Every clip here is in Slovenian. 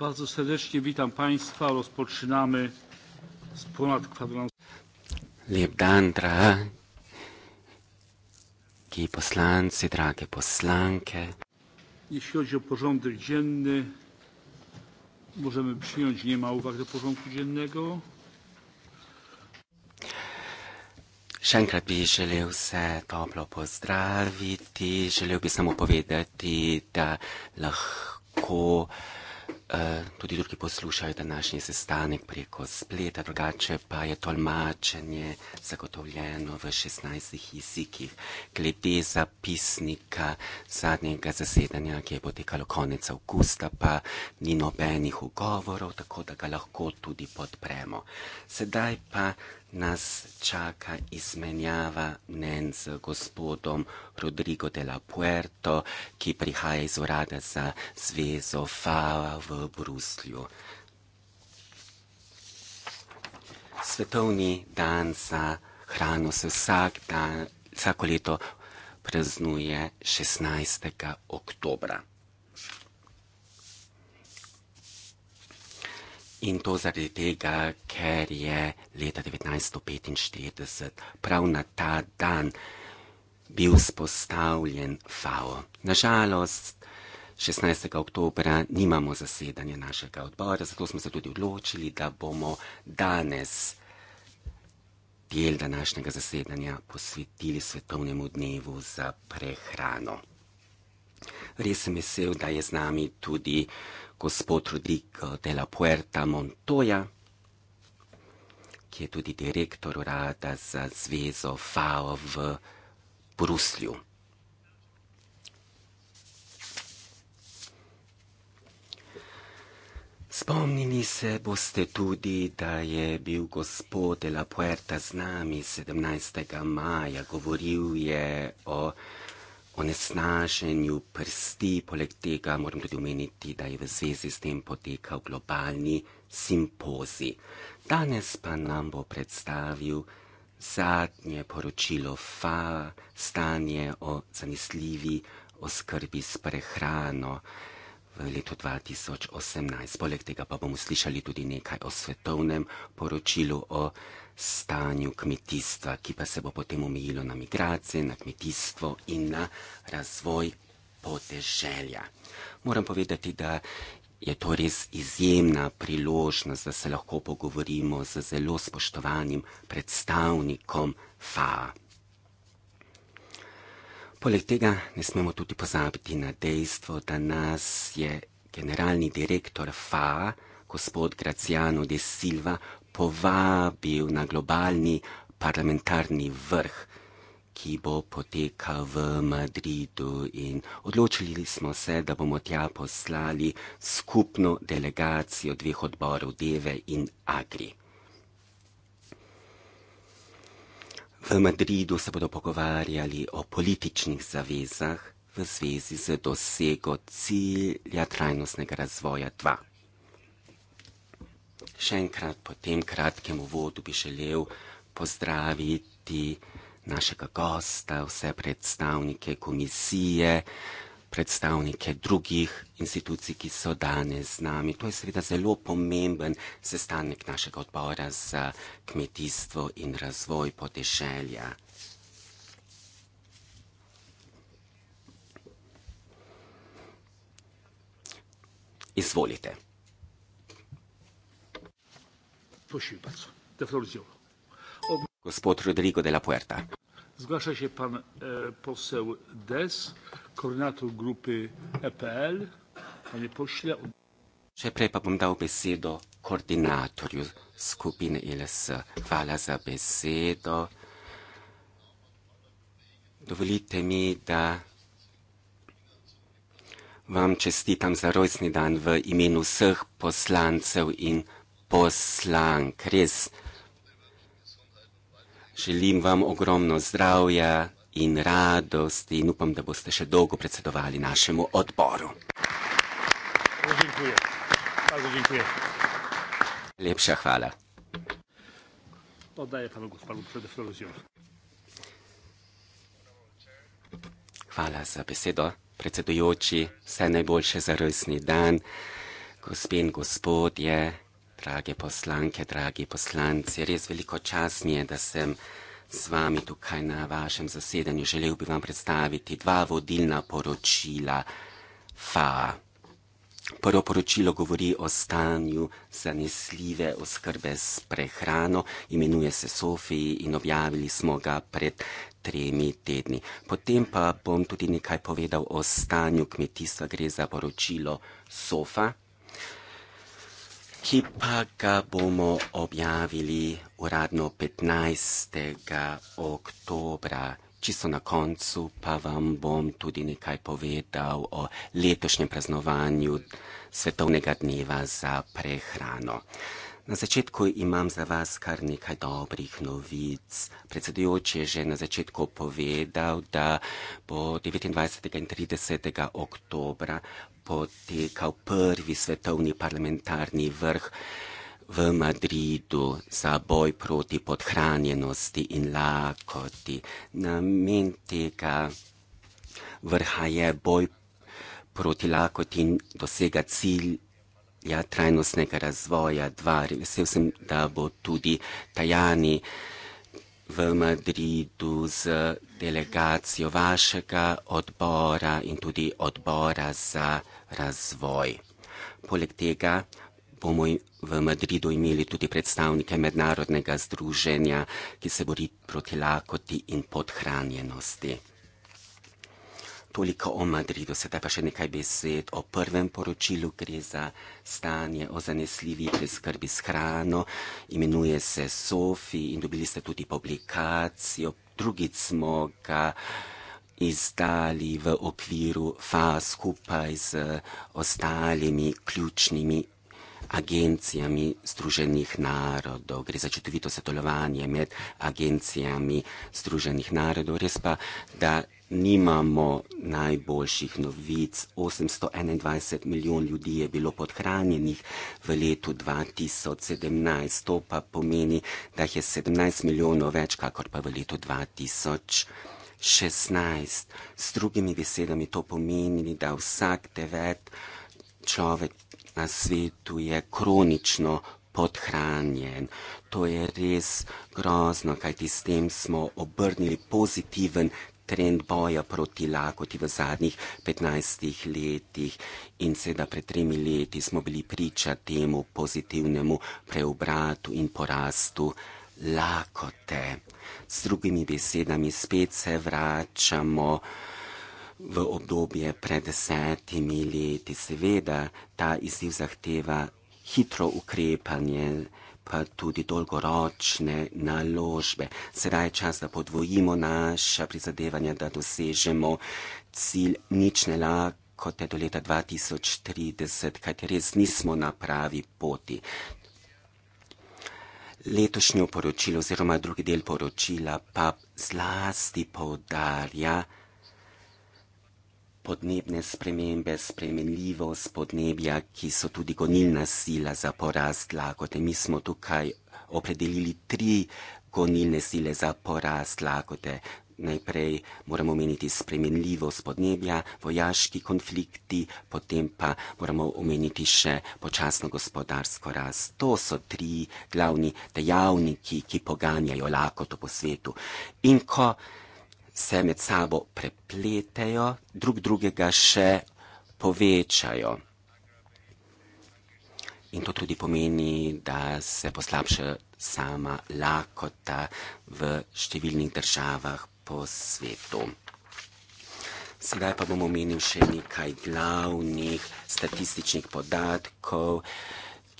Bardzo serdecznie witam Państwa. Rozpoczynamy z ponad kwadransu. Liebdandra, ki poslanci, drage poslanke. Jeśli chodzi o porządek dzienny, możemy przyjąć, nie ma uwag do porządku dziennego. Šenkrat bi želel vse toplo pozdraviti, želel bi samo povedati, da lahko uh, Eh, tudi drugi poslušajo današnji sestanek preko spleta, drugače pa je tolmačenje zagotovljeno v 16 jezikih. Glede zapisnika zadnjega zasedanja, ki je potekalo konec avgusta, pa ni nobenih ugovorov, tako da ga lahko tudi podpremo. Sedaj pa nas čaka izmenjava mnen z gospodom Rodrigo de la Puerto, ki prihaja iz urada za zvezo FAO v Bruslju. Svetovni dan za hrano se vsak dan, vsako leto praznuje 16. oktobra. In to zaradi tega, ker je leta 1945, prav na ta dan, bil spostavljen FAO. Nažalost, 16. oktober nimamo zasedanja našega odbora, zato smo se tudi odločili, da bomo danes del današnjega zasedanja posvetili svetovnemu dnevu za prehrano. Res sem vesel, da je z nami tudi gospod Rodrigo de la Puerta Montoya, ki je tudi direktor urada za zvezo FAO v Bruslju. Spomnili se boste tudi, da je bil gospod de la Puerta z nami 17. maja, govoril je o onesnaženju prsti. Poleg tega moram tudi omeniti, da je v zvezi s tem potekal globalni simpozi. Danes pa nam bo predstavil zadnje poročilo FA, stanje o zanesljivi oskrbi s prehrano v letu 2018. Poleg tega pa bomo slišali tudi nekaj o svetovnem poročilu o stanju kmetijstva, ki pa se bo potem omejilo na migracije, na kmetijstvo in na razvoj podeželja. Moram povedati, da je to res izjemna priložnost, da se lahko pogovorimo z zelo spoštovanim predstavnikom FAA. Poleg tega ne smemo tudi pozabiti na dejstvo, da nas je generalni direktor FAA, gospod Graciano de Silva, povabil na globalni parlamentarni vrh, ki bo potekal v Madridu in odločili smo se, da bomo tja poslali skupno delegacijo dveh odborov Deve in Agri. V Madridu se bodo pogovarjali o političnih zavezah v zvezi z dosego cilja trajnostnega razvoja 2. Še enkrat po tem kratkem uvodu bi želel pozdraviti našega gosta, vse predstavnike komisije, predstavnike drugih institucij, ki so danes z nami. To je seveda zelo pomemben sestanek našega odbora za kmetijstvo in razvoj podeželja. Izvolite. Gospod Rodrigo de la Puerta. Zglaša se pan e, posel DES, koordinator grupi EPL. Pošlja... Še prej pa bom dal besedo koordinatorju skupine ILS. Hvala za besedo. Dovolite mi, da vam čestitam za rojstni dan v imenu vseh poslancev in poslancev poslank. Res želim vam ogromno zdravja in radosti in upam, da boste še dolgo predsedovali našemu odboru. Lepša hvala. Hvala za besedo, predsedujoči. Vse najboljše za rojstni dan, gospod in gospodje, drage poslanke, dragi poslanci. Res veliko čas mi je, da sem z vami tukaj na vašem zasedanju. Želel bi vam predstaviti dva vodilna poročila FA. Prvo poročilo govori o stanju zanesljive oskrbe s prehrano, imenuje se Sofiji in objavili smo ga pred tremi tedni. Potem pa bom tudi nekaj povedal o stanju kmetijstva, gre za poročilo Sofa ki pa ga bomo objavili uradno 15. oktobra. Čisto na koncu pa vam bom tudi nekaj povedal o letošnjem praznovanju Svetovnega dneva za prehrano. Na začetku imam za vas kar nekaj dobrih novic. Predsedujoči je že na začetku povedal, da bo 29. in 30. oktobra potekal prvi svetovni parlamentarni vrh v Madridu za boj proti podhranjenosti in lakoti. Namen tega vrha je boj proti lakoti in dosega cilj ja, trajnostnega razvoja, dva, vesel sem, da bo tudi Tajani v Madridu z delegacijo vašega odbora in tudi odbora za razvoj. Poleg tega bomo v Madridu imeli tudi predstavnike mednarodnega združenja, ki se bori proti lakoti in podhranjenosti. Toliko o Madridu, sedaj pa še nekaj besed o prvem poročilu, gre za stanje o zanesljivi preskrbi s hrano, imenuje se Sofi in dobili ste tudi publikacijo, drugič smo ga izdali v okviru FA skupaj z ostalimi ključnimi agencijami Združenih narodov, gre za čutovito sodelovanje med agencijami Združenih narodov, res pa, da nimamo najboljših novic. 821 milijon ljudi je bilo podhranjenih v letu 2017, to pa pomeni, da jih je 17 milijonov več, kakor pa v letu 2000. 16. S drugimi besedami to pomeni, da vsak devet človek na svetu je kronično podhranjen. To je res grozno, kajti s tem smo obrnili pozitiven trend boja proti lakoti v zadnjih 15 letih in seveda pred tremi leti smo bili priča temu pozitivnemu preobratu in porastu lakote. S drugimi besedami spet se vračamo v obdobje pred desetimi leti. Seveda ta izziv zahteva hitro ukrepanje, pa tudi dolgoročne naložbe. Sedaj je čas, da podvojimo naša prizadevanja, da dosežemo cilj nične lakote do leta 2030, kajti res nismo na pravi poti. Letošnjo poročilo oziroma drugi del poročila pa zlasti podarja, podnebne spremembe, spremenljivost podnebja, ki so tudi gonilna sila za porast lakote. Mi smo tukaj opredelili tri gonilne sile za porast lakote. Najprej moramo omeniti spremenljivost podnebja, vojaški konflikti, potem pa moramo omeniti še počasno gospodarsko rast. To so tri glavni dejavniki, ki poganjajo lakoto po svetu. In ko se med sabo prepletejo, drug drugega še povečajo. In to tudi pomeni, da se poslabša sama lakota v številnih državah po svetu. Sedaj pa bom omenil še nekaj glavnih statističnih podatkov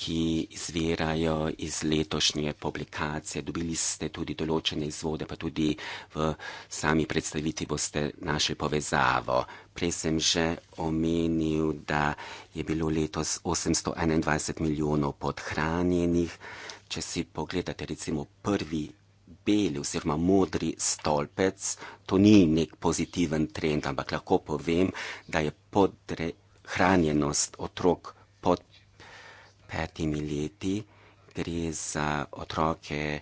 ki izvirajo iz letošnje publikacije. Dobili ste tudi določene izvode, pa tudi v sami predstaviti boste našli povezavo. Prej sem že omenil, da je bilo letos 821 milijonov podhranjenih. Če si pogledate recimo prvi beli oziroma modri stolpec, to ni nek pozitiven trend, ampak lahko povem, da je podhranjenost otrok pod petimi leti gre za otroke,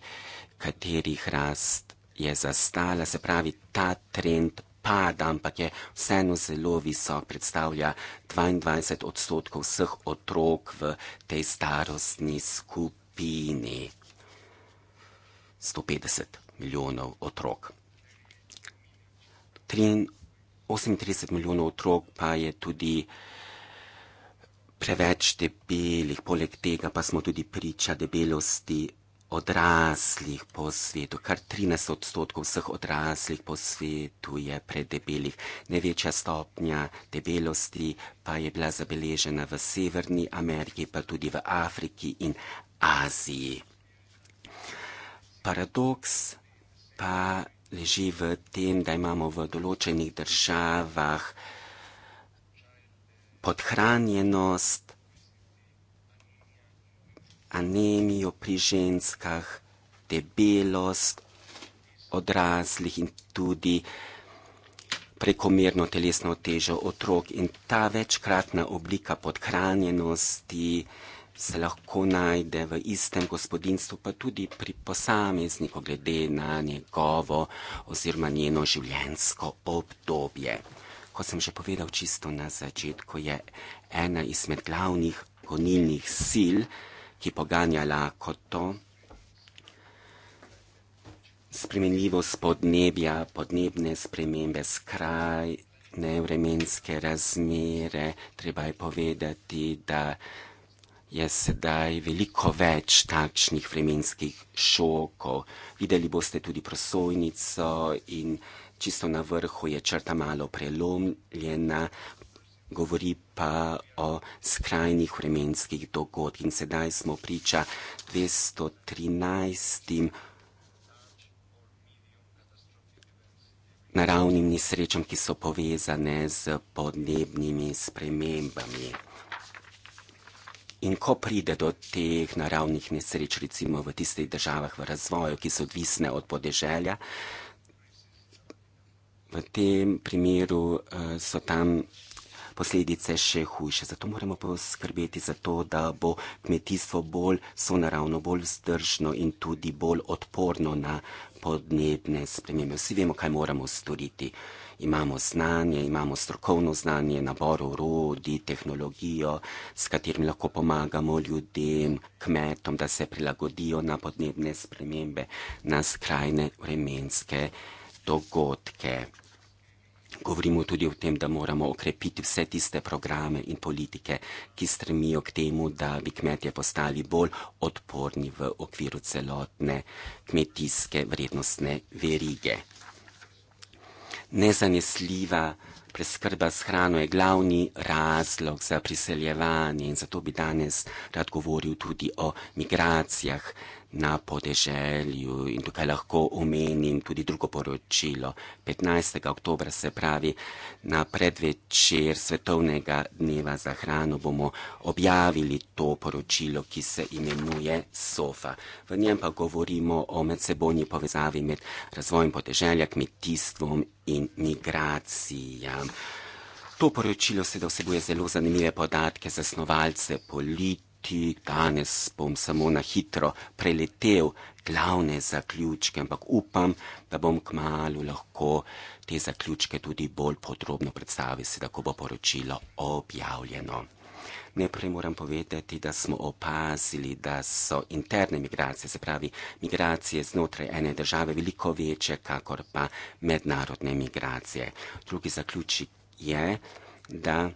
katerih rast je zastala, se pravi, ta trend pada, ampak je vseeno zelo visok, predstavlja 22 odstotkov vseh otrok v tej starostni skupini. 150 milijonov otrok. 38 milijonov otrok pa je tudi preveč debelih, poleg tega pa smo tudi priča debelosti odraslih po svetu. Kar 13 odstotkov vseh odraslih po svetu je predebelih. Največja stopnja debelosti pa je bila zabeležena v Severni Ameriki, pa tudi v Afriki in Aziji. Paradoks pa leži v tem, da imamo v določenih državah podhranjenost, anemijo pri ženskah, debelost odraslih in tudi prekomerno telesno težo otrok. In ta večkratna oblika podhranjenosti se lahko najde v istem gospodinstvu, pa tudi pri posamezniku glede na njegovo oziroma njeno življenjsko obdobje kot sem že povedal čisto na začetku, je ena izmed glavnih gonilnih sil, ki poganja lakoto, spremenljivost podnebja, podnebne spremembe, skrajne vremenske razmere. Treba je povedati, da je sedaj veliko več takšnih vremenskih šokov. Videli boste tudi prosojnico in vremenje, čisto na vrhu je črta malo prelomljena, govori pa o skrajnih vremenskih dogodkih in sedaj smo priča 213. naravnim nesrečam, ki so povezane z podnebnimi spremembami. In ko pride do teh naravnih nesreč, recimo v tistih državah v razvoju, ki so odvisne od podeželja, v tem primeru eh, so tam posledice še hujše. Zato moramo poskrbeti za to, da bo kmetijstvo bolj sonaravno, bolj vzdržno in tudi bolj odporno na podnebne spremembe. Vsi vemo, kaj moramo storiti. Imamo znanje, imamo strokovno znanje, nabor urodi, tehnologijo, s katerim lahko pomagamo ljudem, kmetom, da se prilagodijo na podnebne spremembe, na skrajne vremenske spremembe dogodke. Govorimo tudi o tem, da moramo okrepiti vse tiste programe in politike, ki stremijo k temu, da bi kmetje postali bolj odporni v okviru celotne kmetijske vrednostne verige. Nezanesljiva preskrba s hrano je glavni razlog za priseljevanje in zato bi danes rad govoril tudi o migracijah na podeželju in tukaj lahko omenim tudi drugo poročilo. 15. oktober se pravi na predvečer svetovnega dneva za hrano bomo objavili to poročilo, ki se imenuje SOFA. V njem pa govorimo o medsebojni povezavi med razvojem podeželja, kmetijstvom in migracijam. To poročilo seveda vsebuje zelo zanimive podatke za snovalce politike, ti danes bom samo na hitro preletel glavne zaključke, ampak upam, da bom k malu lahko te zaključke tudi bolj podrobno predstavil, se tako bo poročilo objavljeno. Najprej moram povedati, da smo opazili, da so interne migracije, se pravi migracije znotraj ene države, veliko večje, kakor pa mednarodne migracije. Drugi zaključek je, da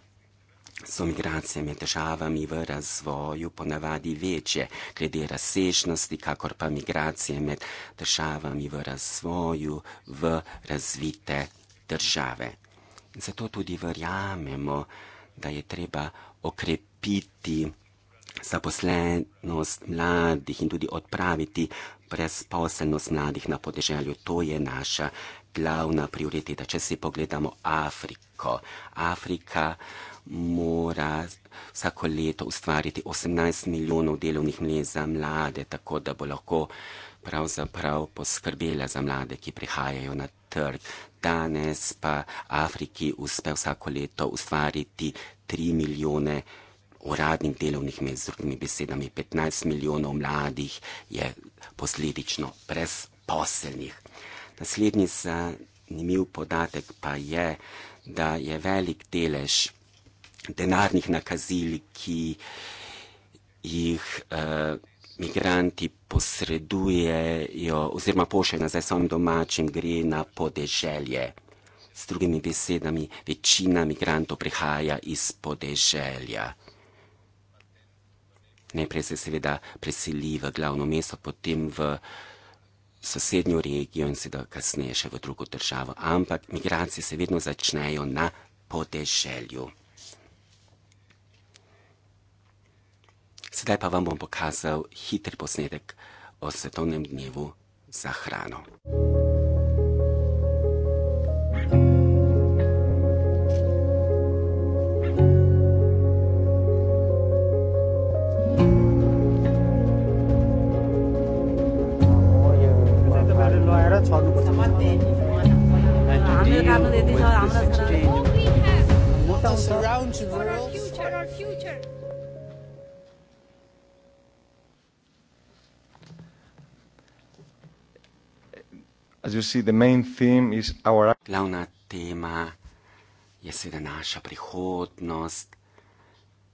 so migracije med državami v razvoju ponavadi večje, glede razsežnosti, kakor pa migracije med državami v razvoju v razvite države. Zato tudi verjamemo, da je treba okrepiti zaposlenost mladih in tudi odpraviti brezposelnost mladih na podeželju. To je naša glavna prioriteta. Če si pogledamo Afriko, Afrika. Afrika mora vsako leto ustvariti 18 milijonov delovnih mest za mlade, tako da bo lahko pravzaprav poskrbela za mlade, ki prihajajo na trg. Danes pa Afriki uspe vsako leto ustvariti 3 milijone uradnih delovnih mest, z drugimi besedami 15 milijonov mladih je posledično brezposelnih. Naslednji zanimiv podatek pa je, da je velik delež denarnih nakazil, ki jih uh, migranti posredujejo oziroma pošljejo nazaj svojim domačim, gre na podeželje. Z drugimi besedami, večina migrantov prihaja iz podeželja. Najprej se seveda preseli v glavno mesto, potem v sosednjo regijo in seveda kasneje še v drugo državo. Ampak migracije se vedno začnejo na podeželju. Sedaj pa vam bom pokazal hiter posnetek o svetovnem dnevu za hrano. Our future, our future. As you see, the main theme is our... Glavna tema je seveda naša prihodnost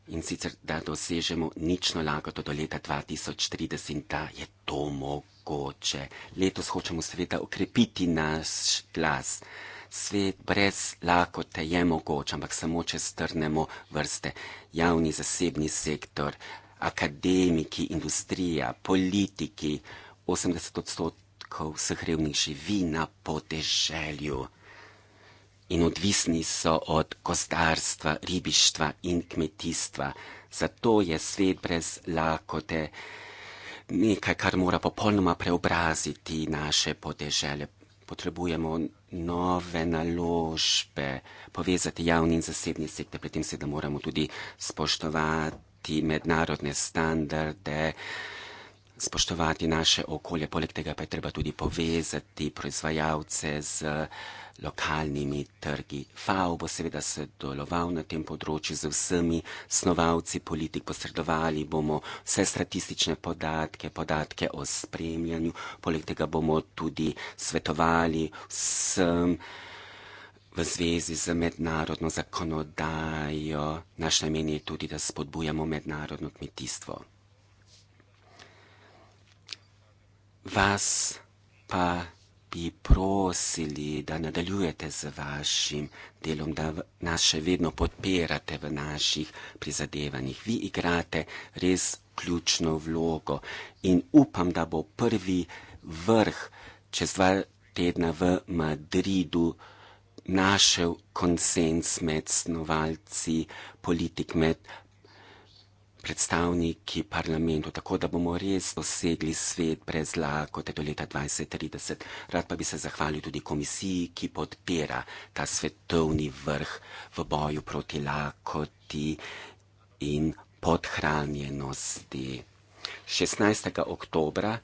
in sicer, da dosežemo nično lagoto do leta 2030 in da je to mogoče. Letos hočemo seveda ukrepiti naš glas. Svet brez lakote je mogoče, ampak samo če strnemo vrste javni, zasebni sektor, akademiki, industrija, politiki, 80 odstotkov lahko vseh revnejši živi na podeželju. In odvisni so od gozdarstva, ribištva in kmetijstva. Zato je svet brez lakote nekaj, kar mora popolnoma preobraziti naše podeželje. Potrebujemo nove naložbe, povezati javni in zasebni sektor, pri tem seveda moramo tudi spoštovati mednarodne standarde spoštovati naše okolje, poleg tega pa je treba tudi povezati proizvajalce z eh, lokalnimi trgi. FAO bo seveda sodeloval na tem področju z vsemi snovalci politik, posredovali bomo vse statistične podatke, podatke o spremljanju, poleg tega bomo tudi svetovali vsem v zvezi z mednarodno zakonodajo. Naš namen je tudi, da spodbujamo mednarodno kmetijstvo. vas pa bi prosili, da nadaljujete z vašim delom, da nas še vedno podpirate v naših prizadevanjih. Vi igrate res ključno vlogo in upam, da bo prvi vrh čez dva tedna v Madridu našel konsens med snovalci politik, med predstavniki parlamentu, tako da bomo res dosegli svet brez lakote do leta 2030. Rad pa bi se zahvalil tudi komisiji, ki podpira ta svetovni vrh v boju proti lakoti in podhranjenosti. 16. oktobra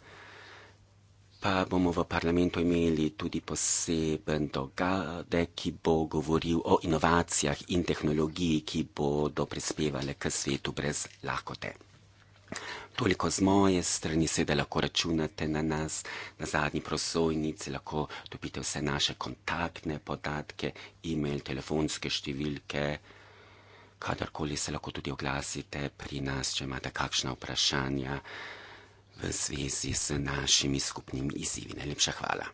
pa bomo v parlamentu imeli tudi poseben dogodek, ki bo govoril o inovacijah in tehnologiji, ki bodo prispevale k svetu brez lahkote. Toliko z moje strani, sedaj lahko računate na nas, na zadnji prosojnici lahko dobite vse naše kontaktne podatke, e-mail, telefonske številke, kadarkoli se lahko tudi oglasite pri nas, če imate kakšna vprašanja v zvezi s našimi skupnimi izzivi. Najlepša hvala.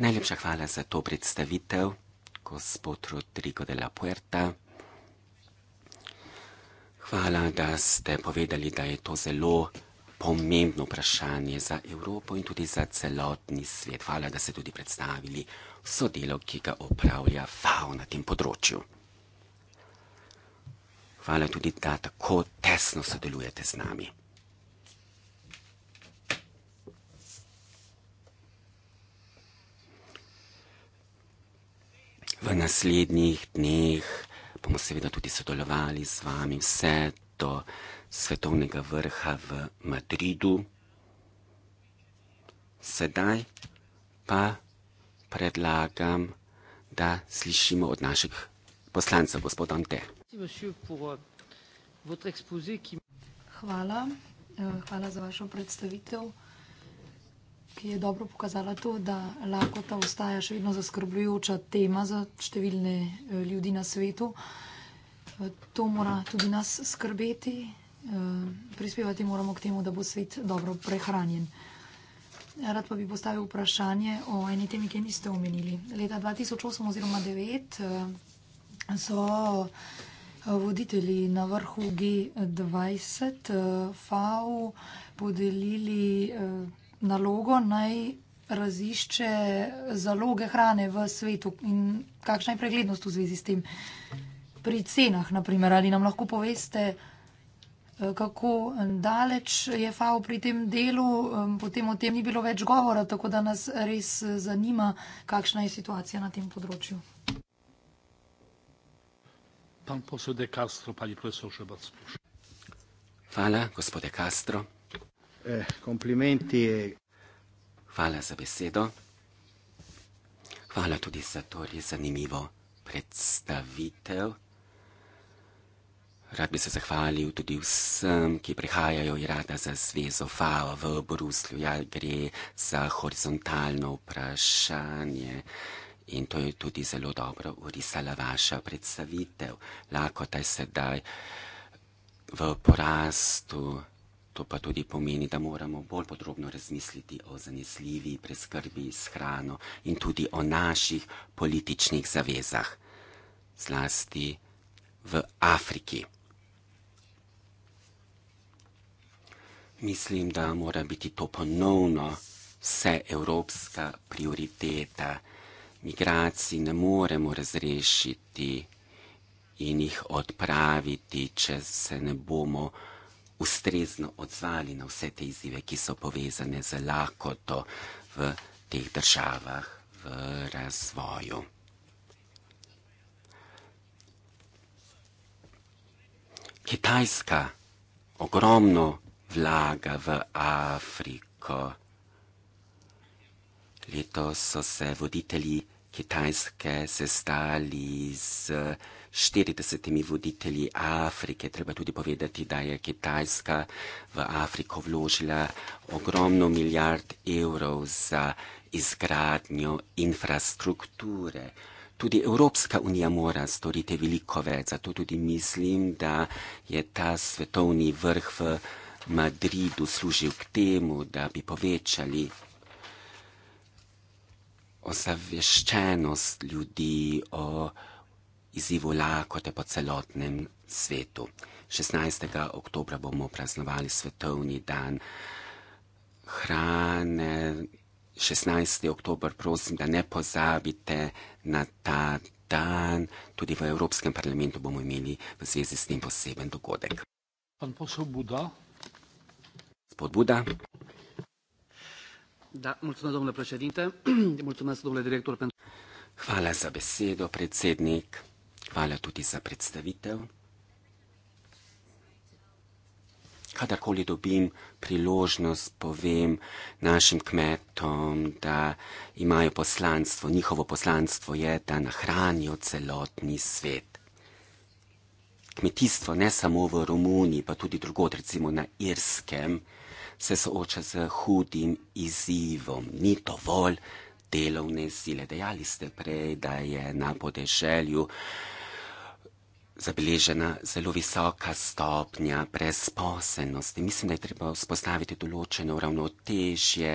Najlepša hvala za to predstavitev, gospod Rodrigo de la Puerta. Hvala, da ste povedali, da je to zelo pomembno vprašanje za Evropo in tudi za celotni svet. Hvala, da ste tudi predstavili vso delo, ki ga opravlja FAO na tem področju. Hvala tudi, da tako tesno sodelujete z nami. V naslednjih dneh bomo seveda tudi sodelovali z vami vse do svetovnega vrha v Madridu. Sedaj pa predlagam, da slišimo od naših poslancev, gospod Ante. Hvala. Eh, hvala za vašo predstavitev, ki je dobro pokazala to, da lakota ostaja še vedno zaskrbljujoča tema za številne eh, ljudi na svetu. Eh, to mora tudi nas skrbeti, Eh, prispevati moramo k temu, da bo svet dobro prehranjen. Rad pa bi postavil vprašanje o eni temi, ki niste omenili. Leta 2008 oziroma 2009 eh, so eh, voditelji na vrhu G20 FAO podelili nalogo naj razišče zaloge hrane v svetu in kakšna je preglednost v zvezi s tem. Pri cenah, naprimer, ali nam lahko poveste, Eh, kako daleč je FAO pri tem delu, potem o tem ni bilo več govora, tako da nas res eh, zanima, kakšna je situacija na tem področju. Hvala, gospode Castro. Eh, Hvala za besedo. Hvala tudi za to res zanimivo predstavitev. Rad bi se zahvalil tudi vsem, ki prihajajo iz Rada za zvezo FAO v Bruslju. Ja, gre za horizontalno vprašanje in to je tudi zelo dobro urisala vaša predstavitev. Lakota je sedaj v porastu, to pa tudi pomeni, da moramo bolj podrobno razmisliti o zanesljivi preskrbi s hrano in tudi o naših političnih zavezah, zlasti v Afriki. Mislim, da mora biti to ponovno vse evropska prioriteta. Migracij ne moremo razrešiti in jih odpraviti, če se ne bomo ustrezno odzvali na vse te izzive, ki so povezane z lakoto v teh državah v razvoju. Kitajska, ogromno vlaga v Afriko. Letos so se voditelji Kitajske sestali z 40 voditelji Afrike. Treba tudi povedati, da je Kitajska v Afriko vložila ogromno milijard evrov za izgradnjo infrastrukture. Tudi Evropska unija mora storiti veliko več, zato tudi mislim, da je ta svetovni vrh v Afriki. Madridu služil k temu, da bi povečali osveščenost ljudi o izzivu lakote po celotnem svetu. 16. oktobra bomo praznovali svetovni dan hrane. 16. oktober, prosim, da ne pozabite na ta dan. Tudi v Evropskem parlamentu bomo imeli v zvezi s tem poseben dogodek. Pan posel Buda spodbuda. Da, mulțumesc, domnule președinte. Mulțumesc, domnule director, pentru... Hvala za besedo, predsednik. Hvala tudi za predstavitev. Kadarkoli dobim priložnost, povem našim kmetom, da imajo poslanstvo, njihovo poslanstvo je, da nahranijo celotni svet. Kmetijstvo ne samo v Romuniji, pa tudi drugod, recimo na Irskem, se sooča z hudim izzivom, ni dovolj delovne sile. Dejali ste prej, da je na podeželju zabeležena zelo visoka stopnja brezposelnosti. Mislim, da je treba vzpostaviti določeno ravnotežje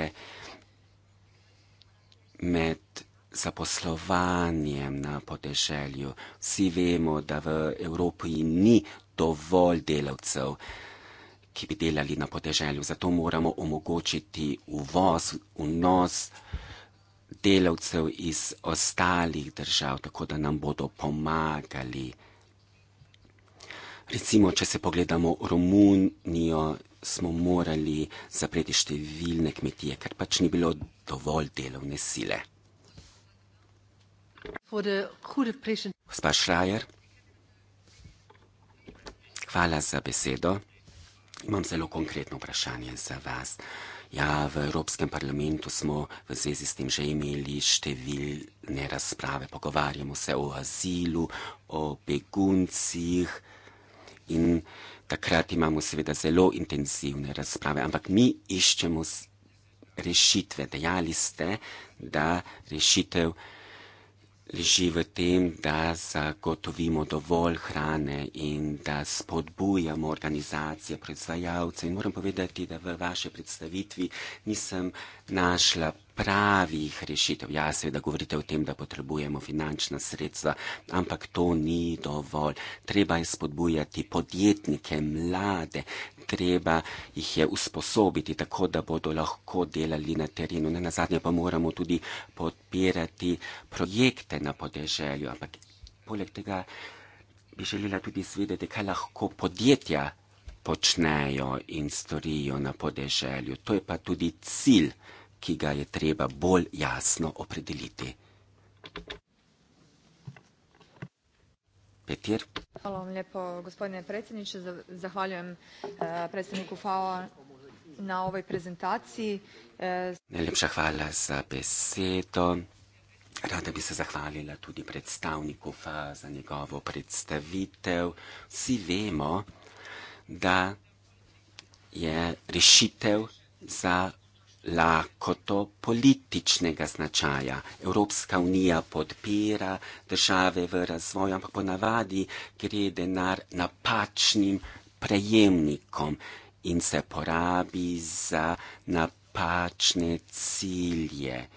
med zaposlovanjem na podeželju. Vsi vemo, da v Evropi ni dovolj delavcev ki bi delali na podeželju. Zato moramo omogočiti uvoz, vnos delavcev iz ostalih držav, tako da nam bodo pomagali. Recimo, če se pogledamo Romunijo, smo morali zapreti številne kmetije, ker pač ni bilo dovolj delovne sile. Gospa Šrajer, hvala za besedo. Imam zelo konkretno vprašanje za vas. Ja, v Evropskem parlamentu smo v zvezi s tem že imeli številne razprave, pogovarjamo se o azilu, o beguncih in takrat imamo seveda zelo intenzivne razprave, ampak mi iščemo rešitve. Dejali ste, da rešitev leži v tem, da zagotovimo dovolj hrane in da spodbujamo organizacije, proizvajalce. In moram povedati, da v vaši predstavitvi nisem našla pravih rešitev. Ja, seveda govorite o tem, da potrebujemo finančna sredstva, ampak to ni dovolj. Treba je spodbujati podjetnike, mlade, treba jih je usposobiti tako, da bodo lahko delali na terenu. Na nazadnje pa moramo tudi podpirati projekte na podeželju, ampak poleg tega bi želela tudi svedeti, kaj lahko podjetja počnejo in storijo na podeželju. To je pa tudi cilj ki ga je treba bolj jasno opredeliti. Petir. Hvala vam lepo, gospodine predsjedniče. Zahvaljujem eh, predsedniku FAO na ovoj prezentaciji. Eh, Najlepša hvala za besedo. Rada bi se zahvalila tudi predstavniku FAO za njegovo predstavitev. Vsi vemo, da je rešitev za lakoto političnega značaja. Evropska unija podpira države v razvoju, ampak ponavadi gre denar napačnim prejemnikom in se porabi za napačne cilje.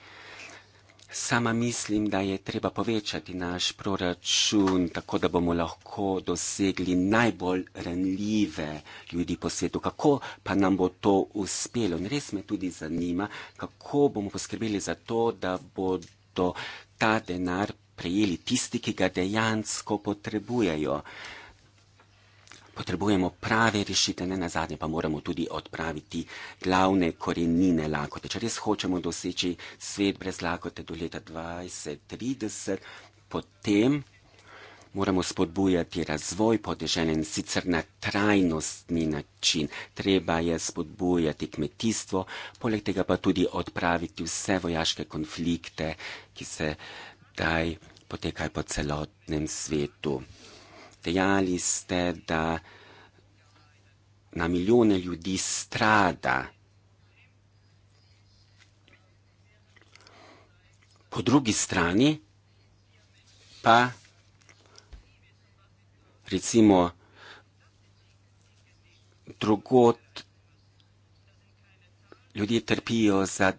Sama mislim, da je treba povečati naš proračun, tako da bomo lahko dosegli najbolj ranljive ljudi po svetu. Kako pa nam bo to uspelo? In res me tudi zanima, kako bomo poskrbeli za to, da bodo ta denar prejeli tisti, ki ga dejansko potrebujejo. Uh, potrebujemo prave rešitve, ne na zadnje pa moramo tudi odpraviti glavne korenine lakote. Če res hočemo doseči svet brez lakote do leta 2030, potem moramo spodbujati razvoj podeželja in sicer na trajnostni način. Treba je spodbujati kmetijstvo, poleg tega pa tudi odpraviti vse vojaške konflikte, ki se daj potekajo po celotnem svetu dejali ste, da na milijone ljudi strada. Po drugi strani pa recimo drugot ljudje trpijo za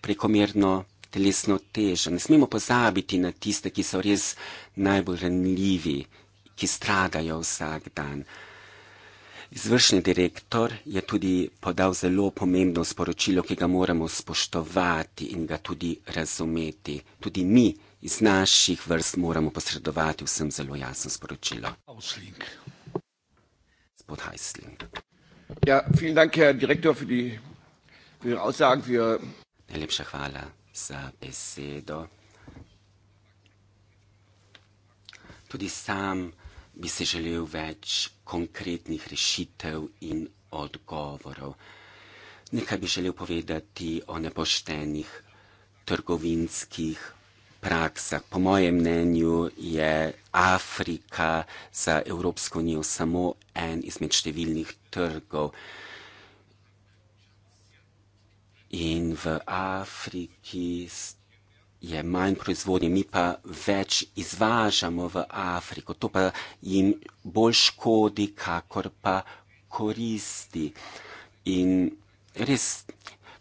prekomerno telesno težo. Ne smemo pozabiti na tiste, ki so res najbolj ranljivi ki stragajo vsak dan. Izvršni direktor je tudi podal zelo pomembno sporočilo, ki ga moramo spoštovati in ga tudi razumeti. Tudi mi iz naših vrst moramo posredovati vsem zelo jasno sporočilo. Ausling. Gospod Heisling. Ja, vielen Dank, Herr Direktor, für die für Aussagen. Für Najlepša hvala za besedo. Tudi sam bi si želel več konkretnih rešitev in odgovorov. Nekaj bi želel povedati o nepoštenih trgovinskih praksah. Po mojem mnenju je Afrika za Evropsko unijo samo en izmed številnih trgov. In v Afriki je manj proizvodnje, mi pa več izvažamo v Afriko. To pa jim bolj škodi, kakor pa koristi. In res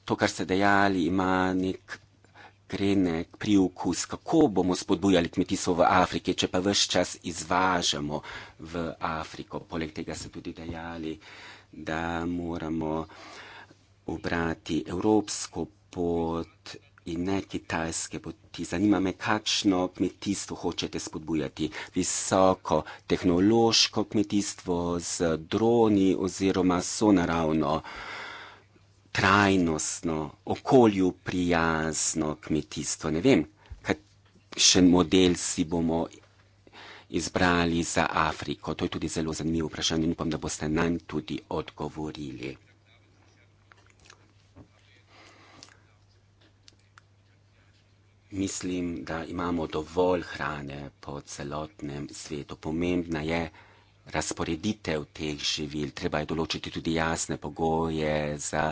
to, kar ste dejali, ima nek grenek priukus, kako bomo spodbujali kmetijstvo v Afriki, če pa vse čas izvažamo v Afriko. Poleg tega ste tudi dejali, da moramo obrati evropsko pot in ne kitajske poti. Zanima me, kakšno kmetijstvo hočete spodbujati. Visoko tehnološko kmetijstvo z droni oziroma sonaravno, trajnostno, okolju prijazno kmetijstvo. Ne vem, kakšen model si bomo izbrali za Afriko. To je tudi zelo zanimivo vprašanje in upam, da boste nam tudi odgovorili. Mislim, da imamo dovolj hrane po celotnem svetu. Pomembna je razporeditev teh živil. Treba je določiti tudi jasne pogoje za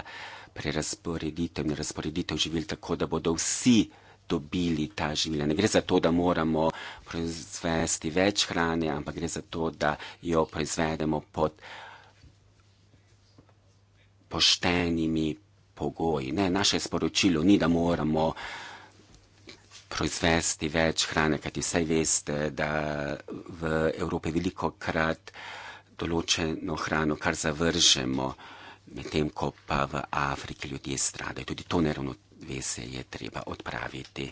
prerasporeditev in razporeditev živil, tako da bodo vsi dobili ta živila. Ne gre za to, da moramo proizvesti več hrane, ampak gre za to, da jo proizvedemo pod poštenimi pogoji. Ne, naše sporočilo ni, da moramo proizvesti proizvesti več hrane, kajti vsej veste, da v Evropi veliko krat določeno hrano kar zavržemo, medtem ko pa v Afriki ljudje stradajo. Tudi to neravnovesje je treba odpraviti.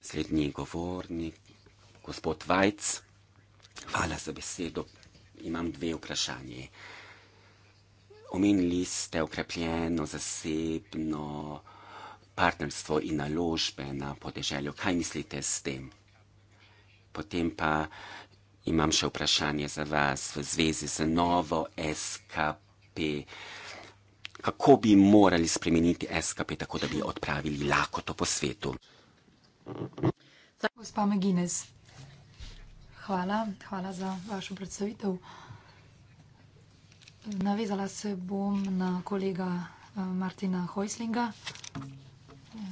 Srednji well govornik, gospod Vajc, hvala za besedo. Imam dve vprašanje omenili ste okrepljeno zasebno partnerstvo in naložbe na podeželju. Kaj mislite s tem? Potem pa imam še vprašanje za vas v zvezi z novo SKP. Kako bi morali spremeniti SKP, tako da bi odpravili lahko to po svetu? Gospa Meginez, hvala, hvala za vašo predstavitev. Navezala se bom na kolega eh, Martina Hojslinga.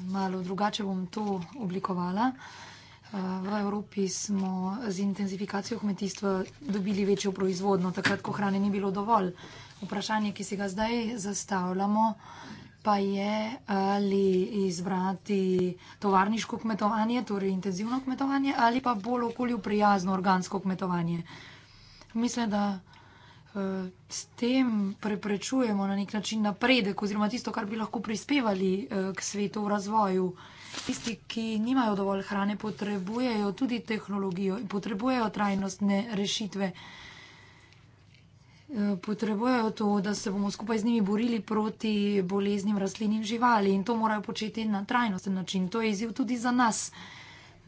Malo drugače bom to oblikovala. Eh, v Evropi smo z intenzifikacijo kmetijstva dobili večjo proizvodno, takrat, ko hrane ni bilo dovolj. Vprašanje, ki si ga zdaj zastavljamo, pa je, ali izbrati tovarniško kmetovanje, torej intenzivno kmetovanje, ali pa bolj okolju prijazno organsko kmetovanje. Mislim, da Eh, s tem preprečujemo na nek način napredek oziroma tisto, kar bi lahko prispevali eh, k svetu v razvoju. Tisti, ki nimajo dovolj hrane, potrebujejo tudi tehnologijo in potrebujejo trajnostne rešitve. Eh, potrebujejo to, da se bomo skupaj z njimi borili proti boleznim rastlinim živali in to morajo početi na trajnosten način. To je izziv tudi za nas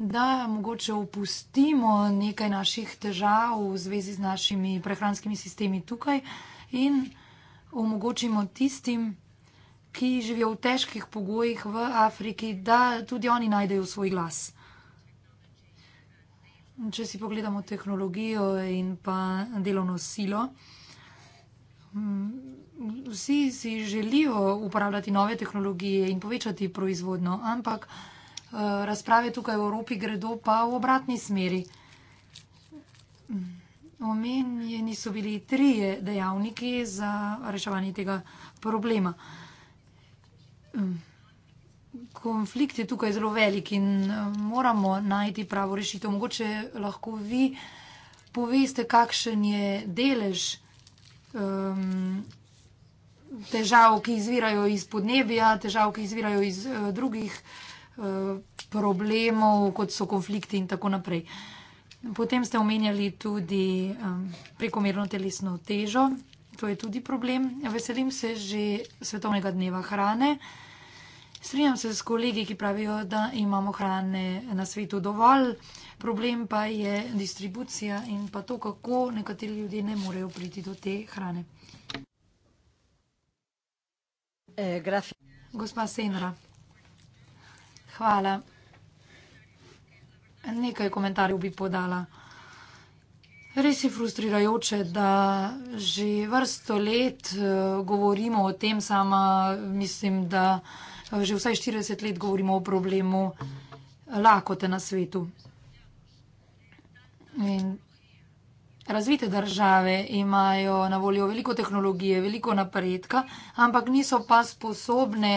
da mogoče opustimo nekaj naših težav v zvezi z našimi prehranskimi sistemi tukaj in omogočimo tistim, ki živijo v težkih pogojih v Afriki, da tudi oni najdejo svoj glas. Če si pogledamo tehnologijo in pa delovno silo, mm, vsi si želijo uporabljati nove tehnologije in povečati proizvodno, ampak Eh, razprave tukaj v Evropi gredo pa v obratni smeri. Omenjeni so bili trije dejavniki za reševanje tega problema. Konflikt je tukaj zelo velik in eh, moramo najti pravo rešitev. Mogoče lahko vi poveste, kakšen je delež um, težav, ki izvirajo iz podnebja, težav, ki izvirajo iz uh, drugih uh, Eh, problemov, kot so konflikti in tako naprej. Potem ste omenjali tudi um, prekomerno telesno težo, to je tudi problem. Veselim se že svetovnega dneva hrane. Strinjam se s kolegi, ki pravijo, da imamo hrane na svetu dovolj, problem pa je distribucija in pa to, kako nekateri ljudje ne morejo priti do te hrane. E, Gospa Senra. Hvala. Nekaj komentarjev bi podala. Res je frustrirajoče, da že vrsto let eh, govorimo o tem, sama mislim, da eh, že vsaj 40 let govorimo o problemu eh, lakote na svetu. In razvite države imajo na voljo veliko tehnologije, veliko napredka, ampak niso pa sposobne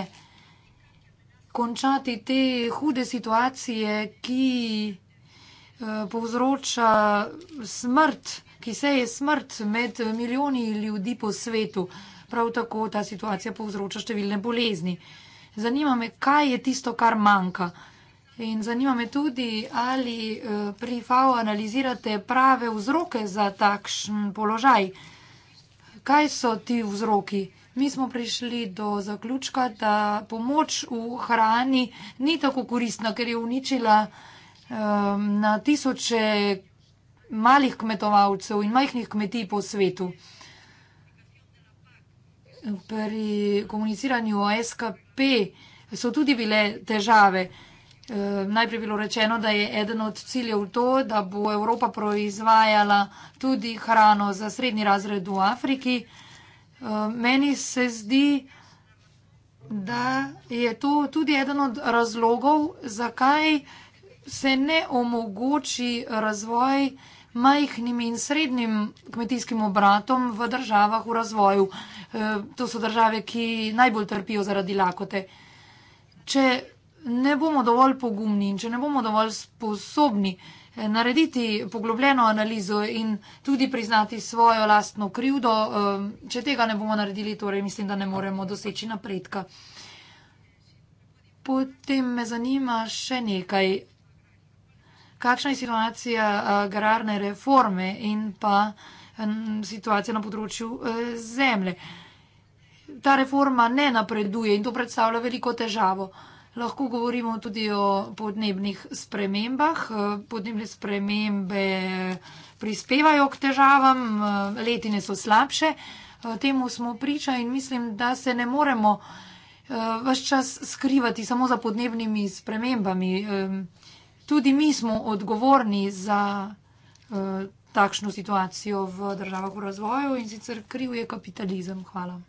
končati te hude situacije, ki eh, povzroča smrt, ki se je smrt med milijoni ljudi po svetu. Prav tako ta situacija povzroča številne bolezni. Zanima me, kaj je tisto, kar manjka. In zanima me tudi, ali eh, pri FAO analizirate prave vzroke za takšen položaj. Kaj so ti vzroki? mi smo prišli do zaključka, da pomoč v hrani ni tako koristna, ker je uničila um, na tisoče malih kmetovalcev in majhnih kmetij po svetu. Pri komuniciranju o SKP so tudi bile težave. Ehm, najprej bilo rečeno, da je eden od ciljev to, da bo Evropa proizvajala tudi hrano za srednji razred v Afriki. Eh, meni se zdi, da je to tudi eden od razlogov, zakaj se ne omogoči razvoj majhnim in srednjim kmetijskim obratom v državah v razvoju. Eh, to so države, ki najbolj trpijo zaradi lakote. Če ne bomo dovolj pogumni in če ne bomo dovolj sposobni, Eh, narediti poglobljeno analizo in tudi priznati svojo lastno krivdo. Eh, če tega ne bomo naredili, torej mislim, da ne moremo doseči napredka. Potem me zanima še nekaj. Kakšna je situacija eh, agrarne reforme in pa situacija na področju zemlje? Ta reforma ne napreduje in to predstavlja veliko težavo. Lahko govorimo tudi o podnebnih spremembah. Eh, podnebne spremembe prispevajo k težavam, eh, letine so slabše. Eh, temu smo priča in mislim, da se ne moremo vse čas skrivati samo za podnebnimi spremembami. Tudi mi smo odgovorni za takšno situacijo v državah v razvoju in sicer kriv je kapitalizem. Hvala.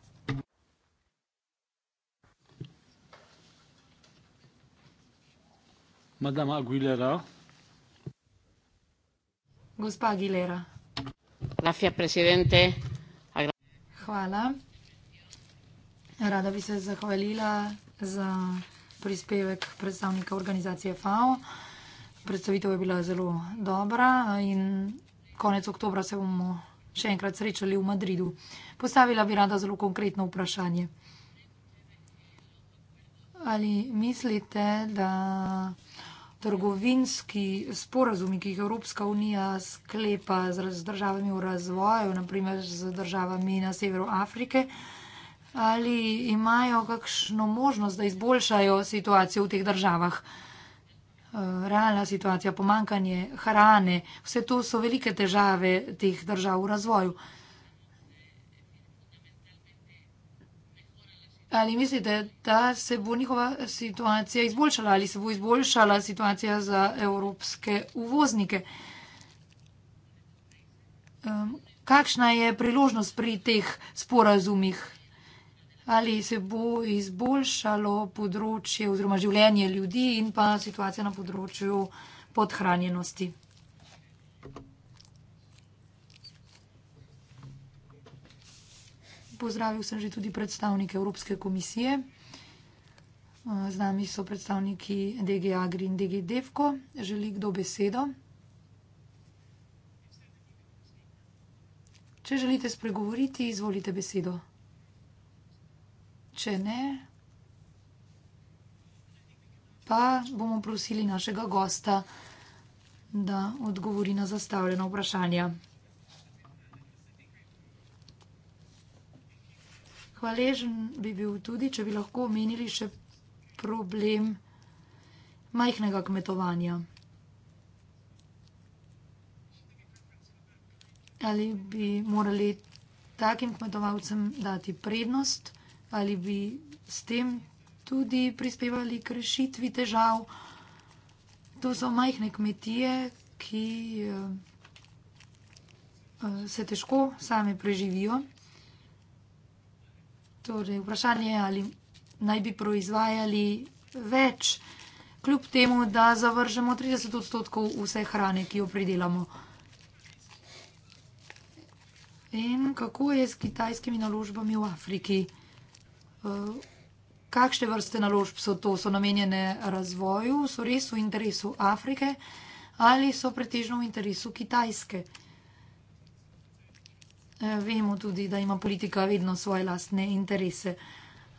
Madame Aguilera. Gospa Aguilera. Gracias, presidente. Hvala. Rada bi se zahvalila za prispevek predstavnika organizacije FAO. Predstavitev je bila zelo dobra in konec oktobra se bomo še enkrat srečali v Madridu. Postavila bi rada zelo konkretno vprašanje. Ali mislite, da trgovinski sporazumi, ki jih Evropska unija sklepa z, z državami v razvoju, naprimer z državami na severu Afrike, ali imajo kakšno možnost, da izboljšajo situacijo v teh državah? Eh, realna situacija, pomankanje hrane, vse to so velike težave teh držav v razvoju. Ali mislite, da se bo njihova situacija izboljšala ali se bo izboljšala situacija za evropske uvoznike? Um, kakšna je priložnost pri teh sporazumih? Ali se bo izboljšalo področje oziroma življenje ljudi in pa situacija na področju podhranjenosti? Pozdravil sem že tudi predstavnike Evropske komisije. Eh, z nami so predstavniki DG Agri in DG Devko. Želi kdo besedo? Če želite spregovoriti, izvolite besedo. Če ne, pa bomo prosili našega gosta, da odgovori na zastavljena vprašanja. hvaležen bi bil tudi, če bi lahko omenili še problem majhnega kmetovanja. Ali bi morali takim kmetovalcem dati prednost, ali bi s tem tudi prispevali k rešitvi težav. To so majhne kmetije, ki eh, eh, se težko sami preživijo. Torej, vprašanje je, ali naj bi proizvajali več, kljub temu, da zavržemo 30 odstotkov vse hrane, ki jo pridelamo. In kako je s kitajskimi naložbami v Afriki? Eh, kakšne vrste naložb so to? So namenjene razvoju, so res v interesu Afrike ali so pretežno v interesu Kitajske? Eh, vemo tudi, da ima politika vedno svoje lastne interese.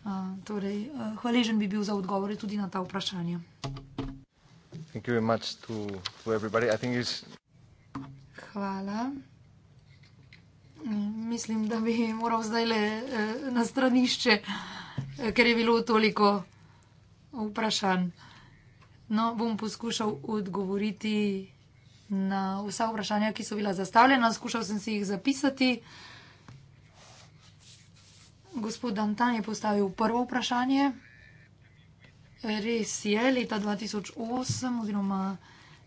Uh, torej, uh, hvaležen bi bil za odgovore tudi na ta vprašanja. To, to is... Hvala. Mislim, da bi moral zdaj le na stranišče, ker je bilo toliko vprašanj. No, bom poskušal odgovoriti na vsa vprašanja, ki so bila zastavljena. Skušal sem si jih zapisati. Gospod Dantan je postavil prvo vprašanje. Res je, leta 2008 oziroma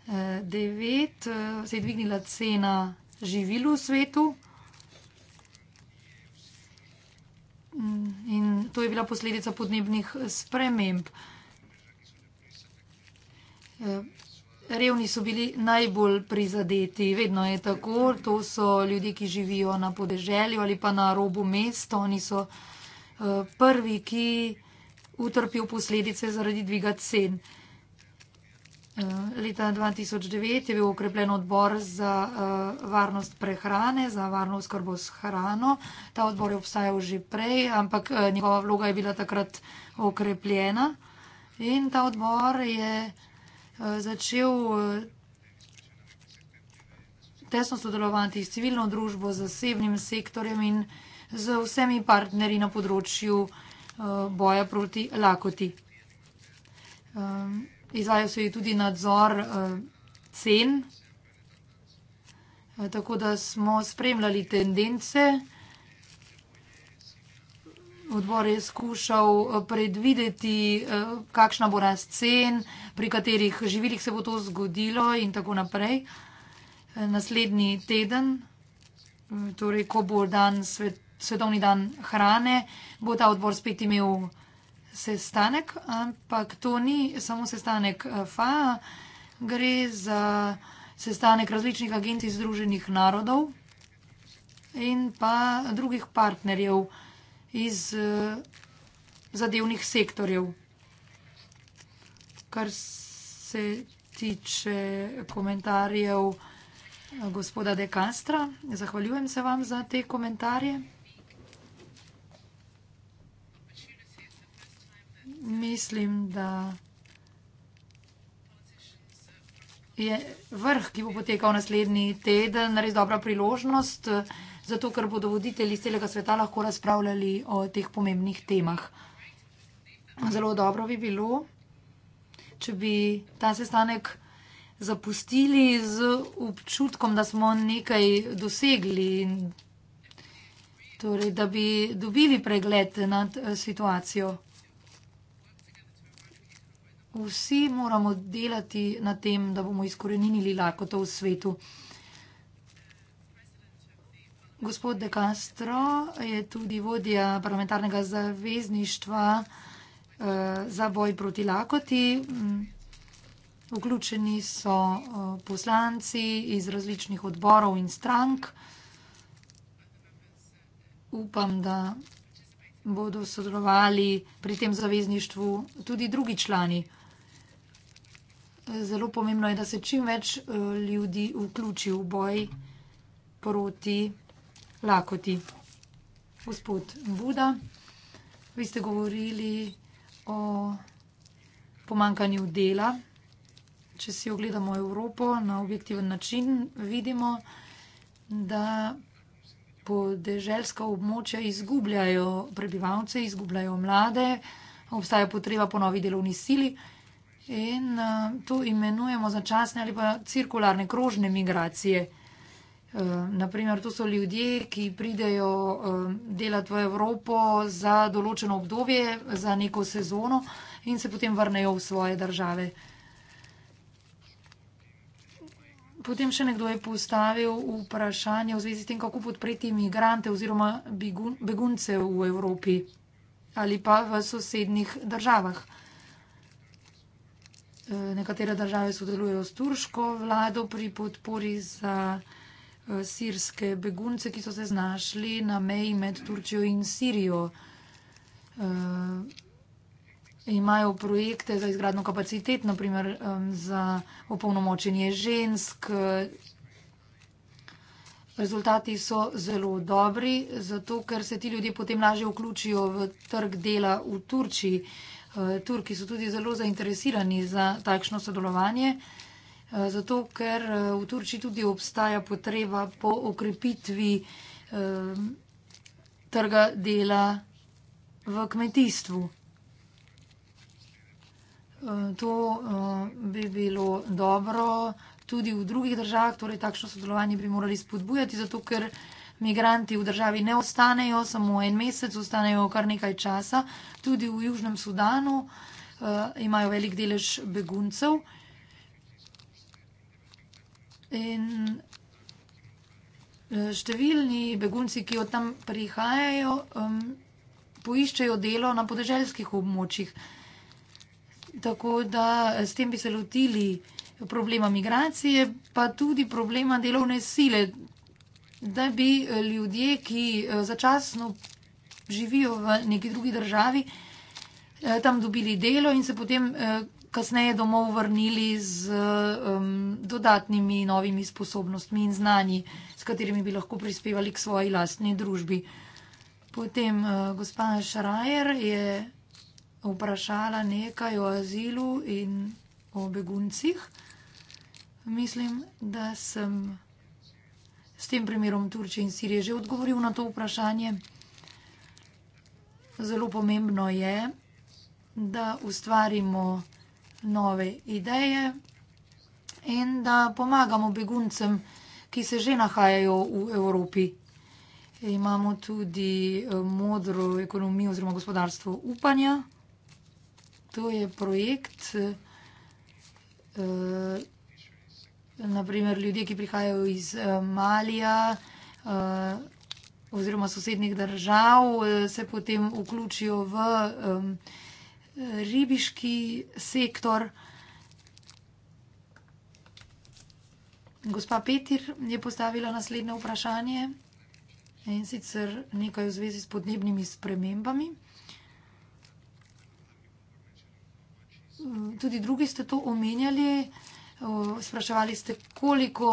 2009 eh, eh, se je dvignila cena živil v svetu. Mm, in to je bila posledica podnebnih sprememb. Eh, Revni so bili najbolj prizadeti, vedno je tako. To so ljudje, ki živijo na podeželju ali pa na robu mesta. Oni so uh, prvi, ki utrpijo posledice zaradi dviga cen. Eh, leta 2009 je bil okrepljen odbor za uh, varnost prehrane, za varnost skrbo s hrano. Ta odbor je obstajal že prej, ampak uh, njegova vloga je bila takrat okrepljena. In ta odbor je uh, Eh, začel eh, tesno sodelovati s civilno družbo, z zasebnim sektorjem in z vsemi partnerji na področju eh, boja proti lakoti. Izvajal se je tudi nadzor cen, tako da smo spremljali tendence, Odbor je skušal eh, predvideti, eh, kakšna bo rast cen, pri katerih živilih se bo to zgodilo in tako naprej. Eh, naslednji teden, torej ko bo dan svet, svetovni dan hrane, bo ta odbor spet imel sestanek, ampak to ni samo sestanek FA, gre za sestanek različnih agencij Združenih narodov in pa drugih partnerjev iz uh, zadevnih sektorjev. Kar se tiče komentarjev eh, gospoda Dekastra, zahvaljujem se vam za te komentarje. Mislim, da je vrh, ki bo potekal naslednji teden, res dobra priložnost, zato ker bodo voditelji iz celega sveta lahko razpravljali o teh pomembnih temah. Zelo dobro bi bilo, če bi ta sestanek zapustili z občutkom, da smo nekaj dosegli in torej, da bi dobili pregled nad eh, situacijo. Vsi moramo delati na tem, da bomo izkorenili lakoto v svetu. Gospod De Castro je tudi vodja parlamentarnega zavezništva eh, za boj proti lakoti. Mm, vključeni so eh, poslanci iz različnih odborov in strank. Upam, da bodo sodelovali pri tem zavezništvu tudi drugi člani. Zelo pomembno je, da se čim več eh, ljudi vključi v boj proti lakoti lakoti. Gospod Buda, vi ste govorili o pomankanju dela. Če si ogledamo Evropo na objektiven način, vidimo, da podeželska območja izgubljajo prebivalce, izgubljajo mlade, obstaja potreba po novi delovni sili in eh, to imenujemo začasne ali pa cirkularne krožne migracije. Eh, Naprimer, to so ljudje, ki pridejo eh, delati v Evropo za določeno obdobje, za neko sezono in se potem vrnejo v svoje države. Potem še nekdo je postavil vprašanje v zvezi s tem, kako podpreti imigrante oziroma begunce v Evropi ali pa v sosednjih državah. Eh, nekatere države sodelujejo s turško vlado pri podpori za imigrante. Eh, sirske begunce, ki so se znašli na meji med Turčijo in Sirijo. Uh, imajo projekte za izgradno kapacitet, naprimer um, za opolnomočenje žensk. Rezultati so zelo dobri, zato ker se ti ljudje potem lažje vključijo v trg dela v Turčiji. Uh, Turki so tudi zelo zainteresirani za takšno sodelovanje. Uh, Eh, zato ker eh, v Turčiji tudi obstaja potreba po okrepitvi eh, trga dela v kmetijstvu. To bi bilo dobro tudi v drugih državah, torej takšno sodelovanje bi morali spodbujati, zato ker migranti v državi ne ostanejo samo en mesec, ostanejo kar nekaj časa. Tudi v Južnem Sudanu imajo velik delež beguncev. In eh, številni begunci, ki od tam prihajajo, um, poiščejo delo na podeželskih območjih. Tako da eh, s tem bi se lotili problema migracije, pa tudi problema delovne sile, da bi eh, ljudje, ki začasno živijo v neki drugi državi, tam dobili delo in se potem. Uh, kasneje domov vrnili z um, dodatnimi novimi sposobnostmi in znanji, s katerimi bi lahko prispevali k svoji lastni družbi. Potem uh, gospa Šrajer je vprašala nekaj o azilu in o beguncih. Mislim, da sem s tem primerom Turčije in Sirije že odgovoril na to vprašanje. Zelo pomembno je, da ustvarimo nove ideje in da pomagamo beguncem, ki se že nahajajo v Evropi. Imamo tudi eh, modro ekonomijo oziroma gospodarstvo upanja. To je projekt, eh, naprimer ljudje, ki prihajajo iz eh, Malija eh, oziroma sosednjih držav, eh, se potem vključijo v eh, ribiški sektor. Gospa Petir je postavila naslednje vprašanje in sicer nekaj v zvezi s podnebnimi spremembami. Tudi drugi ste to omenjali. Spraševali ste, koliko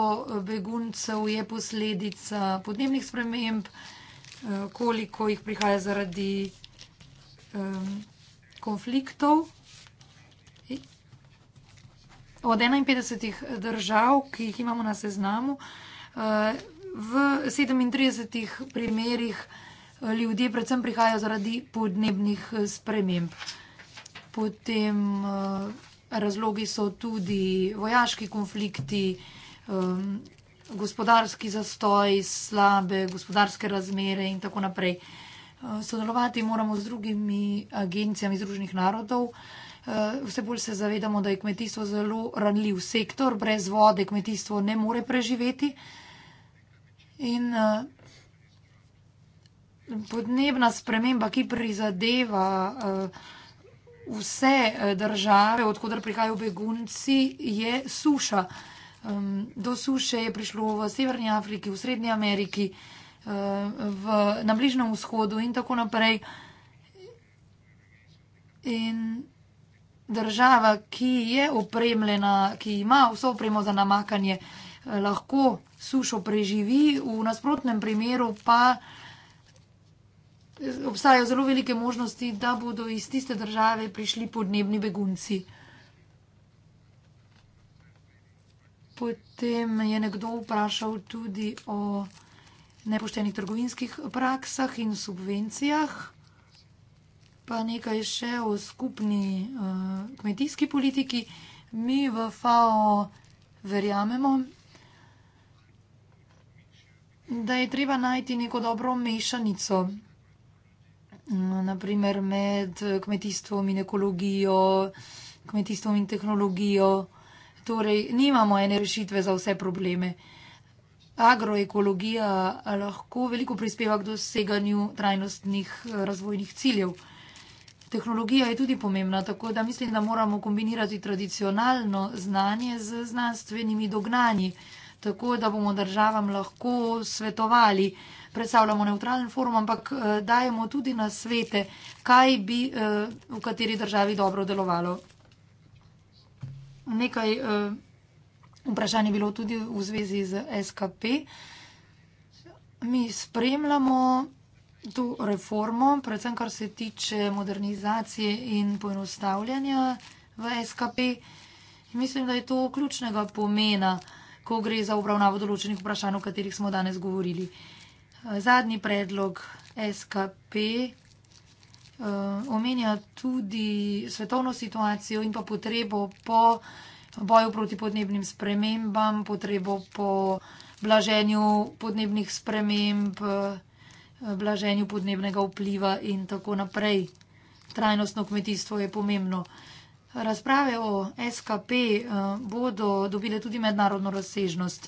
beguncev je posledica podnebnih sprememb, koliko jih prihaja zaradi um, konfliktov od 51 držav, ki jih imamo na seznamu. V 37 primerjih ljudje predvsem prihajajo zaradi podnebnih sprememb. Potem razlogi so tudi vojaški konflikti, gospodarski zastoj, slabe gospodarske razmere in tako naprej. Eh, sodelovati moramo z drugimi agencijami Združenih narodov. Eh, vse bolj se zavedamo, da je kmetijstvo zelo ranljiv sektor, brez vode kmetijstvo ne more preživeti. In eh, podnebna sprememba, ki prizadeva vse države, odkudar prihajajo begunci, je suša. Ehm, do suše je prišlo v Severni Afriki, v Srednji Ameriki, v, na Bližnem vzhodu in tako naprej. In država, ki je opremljena, ki ima vso opremo za namakanje, eh, lahko sušo preživi, v nasprotnem primeru pa eh, obstajajo zelo velike možnosti, da bodo iz tiste države prišli podnebni begunci. Potem je nekdo vprašal tudi o nepoštenih trgovinskih praksah in subvencijah. Pa nekaj še o skupni uh, kmetijski politiki. Mi v FAO verjamemo, da je treba najti neko dobro mešanico, no, naprimer med kmetijstvom in ekologijo, kmetijstvom in tehnologijo. Torej, nimamo ene rešitve za vse probleme. Uh, agroekologija lahko veliko prispeva k doseganju trajnostnih eh, razvojnih ciljev. Tehnologija je tudi pomembna, tako da mislim, da moramo kombinirati tradicionalno znanje z znanstvenimi dognanji, tako da bomo državam lahko svetovali. Predstavljamo neutralen forum, ampak eh, dajemo tudi na svete, kaj bi eh, v kateri državi dobro delovalo. Nekaj Vprašanje je bilo tudi v zvezi z SKP. Mi spremljamo to reformo, predvsem kar se tiče modernizacije in poenostavljanja v SKP. Mislim, da je to ključnega pomena, ko gre za obravnavo določenih vprašanj, o katerih smo danes govorili. Zadnji predlog SKP eh, omenja tudi svetovno situacijo in pa potrebo po boju proti podnebnim spremembam, potrebo po blaženju podnebnih sprememb, blaženju podnebnega vpliva in tako naprej. Trajnostno kmetijstvo je pomembno. Razprave o SKP eh, bodo dobile tudi mednarodno razsežnost.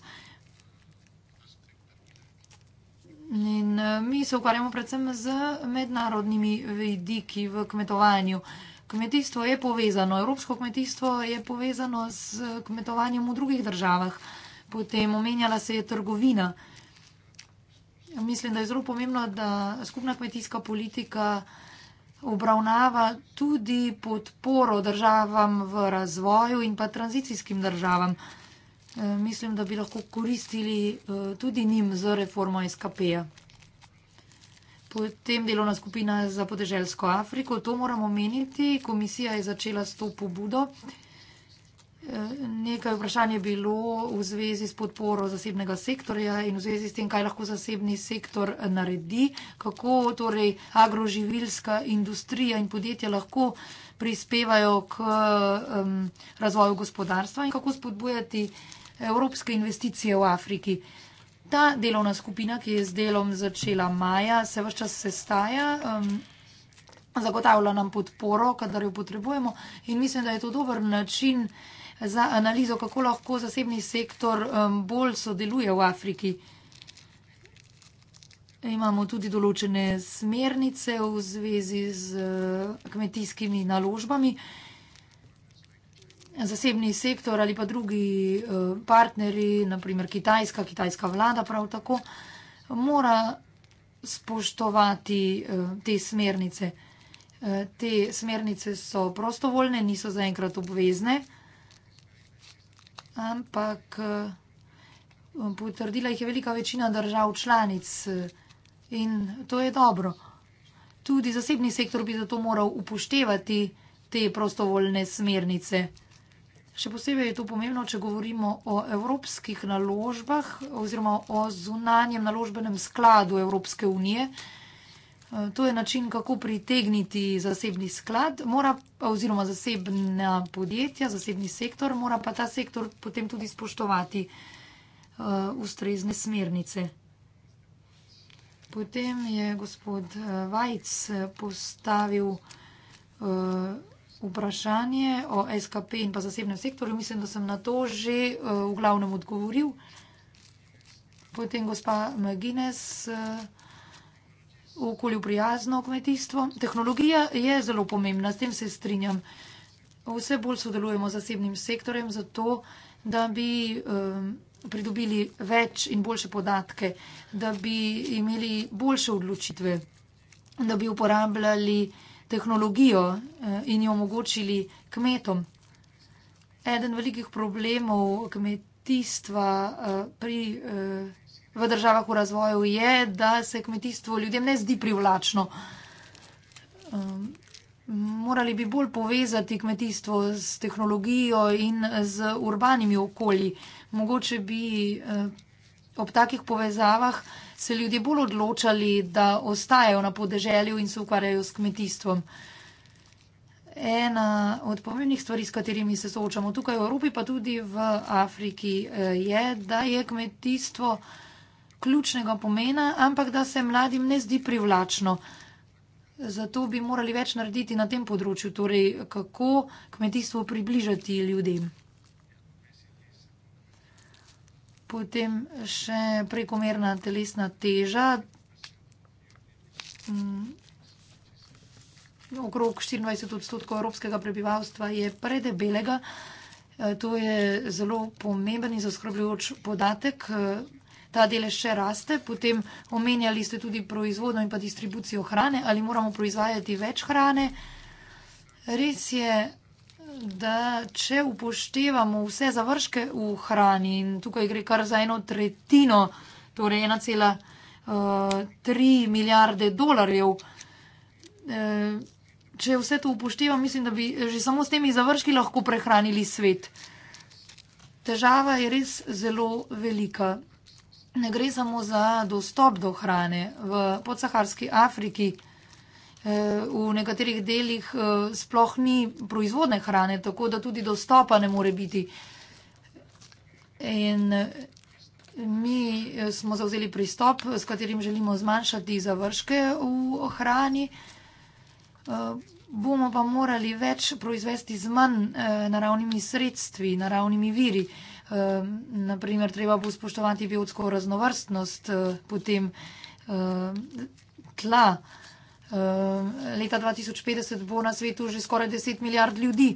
In eh, mi se ukvarjamo predvsem z mednarodnimi vidiki v kmetovanju. Kmetijstvo je povezano, evropsko kmetijstvo je povezano s kmetovanjem v drugih državah, potem omenjala se je trgovina. Mislim, da je zelo pomembno, da skupna kmetijska politika obravnava tudi podporo državam v razvoju in pa tranzicijskim državam. E, mislim, da bi lahko koristili e, tudi njim z reformo SKP-ja potem delovna skupina za podeželsko Afriko. To moramo omeniti. Komisija je začela s to pobudo. Nekaj vprašanj je bilo v zvezi s podporo zasebnega sektorja in v zvezi s tem, kaj lahko zasebni sektor naredi, kako torej agroživilska industrija in podjetja lahko prispevajo k um, razvoju gospodarstva in kako spodbujati evropske investicije v Afriki. Uh, Ta delovna skupina, ki je z delom začela maja, se vse čas sestaja, um, zagotavlja nam podporo, kadar jo potrebujemo, in mislim, da je to dober način za analizo, kako lahko zasebni sektor um, bolj sodeluje v Afriki. Imamo tudi določene smernice v zvezi z uh, kmetijskimi naložbami. Uh, zasebni sektor ali pa drugi eh, partneri, naprimer Kitajska, kitajska vlada prav tako, mora spoštovati eh, te smernice. Eh, te smernice so prostovoljne, niso zaenkrat obvezne, ampak potrdila jih je velika večina držav članic in to je dobro. Tudi zasebni sektor bi zato moral upoštevati te prostovoljne smernice. Še posebej je to pomembno, če govorimo o evropskih naložbah oziroma o zunanjem naložbenem skladu Evropske unije. E, to je način, kako pritegniti zasebni sklad mora, oziroma zasebna podjetja, zasebni sektor, mora pa ta sektor potem tudi spoštovati e, ustrezne smernice. Potem je gospod e, Vajc postavil vprašanje o SKP in pa zasebnem sektorju. Mislim, da sem na to že eh, v glavnem odgovoril. Potem gospa Magines, eh, okolju prijazno kmetijstvo. Tehnologija je zelo pomembna, s tem se strinjam. Vse bolj sodelujemo z zasebnim sektorjem zato, da bi eh, pridobili več in boljše podatke, da bi imeli boljše odločitve, da bi uporabljali tehnologijo eh, in jo omogočili kmetom. Eden velikih problemov kmetijstva eh, pri, eh, v državah v razvoju je, da se kmetijstvo ljudem ne zdi privlačno. Morali bi bolj povezati kmetijstvo s tehnologijo in z urbanimi okolji. Mogoče bi ob takih povezavah se ljudje bolj odločali, da ostajajo na podeželju in se ukvarjajo s kmetijstvom. Ena od pomembnih stvari, s katerimi se soočamo tukaj v Evropi, pa tudi v Afriki, eh, je, da je kmetijstvo ključnega pomena, ampak da se mladim ne zdi privlačno. Zato bi morali več narediti na tem področju, torej kako kmetijstvo približati ljudem. Potem še prekomerna telesna teža. Mm. Okrog 24 odstotkov evropskega prebivalstva je predebelega. E, to je zelo pomemben in zaskrbljujoč podatek. E, ta delež še raste. Potem omenjali ste tudi proizvodno in pa distribucijo hrane. Ali moramo proizvajati več hrane? Res je da če upoštevamo vse završke v hrani, in tukaj gre kar za eno tretjino, torej 1,3 eh, milijarde dolarjev, eh, če vse to upoštevam, mislim, da bi že samo s temi završki lahko prehranili svet. Težava je res zelo velika. Ne gre samo za dostop do hrane v podsaharski Afriki v nekaterih delih eh, sploh ni proizvodne hrane, tako da tudi dostopa ne more biti. In eh, mi eh, smo zavzeli pristop, s katerim želimo zmanjšati završke v hrani. Bomo pa morali več proizvesti z manj naravnimi sredstvi, naravnimi viri. Naprimer, treba bo spoštovati biotsko raznovrstnost, potem tla. Eh, leta 2050 bo na svetu že skoraj 10 milijard ljudi.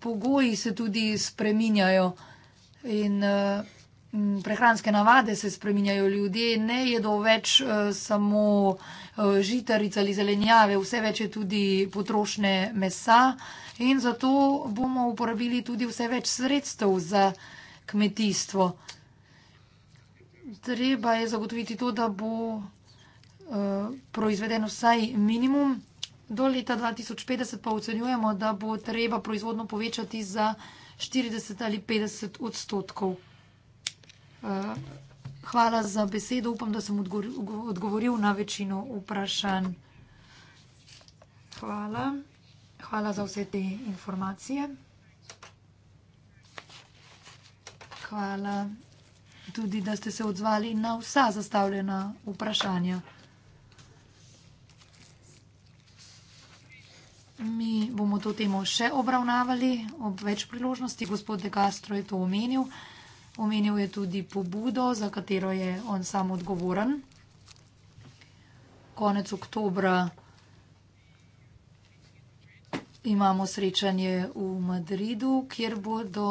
Pogoji se tudi spreminjajo in eh, prehranske navade se spreminjajo. Ljudje ne jedo več eh, samo žitaric ali zelenjave, vse več je tudi potrošne mesa in zato bomo uporabili tudi vse več sredstev za kmetijstvo. Treba je zagotoviti to, da bo Eh, proizveden vsaj minimum. Do leta 2050 pa ocenjujemo, da bo treba proizvodno povečati za 40 ali 50 odstotkov. Eh, hvala za besedo. Upam, da sem odgovoril na večino vprašanj. Hvala. Hvala za vse te informacije. Hvala tudi, da ste se odzvali na vsa zastavljena vprašanja. Mi bomo to temo še obravnavali ob več priložnosti. Gospod De Castro je to omenil. Omenil je tudi pobudo, za katero je on sam odgovoren. Konec oktobra imamo srečanje v Madridu, kjer bodo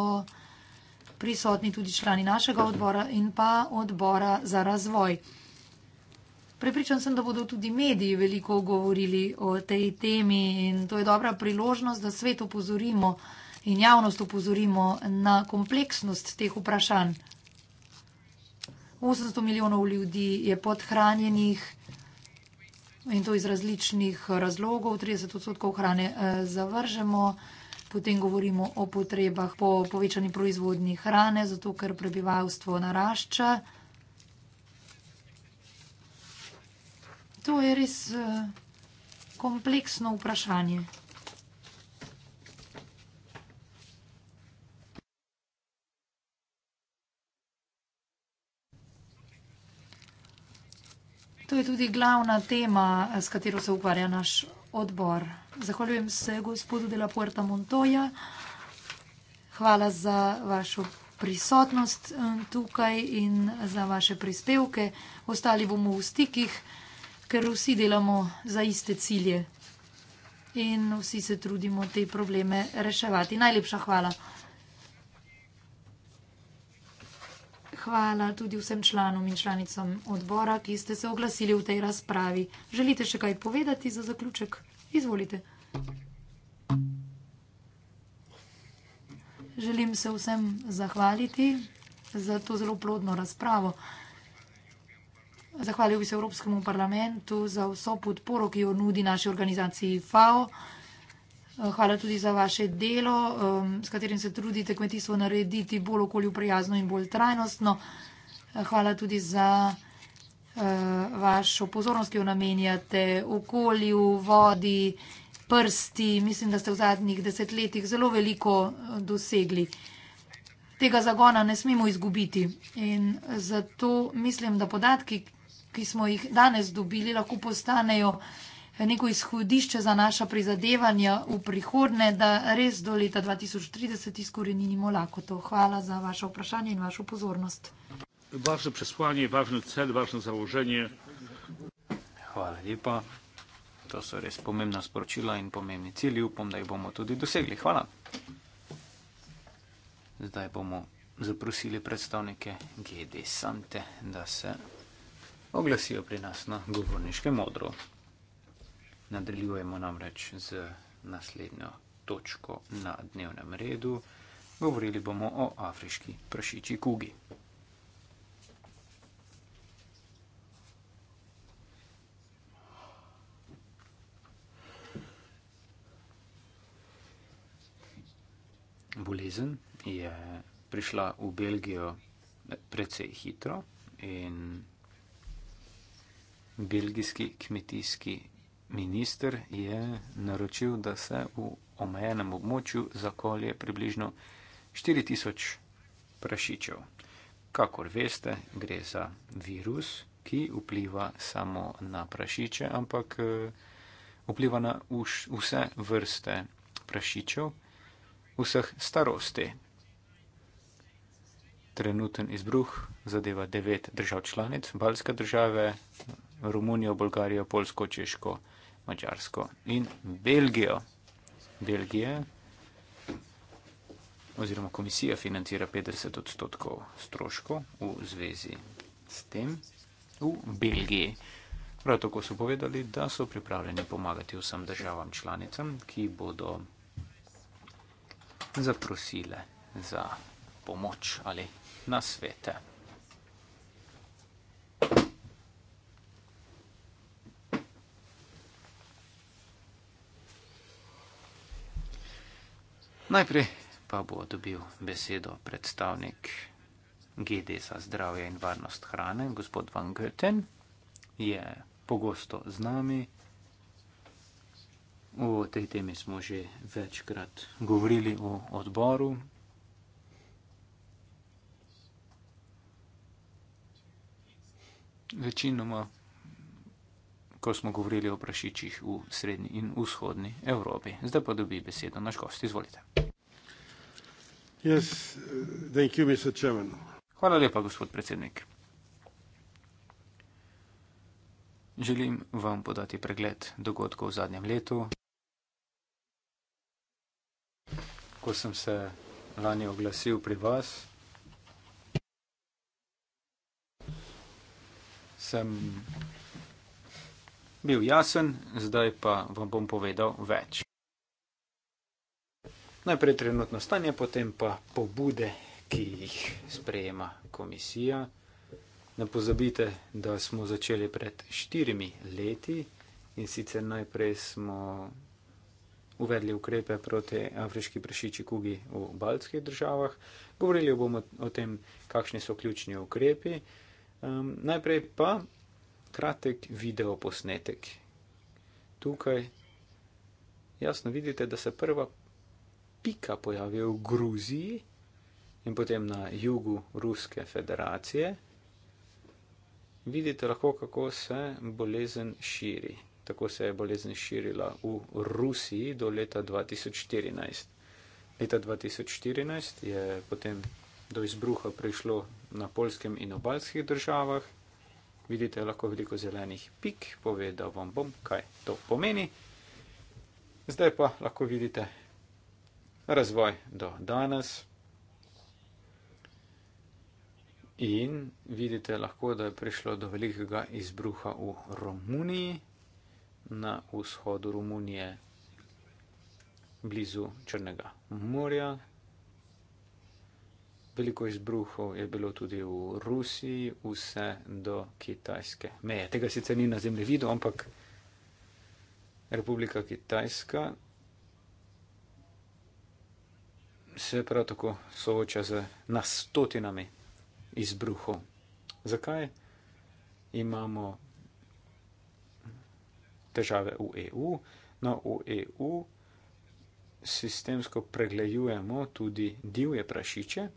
prisotni tudi člani našega odbora in pa odbora za razvoj. Prepričan sem, da bodo tudi mediji veliko govorili o tej temi in to je dobra priložnost, da svet opozorimo in javnost opozorimo na kompleksnost teh vprašanj. 800 milijonov ljudi je podhranjenih in to iz različnih razlogov. 30 odstotkov hrane eh, zavržemo, potem govorimo o potrebah po povečani proizvodni hrane, zato ker prebivalstvo narašča. To je res eh, kompleksno vprašanje. To je tudi glavna tema, eh, s katero se ukvarja naš odbor. Zahvaljujem se gospodu Dela Puerta Montoya. Hvala za vašo prisotnost eh, tukaj in za vaše prispevke. Ostali bomo v stikih ker vsi delamo za iste cilje in vsi se trudimo te probleme reševati. Najlepša hvala. Hvala tudi vsem članom in članicam odbora, ki ste se oglasili v tej razpravi. Želite še kaj povedati za zaključek? Izvolite. Želim se vsem zahvaliti za to zelo plodno razpravo. Zahvalil bi se Evropskemu parlamentu za vso podporo, ki jo nudi naši organizaciji FAO. Hvala tudi za vaše delo, um, s katerim se trudite kmetijstvo narediti bolj okolju prijazno in bolj trajnostno. Hvala tudi za uh, vašo pozornost, ki jo namenjate okolju, vodi, prsti. Mislim, da ste v zadnjih desetletjih zelo veliko uh, dosegli. Tega zagona ne smemo izgubiti in zato mislim, da podatki, ki smo jih danes dobili, lahko postanejo neko izhodišče za naša prizadevanja v prihodne, da res do leta 2030 izkoreninimo lakoto. Hvala za vaše vprašanje in vašo pozornost. Vaše preslanje je važen cel, važno založenje. Hvala lepa. To so res pomembna sporočila in pomembni cilji. Upam, da jih bomo tudi dosegli. Hvala. Zdaj bomo zaprosili predstavnike GD Sante, da se oglasijo pri nas na govorniškem modru. Nadaljujemo namreč z naslednjo točko na dnevnem redu. Govorili bomo o afriški prašiči kugi. Bolezen je prišla v Belgijo precej hitro in belgijski kmetijski minister je naročil, da se v omejenem območju zakolje približno 4000 prašičev. Kakor veste, gre za virus, ki vpliva samo na prašiče, ampak eh, vpliva na vse vrste prašičev vseh starosti. Trenuten izbruh zadeva devet držav članic, balske države, Romunijo, Bolgarijo, Polsko, Češko, Mačarsko in Belgijo. Belgije oziroma komisija financira 50 odstotkov stroškov v zvezi s tem v Belgiji. Prav tako so povedali, da so pripravljeni pomagati vsem državam članicam, ki bodo zaprosile za pomoč ali nasvete. Najprej pa bo dobil besedo predstavnik GD za zdravje in varnost hrane, gospod Van Goten, je pogosto z nami. O tej temi smo že večkrat govorili v odboru. Večinoma ko smo govorili o prašičih v srednji in vzhodni Evropi. Zdaj pa dobi besedo naš gost. Izvolite. Yes, thank you, Mr. Chairman. Hvala lepa, gospod predsednik. Želim vam podati pregled dogodkov v zadnjem letu. Ko sem se lani oglasil pri vas, sem bil jasen, zdaj pa vam bom povedal več. Najprej trenutno stanje, potem pa pobude, ki jih sprejema komisija. Ne pozabite, da smo začeli pred štirimi leti in sicer najprej smo uvedli ukrepe proti afriški prešiči kugi v baltskih državah. Govorili bomo o tem, kakšni so ključni ukrepi. Um, najprej pa kratek video posnetek. Tukaj jasno vidite, da se prva pika pojavi v Gruziji in potem na jugu Ruske federacije. Vidite lahko, kako se bolezen širi. Tako se je bolezen širila v Rusiji do leta 2014. Leta 2014 je potem do izbruha prišlo na polskem in obalskih državah, Vidite lahko veliko zelenih pik, povedal vam bom, kaj to pomeni. Zdaj pa lahko vidite razvoj do danes. In vidite lahko, da je prišlo do velikega izbruha v Romuniji, na vzhodu Romunije, blizu Črnega morja, veliko izbruhov je bilo tudi v Rusiji, vse do kitajske meje. Tega sicer ni na zemlji videl, ampak Republika Kitajska se prav tako sooča z na stotinami izbruhov. Zakaj imamo težave v EU? No, v EU sistemsko preglejujemo tudi divje prašiče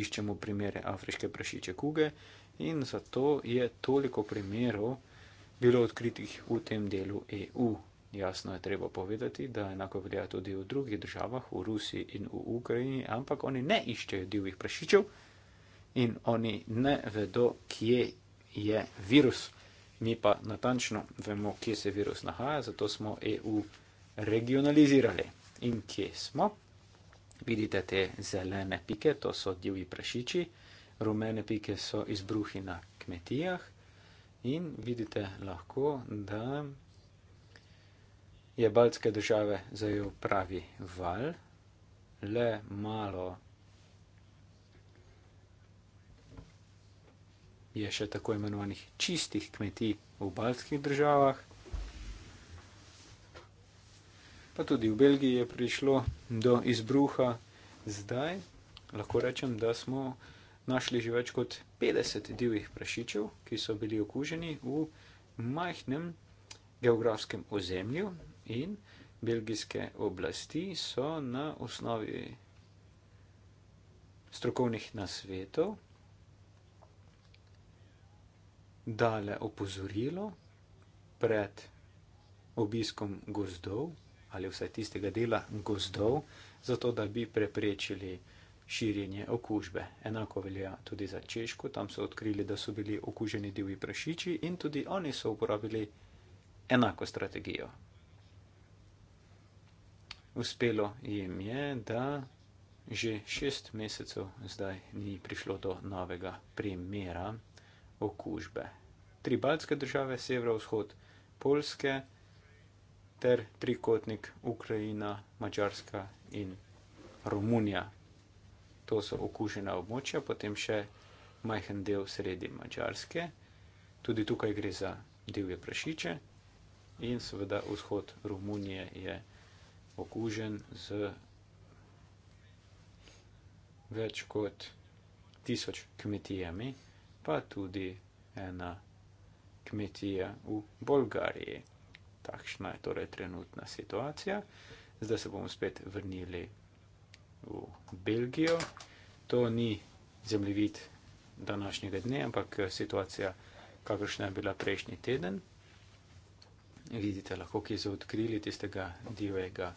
iščemo primere afriške prašiče kuge in zato je toliko primerov bilo odkritih v tem delu EU. Jasno je treba povedati, da enako velja tudi v drugih državah, v Rusiji in v Ukrajini, ampak oni ne iščejo divjih prašičev in oni ne vedo, kje je virus. Mi pa natančno vemo, kje se virus nahaja, zato smo EU regionalizirali. In kje smo? Vidite te zelene pike, to so divji prašiči, rumene pike so izbruhi na kmetijah in vidite lahko, da je baltske države zajel pravi val, le malo je še tako imenovanih čistih kmetij v baltskih državah, pa tudi v Belgiji je prišlo do izbruha. Zdaj lahko rečem, da smo našli že več kot 50 divjih prašičev, ki so bili okuženi v majhnem geografskem ozemlju in belgijske oblasti so na osnovi strokovnih nasvetov dale opozorilo pred obiskom gozdov, ali vsaj tistega dela gozdov, zato da bi preprečili širjenje okužbe. Enako velja tudi za Češko, tam so odkrili, da so bili okuženi divji prašiči in tudi oni so uporabili enako strategijo. Uspelo jim je, da že šest mesecev zdaj ni prišlo do novega primera okužbe. Tri baltske države, severovzhod, polske, ter trikotnik Ukrajina, Mačarska in Romunija. To so okužena območja, potem še majhen del sredi Mačarske, tudi tukaj gre za divje prašiče in seveda vzhod Romunije je okužen z več kot tisoč kmetijami, pa tudi ena kmetija v Bolgariji kakšna je torej trenutna situacija. Zdaj se bomo spet vrnili v Belgijo. To ni zemljevid današnjega dne, ampak eh, situacija, kakršna je bila prejšnji teden. Vidite lahko, ki so odkrili tistega divjega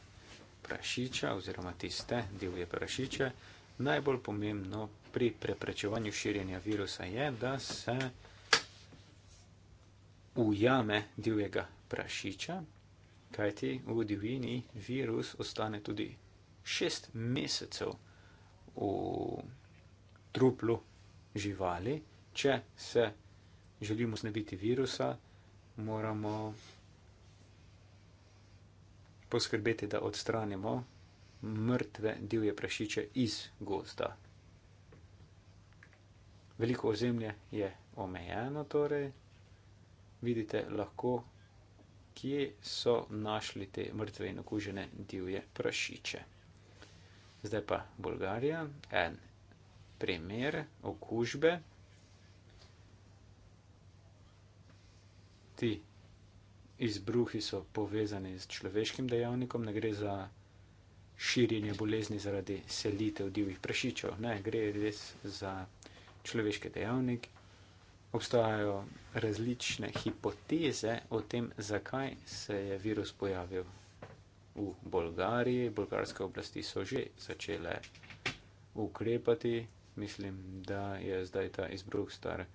prašiča oziroma tiste divje prašiče. Najbolj pomembno pri preprečevanju širjenja virusa je, da se ujame divjega prašiča, kajti v divjini virus ostane tudi šest mesecev v truplu živali. Če se želimo znebiti virusa, moramo poskrbeti, da odstranimo mrtve divje prašiče iz gozda. Veliko ozemlje je omejeno, torej vidite, lahko kje so našli te mrtve in okužene divje prašiče. Zdaj pa Bolgarija, en primer okužbe. Ti izbruhi so povezani z človeškim dejavnikom, ne gre za širjenje bolezni zaradi selitev divjih prašičev, ne gre res za človeški dejavnik, obstajajo različne hipoteze o tem, zakaj se je virus pojavil v Bolgariji. Bolgarske oblasti so že začele ukrepati. Mislim, da je zdaj ta izbruh star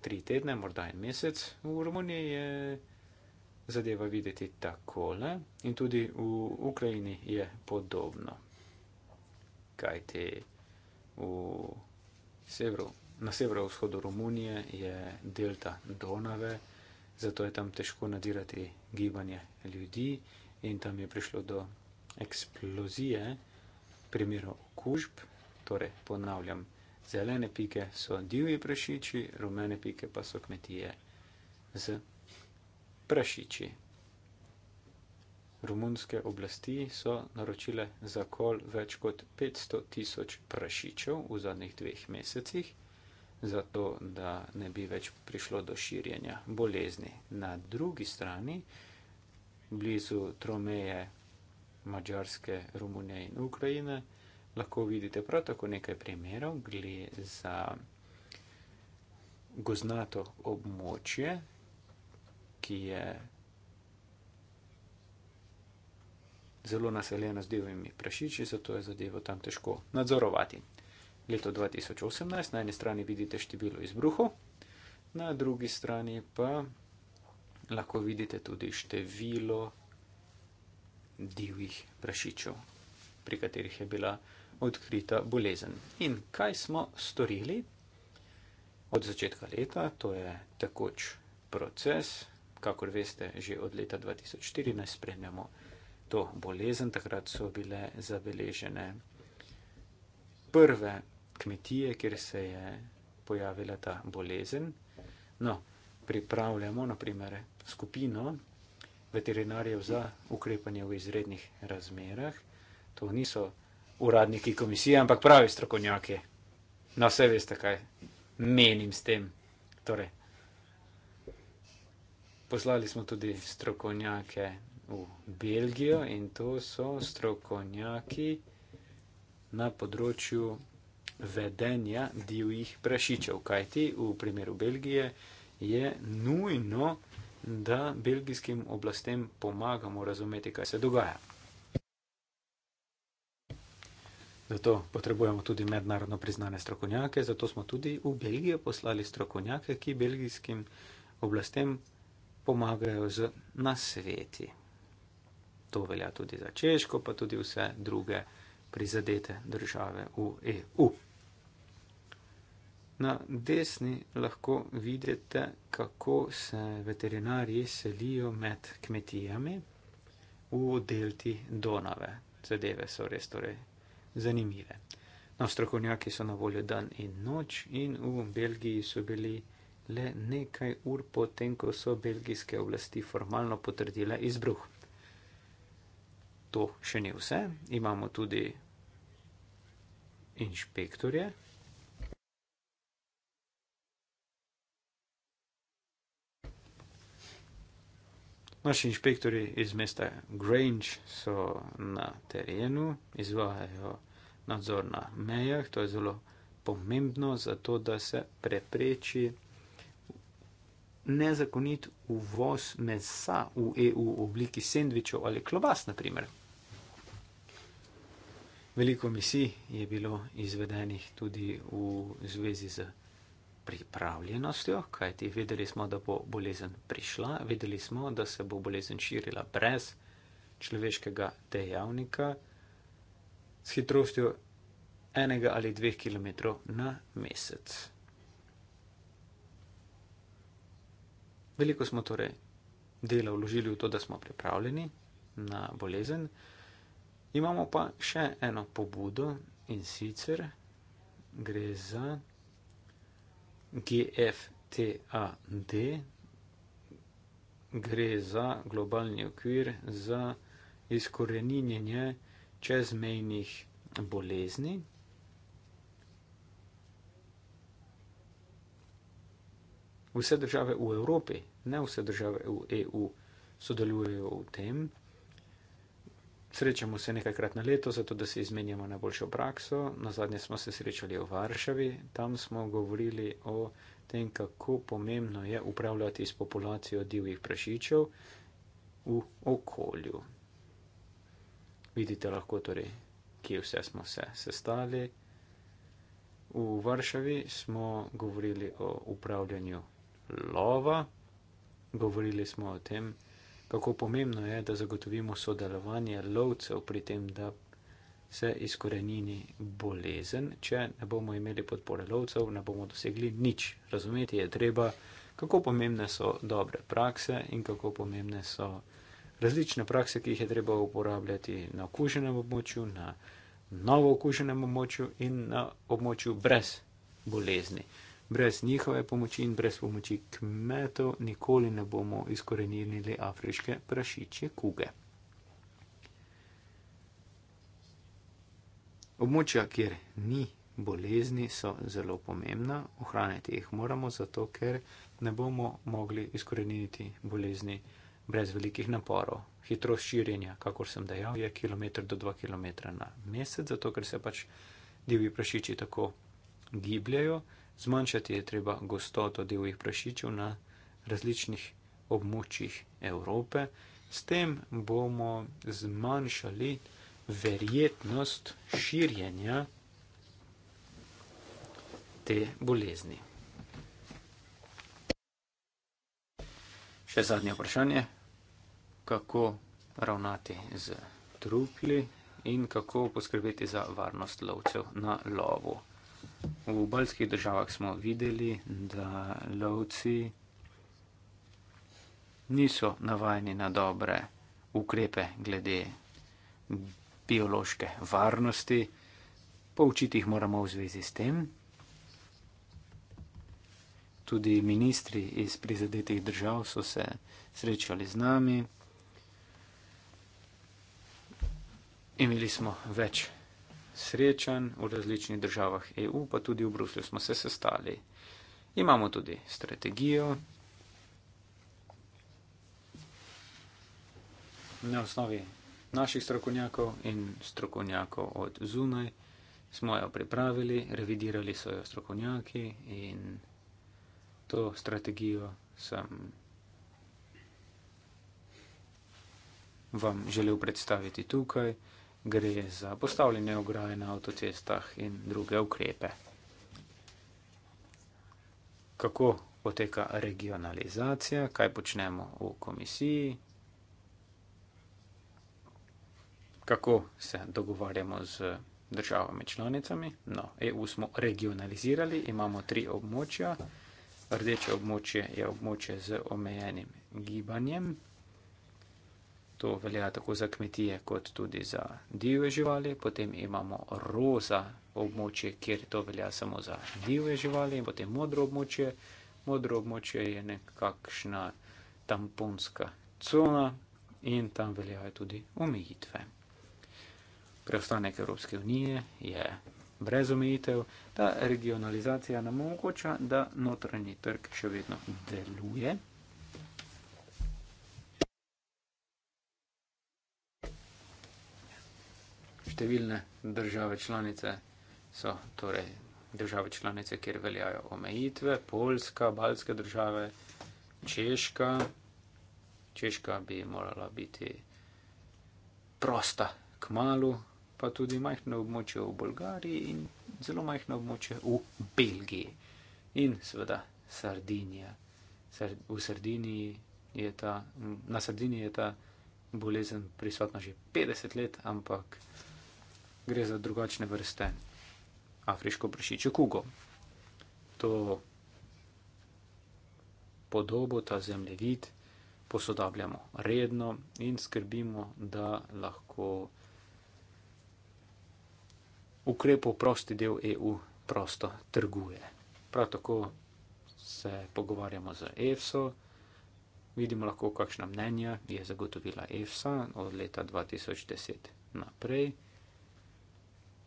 tri tedne, morda en mesec. V Romuniji je zadeva videti takole in tudi v Ukrajini je podobno. Kaj te v severu na severovzhodu Romunije je delta Donave, zato je tam težko nadzirati gibanje ljudi in tam je prišlo do eksplozije primerov okužb. Torej, ponavljam, zelene pike so divji prašiči, rumene pike pa so kmetije z prašiči. Romunske oblasti so naročile za kol več kot 500 tisoč prašičev v zadnjih dveh mesecih zato da ne bi več prišlo do širjenja bolezni. Na drugi strani, blizu Tromeje, Mačarske, Romunije in Ukrajine, lahko vidite prav tako nekaj primerov, gre za goznato območje, ki je zelo naseljeno z divjimi prašiči, zato je zadevo tam težko nadzorovati leto 2018, na eni strani vidite število izbruhov, na drugi strani pa lahko vidite tudi število divjih prašičev, pri katerih je bila odkrita bolezen. In kaj smo storili od začetka leta, to je takoč proces, kakor veste, že od leta 2014 spremljamo to bolezen, takrat so bile zabeležene prve kmetije, kjer se je pojavila ta bolezen. No, pripravljamo naprimer skupino veterinarjev za ukrepanje v izrednih razmerah. To niso uradniki komisije, ampak pravi strokovnjaki. No, vse veste, kaj menim s tem. Torej, poslali smo tudi strokovnjake v Belgijo in to so strokovnjaki na področju vedenja divjih prašičev. Kajti v primeru Belgije je nujno, da belgijskim oblastem pomagamo razumeti, kaj se dogaja. Zato potrebujemo tudi mednarodno priznane strokovnjake, zato smo tudi v Belgijo poslali strokovnjake, ki belgijskim oblastem pomagajo z nasveti. To velja tudi za Češko, pa tudi vse druge prizadete države v EU. Na desni lahko vidite, kako se veterinarji selijo med kmetijami v delti Donave. Zadeve so res torej zanimive. No, strokovnjaki so na voljo dan in noč in v Belgiji so bili le nekaj ur potem, ko so belgijske oblasti formalno potrdile izbruh. To še ni vse. Imamo tudi inšpektorje, Naši inšpektori iz mesta Grange so na terenu, izvajajo nadzor na mejah. To je zelo pomembno, zato da se prepreči nezakonit uvoz mesa v EU v obliki sendvičev ali klobas, na primer. Veliko misij je bilo izvedenih tudi v zvezi z pripravljenostjo, kajti videli smo, da bo bolezen prišla, videli smo, da se bo bolezen širila brez človeškega dejavnika s hitrostjo enega ali dveh kilometrov na mesec. Veliko smo torej dela vložili v to, da smo pripravljeni na bolezen. Imamo pa še eno pobudo in sicer gre za GFTAD gre za globalni okvir za izkoreninjenje čezmejnih bolezni. Vse države v Evropi, ne vse države v EU, sodelujejo v tem. Srečamo se nekajkrat na leto, zato da se izmenjamo na boljšo prakso. Na zadnje smo se srečali v Varšavi, tam smo govorili o tem, kako pomembno je upravljati s populacijo divjih prašičev v okolju. Vidite lahko torej, kje vse smo se sestali. V Varšavi smo govorili o upravljanju lova, govorili smo o tem, kako pomembno je, da zagotovimo sodelovanje lovcev pri tem, da se izkorenini bolezen. Če ne bomo imeli podpore lovcev, ne bomo dosegli nič. Razumeti je treba, kako pomembne so dobre prakse in kako pomembne so različne prakse, ki jih je treba uporabljati na okuženem območju, na novo okuženem območju in na območju brez bolezni brez njihove pomoči in brez pomoči kmetov nikoli ne bomo izkorenili afriške prašiče kuge. Območja, kjer ni bolezni, so zelo pomembna, ohraniti jih moramo zato, ker ne bomo mogli izkoreniti bolezni brez velikih naporov. Hitrost širjenja, kakor sem dejal, je kilometr do dva kilometra na mesec, zato ker se pač divji prašiči tako gibljajo zmanjšati je treba gostoto divjih prašičev na različnih območjih Evrope. S tem bomo zmanjšali verjetnost širjenja te bolezni. Še zadnje vprašanje. Kako ravnati z trupli in kako poskrbeti za varnost lovcev na lovu? V obalskih državah smo videli, da lovci niso navajeni na dobre ukrepe glede biološke varnosti. Poučiti jih moramo v zvezi s tem. Tudi ministri iz prizadetih držav so se srečali z nami. Imeli smo več srečanj v različnih državah EU, pa tudi v Bruslju smo se sestali. Imamo tudi strategijo. Na osnovi naših strokovnjakov in strokovnjakov od zunaj smo jo pripravili, revidirali so jo strokovnjaki in to strategijo sem vam želel predstaviti tukaj gre za postavljanje ograje na avtocestah in druge ukrepe. Kako poteka regionalizacija, kaj počnemo v komisiji, kako se dogovarjamo z državami članicami. No, EU smo regionalizirali, imamo tri območja. Rdeče območje je območje z omejenim gibanjem, to velja tako za kmetije, kot tudi za divje živali, potem imamo roza območje, kjer to velja samo za divje živali, in potem modro območje. Modro območje je nekakšna tamponska cona in tam veljajo tudi omejitve. Preostanek Evropske unije je brez omejitev. Ta regionalizacija nam omogoča, da notranji trg še vedno deluje. Mhm. številne države članice so torej države članice, kjer veljajo omejitve, Poljska, Balske države, Češka. Češka bi morala biti prosta k malu, pa tudi majhno območje v Bolgariji in zelo majhno območje v Belgiji. In seveda Sardinija. V Sardiniji je ta, na Sardiniji je ta bolezen prisotna že 50 let, ampak gre za drugačne vrste afriško prašiče kugo. To podobo, ta zemljevid posodabljamo redno in skrbimo, da lahko ukrepov prosti del EU prosto trguje. Prav tako se pogovarjamo z EFSO, vidimo lahko, kakšna mnenja je zagotovila EFSA od leta 2010 naprej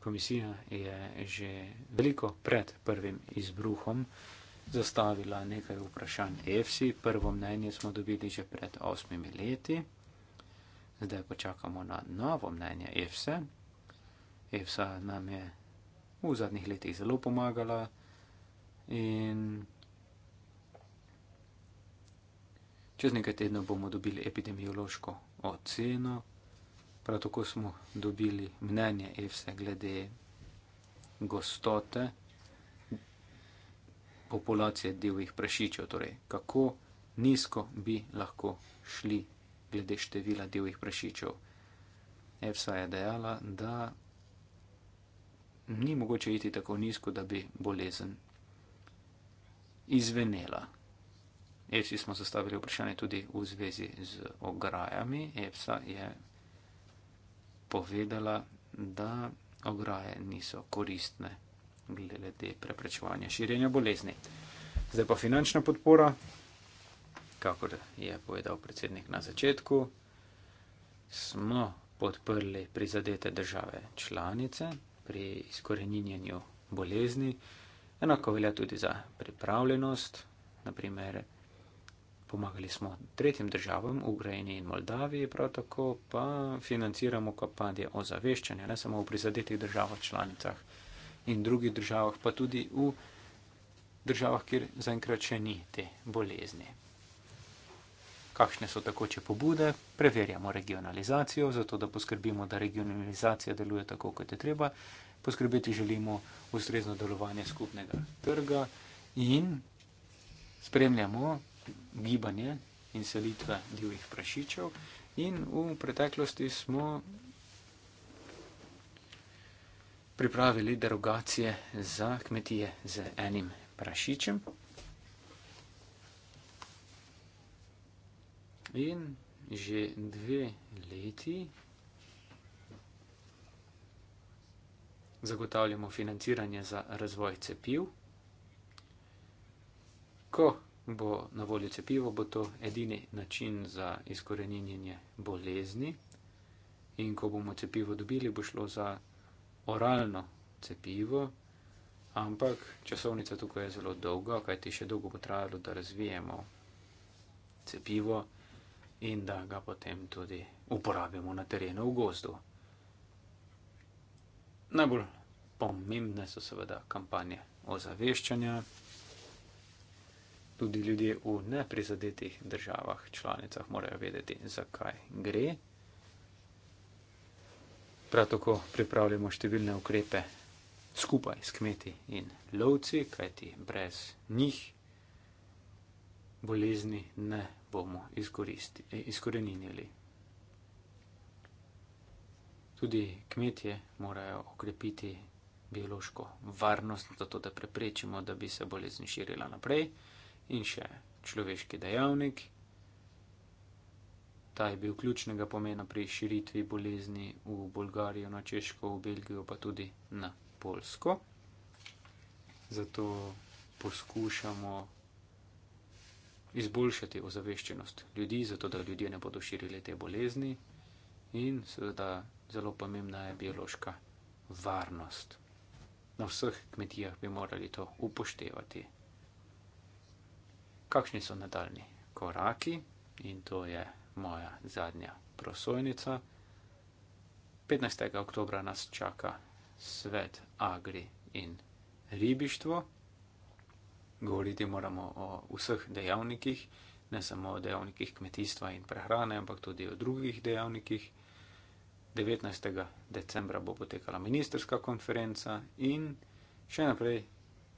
komisija je že veliko pred prvim izbruhom zastavila nekaj vprašanj EFSI. Prvo mnenje smo dobili že pred osmimi leti. Zdaj pa čakamo na novo mnenje EFSE. EFSA nam je v zadnjih letih zelo pomagala in čez nekaj tednov bomo dobili epidemiološko oceno, Prav tako smo dobili mnenje EFSE glede gostote populacije divjih prašičev, torej kako nizko bi lahko šli glede števila divjih prašičev. EFSA je dejala, da ni mogoče iti tako nizko, da bi bolezen izvenela. EFSI smo zastavili vprašanje tudi v zvezi z ograjami. EFSA je povedala, da ograje niso koristne glede preprečevanja širjenja bolezni. Zdaj pa finančna podpora, kakor je povedal predsednik na začetku, smo podprli prizadete države članice pri izkoreninjenju bolezni, enako velja tudi za pripravljenost, naprimer pomagali smo tretjim državam, Ukrajini in Moldaviji, prav tako pa financiramo kampanje o zaveščanju, ne samo v prizadetih državah članicah in drugih državah, pa tudi v državah, kjer zaenkrat še ni te bolezni. Kakšne so takoče pobude? Preverjamo regionalizacijo, zato da poskrbimo, da regionalizacija deluje tako, kot je treba. Poskrbeti želimo ustrezno delovanje skupnega trga in spremljamo gibanje in selitve divjih prašičev. In v preteklosti smo pripravili derogacije za kmetije z enim prašičem. In že dve leti zagotavljamo financiranje za razvoj cepiv. Ko bo na voljo cepivo, bo to edini način za izkoreninjenje bolezni. In ko bomo cepivo dobili, bo šlo za oralno cepivo, ampak časovnica tukaj je zelo dolga, kajti še dolgo bo trajalo, da razvijemo cepivo in da ga potem tudi uporabimo na terenu v gozdu. Najbolj pomembne so seveda kampanje ozaveščanja tudi ljudje v neprizadetih državah, članicah, morajo vedeti, zakaj gre. Prav tako pripravljamo številne ukrepe skupaj s kmeti in lovci, kajti brez njih bolezni ne bomo izkoreninili. Tudi kmetje morajo okrepiti biološko varnost, zato da preprečimo, da bi se bolezen širila naprej in še človeški dejavnik. Ta je bil ključnega pomena pri širitvi bolezni v Bolgarijo, na Češko, v Belgijo, pa tudi na Polsko. Zato poskušamo izboljšati ozaveščenost ljudi, zato da ljudje ne bodo širili te bolezni in seveda zelo pomembna je biološka varnost. Na vseh kmetijah bi morali to upoštevati kakšni so nadaljni koraki in to je moja zadnja prosojnica. 15. oktobra nas čaka svet agri in ribištvo. Govoriti moramo o vseh dejavnikih, ne samo o dejavnikih kmetijstva in prehrane, ampak tudi o drugih dejavnikih. 19. decembra bo potekala ministerska konferenca in še naprej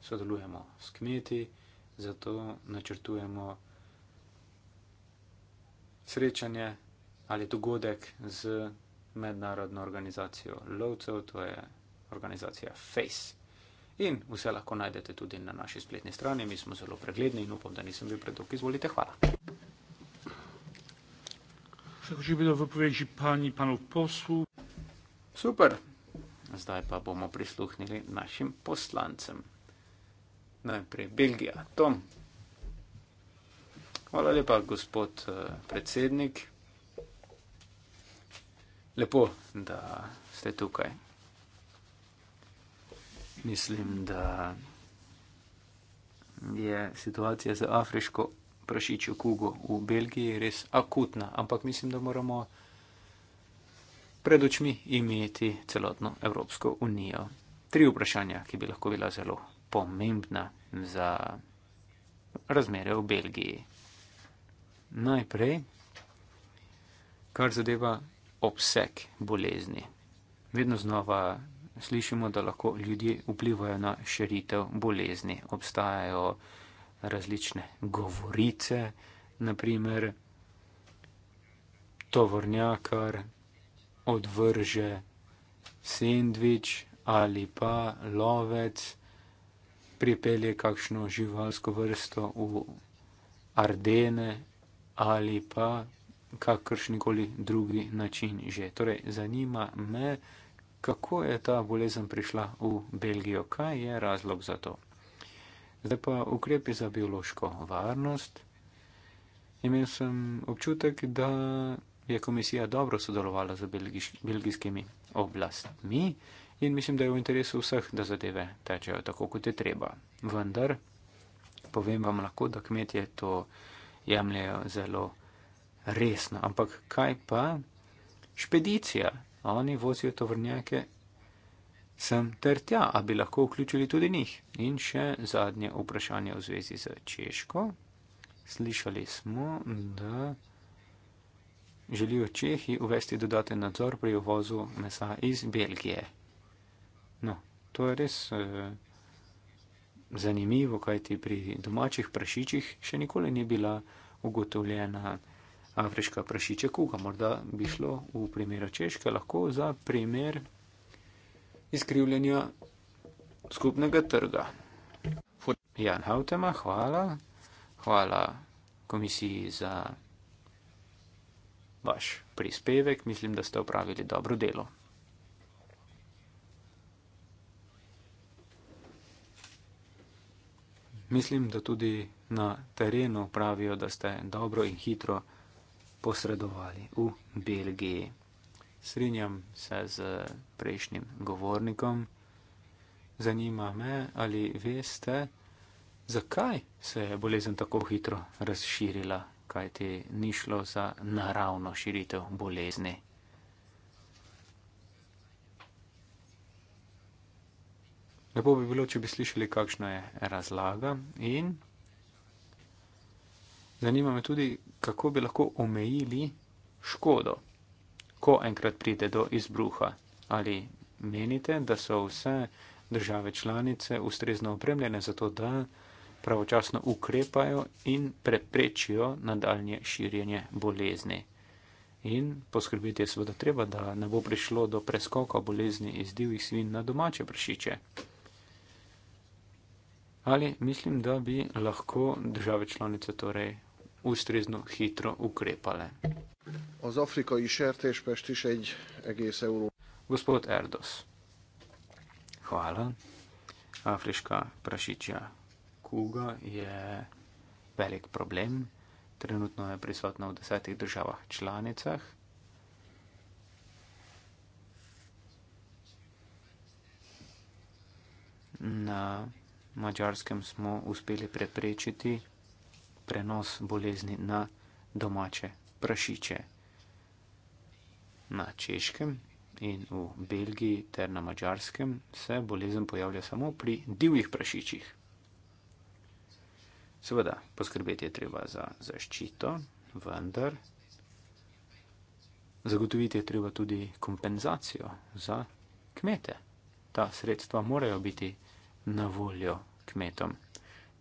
sodelujemo s kmetijami zato načrtujemo srečanje ali dogodek z mednarodno organizacijo lovcev, to je organizacija FACE. In vse lahko najdete tudi na naši spletni strani, mi smo zelo pregledni in upam, da nisem bil predolg. Izvolite, hvala. Super, zdaj pa bomo prisluhnili našim poslancem. Najprej Belgija, Tom. Hvala lepa, gospod eh, predsednik. Lepo, da ste tukaj. Mislim, da je situacija za afriško prašičjo kugo v Belgiji res akutna, ampak mislim, da moramo pred očmi imeti celotno Evropsko unijo. Tri vprašanja, ki bi lahko bila zelo pomembna za razmere v Belgiji. Najprej, kar zadeva obseg bolezni. Vedno znova slišimo, da lahko ljudje vplivajo na širitev bolezni. Obstajajo različne govorice, naprimer tovornjakar odvrže sendvič ali pa lovec pripelje kakšno živalsko vrsto v Ardene ali pa kakršnikoli drugi način že. Torej, zanima me, kako je ta bolezen prišla v Belgijo, kaj je razlog za to. Zdaj pa ukrepi za biološko varnost. Imel sem občutek, da je komisija dobro sodelovala z belgijskimi oblastmi in mislim, da je v interesu vseh, da zadeve tečejo tako, kot je treba. Vendar povem vam lahko, da kmetje to jemljajo zelo resno. Ampak kaj pa špedicija? Oni vozijo tovrnjake sem ter tja, a bi lahko vključili tudi njih. In še zadnje vprašanje v zvezi z Češko. Slišali smo, da želijo Čehi uvesti dodaten nadzor pri uvozu mesa iz Belgije. No, to je res e, zanimivo, kajti pri domačih prašičih še nikoli ni bila ugotovljena afriška prašiče kuga. Morda bi šlo v primeru Češke lahko za primer izkrivljanja skupnega trga. Jan Hautema, hvala. Hvala komisiji za vaš prispevek. Mislim, da ste opravili dobro delo. Mislim, da tudi na terenu pravijo, da ste dobro in hitro posredovali v Belgiji. Srinjam se z prejšnjim govornikom. Zanima me, ali veste, zakaj se je bolezen tako hitro razširila, kaj ti ni šlo za naravno širitev bolezni. Lepo bi bilo, če bi slišali, kakšna je razlaga in zanima me tudi, kako bi lahko omejili škodo, ko enkrat pride do izbruha. Ali menite, da so vse države članice ustrezno opremljene za to, da pravočasno ukrepajo in preprečijo nadaljnje širjenje bolezni. In poskrbiti je seveda treba, da ne bo prišlo do preskoka bolezni iz divjih svin na domače prašiče ali mislim, da bi lahko države članice torej ustrezno hitro ukrepale. Z Afriko in širte špešti še en EGS euro. Gospod Erdos, hvala. Afriška prašičja kuga je velik problem. Trenutno je prisotna v desetih državah članicah. Na mačarskem smo uspeli preprečiti prenos bolezni na domače prašiče. Na češkem in v Belgiji ter na mačarskem se bolezen pojavlja samo pri divjih prašičih. Seveda, poskrbeti je treba za zaščito, vendar zagotoviti je treba tudi kompenzacijo za kmete. Ta sredstva morajo biti na voljo kmetom.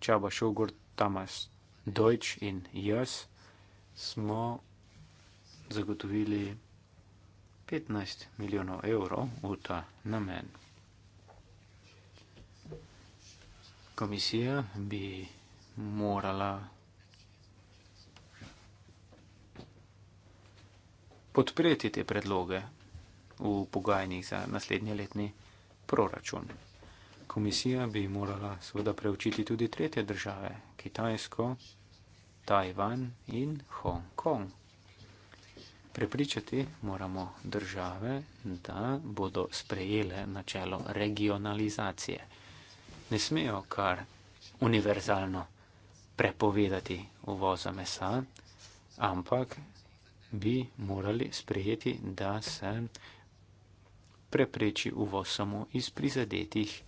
Čaba Šogur, Tamas Deutsch in jaz smo zagotovili 15 milijonov evrov v ta namen. Komisija bi morala podpreti te predloge v pogajanjih za naslednje letni proračun komisija bi morala seveda preučiti tudi tretje države, Kitajsko, Tajvan in Hong Kong. Prepričati moramo države, da bodo sprejele načelo regionalizacije. Ne smejo kar univerzalno prepovedati uvoza mesa, ampak bi morali sprejeti, da se prepreči uvoz samo iz prizadetih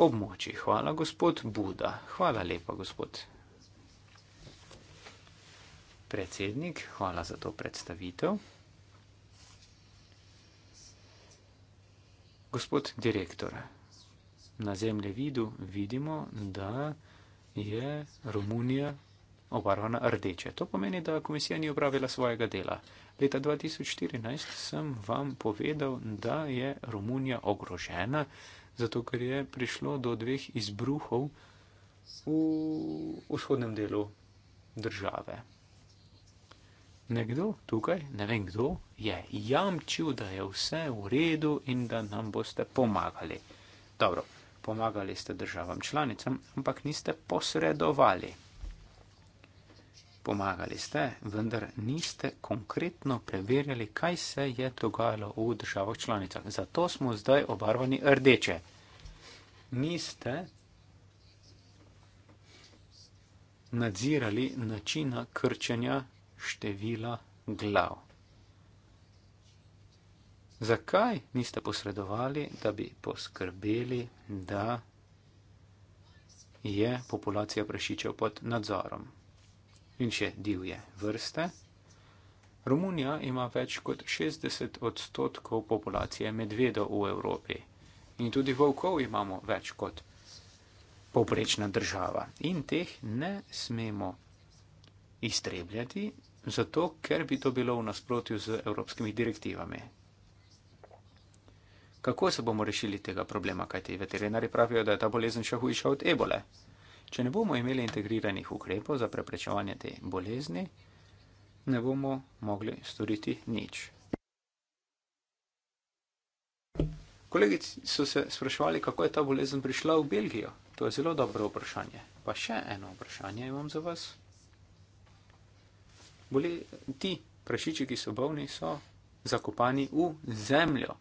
območjih. Hvala, gospod Buda. Hvala lepa, gospod predsednik. Hvala za to predstavitev. Gospod direktor, na zemlji vidu vidimo, da je Romunija obarvana rdeče. To pomeni, da komisija ni opravila svojega dela. Leta 2014 sem vam povedal, da je Romunija ogrožena zato ker je prišlo do dveh izbruhov v vzhodnem delu države. Nekdo tukaj, ne vem kdo, je jamčil, da je vse v redu in da nam boste pomagali. Dobro, pomagali ste državam članicam, ampak niste posredovali. Pomagali ste, vendar niste konkretno preverjali, kaj se je dogajalo v državah članicah. Zato smo zdaj obarvani rdeče. Niste nadzirali načina krčenja števila glav. Zakaj niste posredovali, da bi poskrbeli, da je populacija prešičev pod nadzorom? in še divje vrste. Romunija ima več kot 60 odstotkov populacije medvedov v Evropi in tudi volkov imamo več kot povprečna država in teh ne smemo iztrebljati, zato ker bi to bilo v nasprotju z evropskimi direktivami. Kako se bomo rešili tega problema, kajti veterinari pravijo, da je ta bolezen še hujša od ebole? Če ne bomo imeli integriranih ukrepov za preprečevanje te bolezni, ne bomo mogli storiti nič. Kolegi so se sprašvali, kako je ta bolezen prišla v Belgijo. To je zelo dobro vprašanje. Pa še eno vprašanje imam za vas. Bole, ti prašiči, ki so bolni, so zakopani v zemljo.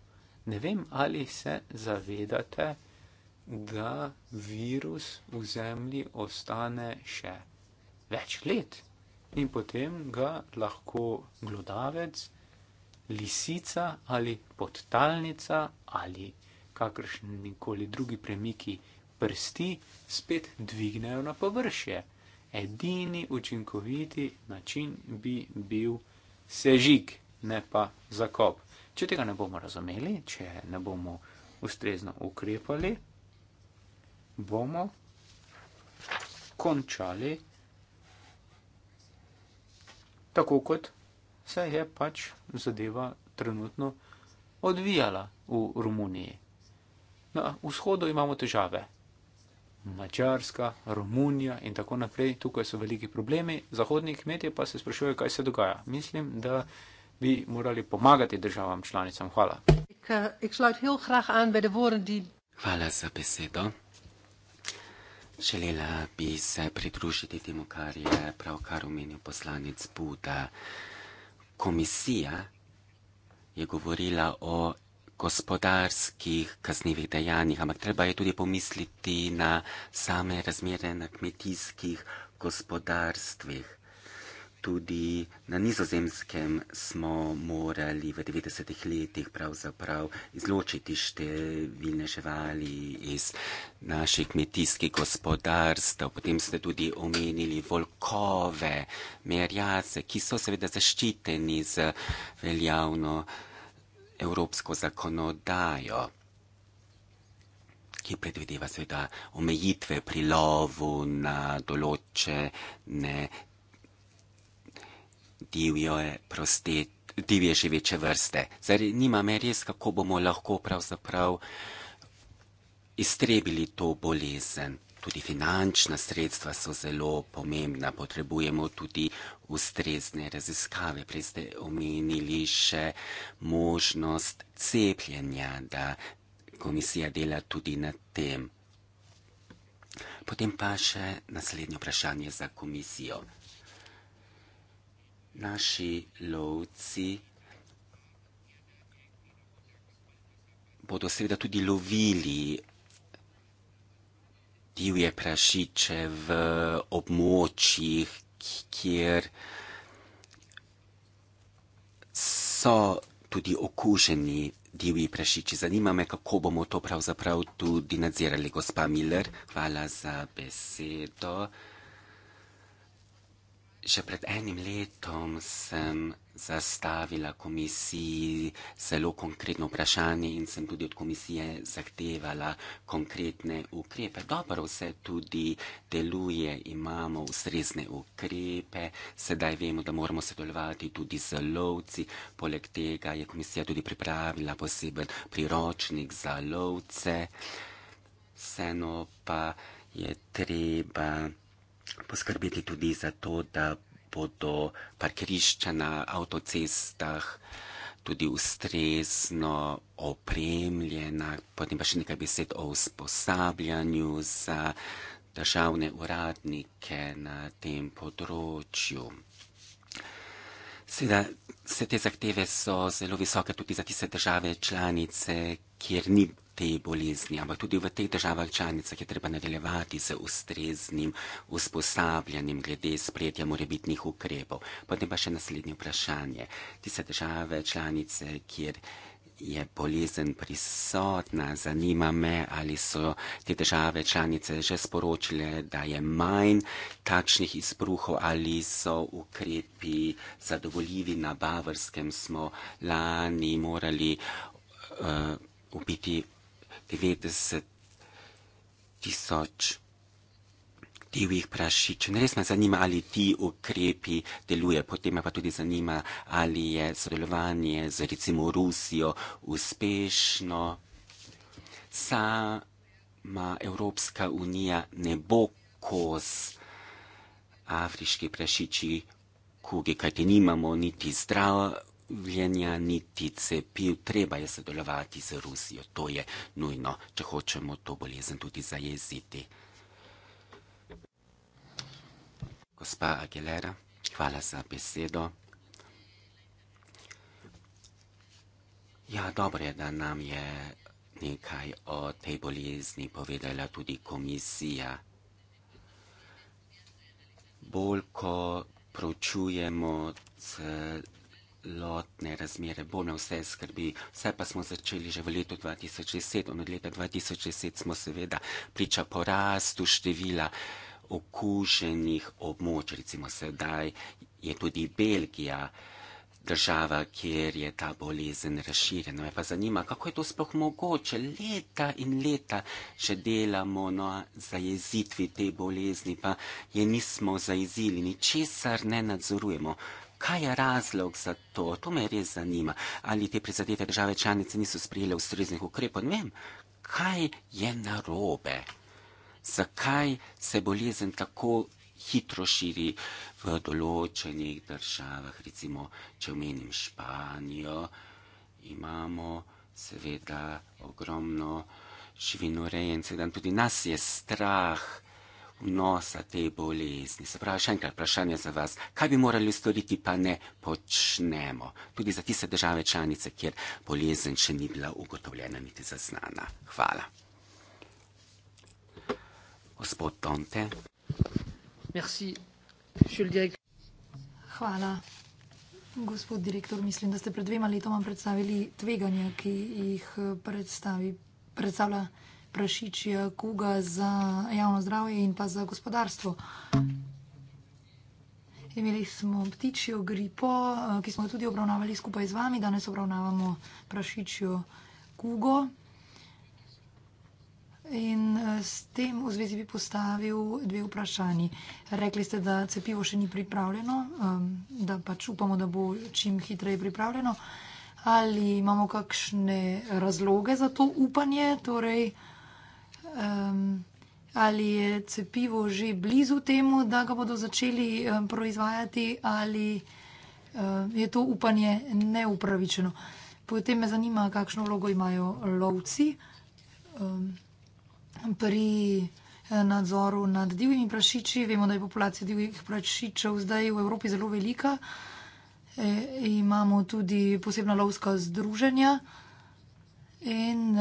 Ne vem, ali se zavedate da virus v zemlji ostane še več let in potem ga lahko glodavec, lisica ali podtalnica ali kakršni koli drugi premiki prsti spet dvignejo na površje. Edini učinkoviti način bi bil sežig, ne pa zakop. Če tega ne bomo razumeli, če ne bomo ustrezno ukrepali, bomo končali tako, kot se je pač zadeva trenutno odvijala v Romuniji. Na vzhodu imamo težave. Mačarska, Romunija in tako naprej, tukaj so veliki problemi, zahodni kmetje pa se sprašujejo, kaj se dogaja. Mislim, da bi morali pomagati državam članicam. Hvala. Eh, Hvala za besedo. Želela bi se pridružiti temu, kar je pravkar omenil poslanec Buda. Komisija je govorila o gospodarskih kaznjivih dejanjih, ampak treba je tudi pomisliti na same razmere na kmetijskih gospodarstvih tudi na nizozemskem smo morali v 90-ih letih pravzaprav izločiti številne živali iz naših kmetijskih gospodarstv. Potem ste tudi omenili volkove, merjace, ki so seveda zaščiteni z veljavno evropsko zakonodajo ki predvideva seveda omejitve pri lovu na določene divje, proste, divje živeče vrste. Zdaj, nimame res, kako bomo lahko pravzaprav iztrebili to bolezen. Tudi finančna sredstva so zelo pomembna, potrebujemo tudi ustrezne raziskave. Prej ste omenili še možnost cepljenja, da komisija dela tudi na tem. Potem pa še naslednje vprašanje za komisijo naši lovci bodo seveda tudi lovili divje prašiče v območjih, kjer so tudi okuženi divji prašiči. Zanima me, kako bomo to pravzaprav tudi nadzirali. Gospa Miller, hvala za besedo. Še pred enim letom sem zastavila komisiji zelo konkretno vprašanje in sem tudi od komisije zahtevala konkretne ukrepe. Dobro vse tudi deluje, imamo ustrezne ukrepe, sedaj vemo, da moramo sodelovati tudi z lovci. Poleg tega je komisija tudi pripravila poseben priročnik za lovce. Vseeno pa je treba poskrbeti tudi za to, da bodo parkirišča na avtocestah tudi ustrezno opremljena, potem pa še nekaj besed o usposabljanju za državne uradnike na tem področju. Seveda, vse te zahteve so zelo visoke tudi za tiste države članice, kjer ni te bolezni, ampak tudi v teh državah članicah je treba nadaljevati z ustreznim usposabljanjem glede sprejetja morebitnih ukrepov. Potem pa še naslednje vprašanje. Tiste države članice, kjer je bolezen prisotna, zanima me, ali so te države članice že sporočile, da je manj takšnih izbruhov, ali so ukrepi zadovoljivi. Na Bavarskem smo lani morali uh, ubiti 90 tisoč divjih prašič. Res me zanima, ali ti ukrepi delujejo. Potem me pa tudi zanima, ali je sodelovanje z recimo Rusijo uspešno. Sama Evropska unija ne bo kos afriški prašiči kugi, kajti nimamo niti zdravo življenja niti cepiv, treba je sodelovati z Rusijo. To je nujno, če hočemo to bolezen tudi zajeziti. Gospa Aguilera, hvala za besedo. Ja, dobro je, da nam je nekaj o tej bolezni povedala tudi komisija. Bolj ko pročujemo, lotne razmere, bolne vse skrbi. Vse pa smo začeli že v letu 2010 in od leta 2010 smo seveda priča porastu števila okuženih območ. Recimo sedaj je tudi Belgija država, kjer je ta bolezen razširjena. Me pa zanima, kako je to sploh mogoče. Leta in leta še delamo na zajezitvi te bolezni, pa je nismo zajezili, ničesar ne nadzorujemo. Kaj je razlog za to? To me res zanima. Ali te prizadete države članice niso sprijele ustreznih ukrepov? Ne vem, kaj je narobe? Zakaj se bolezen tako hitro širi v določenih državah? Recimo, če omenim Španijo, imamo seveda ogromno živinorejence, da tudi nas je strah vnosa te bolezni. Se pravi, še enkrat vprašanje za vas. Kaj bi morali storiti, pa ne počnemo? Tudi za tiste države članice, kjer bolezen še ni bila ugotovljena niti zaznana. Hvala. Gospod Tonte. Merci. Hvala. Gospod direktor, mislim, da ste pred dvema letoma predstavili tveganja, ki jih eh, predstavi, predstavlja prašičja kuga za javno zdravje in pa za gospodarstvo. Imeli smo ptičjo gripo, eh, ki smo jo tudi obravnavali skupaj z vami, danes obravnavamo prašičjo kugo. In eh, s tem v zvezi bi postavil dve vprašanji. Rekli ste, da cepivo še ni pripravljeno, ehm, da pač upamo, da bo čim hitreje pripravljeno. Ali imamo kakšne razloge za to upanje? Torej, Um, ali je cepivo že blizu temu, da ga bodo začeli um, proizvajati, ali um, je to upanje neupravičeno? Potem me zanima, kakšno vlogo imajo lovci um, pri eh, nadzoru nad divjimi prašiči. Vemo, da je populacija divjih prašičev zdaj v Evropi zelo velika. E, imamo tudi posebna lovska združenja. Um, In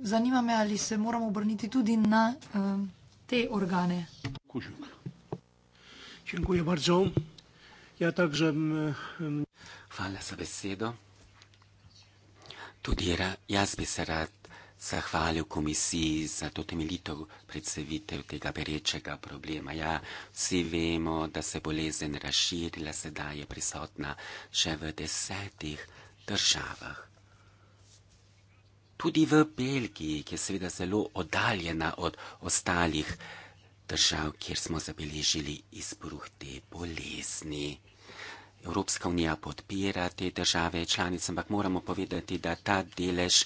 uh, zanima me, ali se moramo obrniti tudi na uh, te organe. Kožuk. Dziękuję bardzo. Ja także. Mm, mm, Hvala za besedo. Tudi jaz bi se rad zahvalil komisiji za to temeljito predstavitev tega perečega problema. Ja, vsi vemo, da se bolezen razširila, sedaj je prisotna še v desetih državah tudi v Belgiji, ki je seveda zelo oddaljena od ostalih držav, kjer smo zabeležili izbruh te bolezni. Evropska unija podpira te države članice, ampak moramo povedati, da ta delež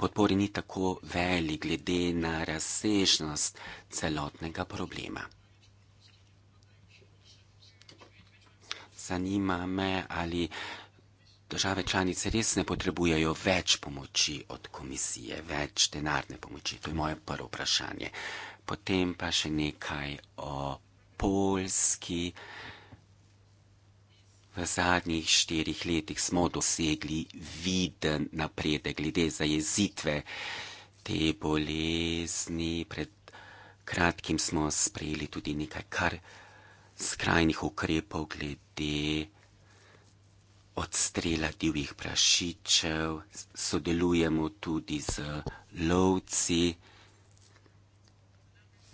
podpori ni tako velik glede na razsežnost celotnega problema. Zanima me, ali Države članice res ne potrebujejo več pomoči od komisije, več denarne pomoči. To je moje prvo vprašanje. Potem pa še nekaj o Poljski. V zadnjih štirih letih smo dosegli viden napredek glede zajezitve te bolezni. Pred kratkim smo sprejeli tudi nekaj kar skrajnih ukrepov glede odstrela divjih prašičev, sodelujemo tudi z lovci,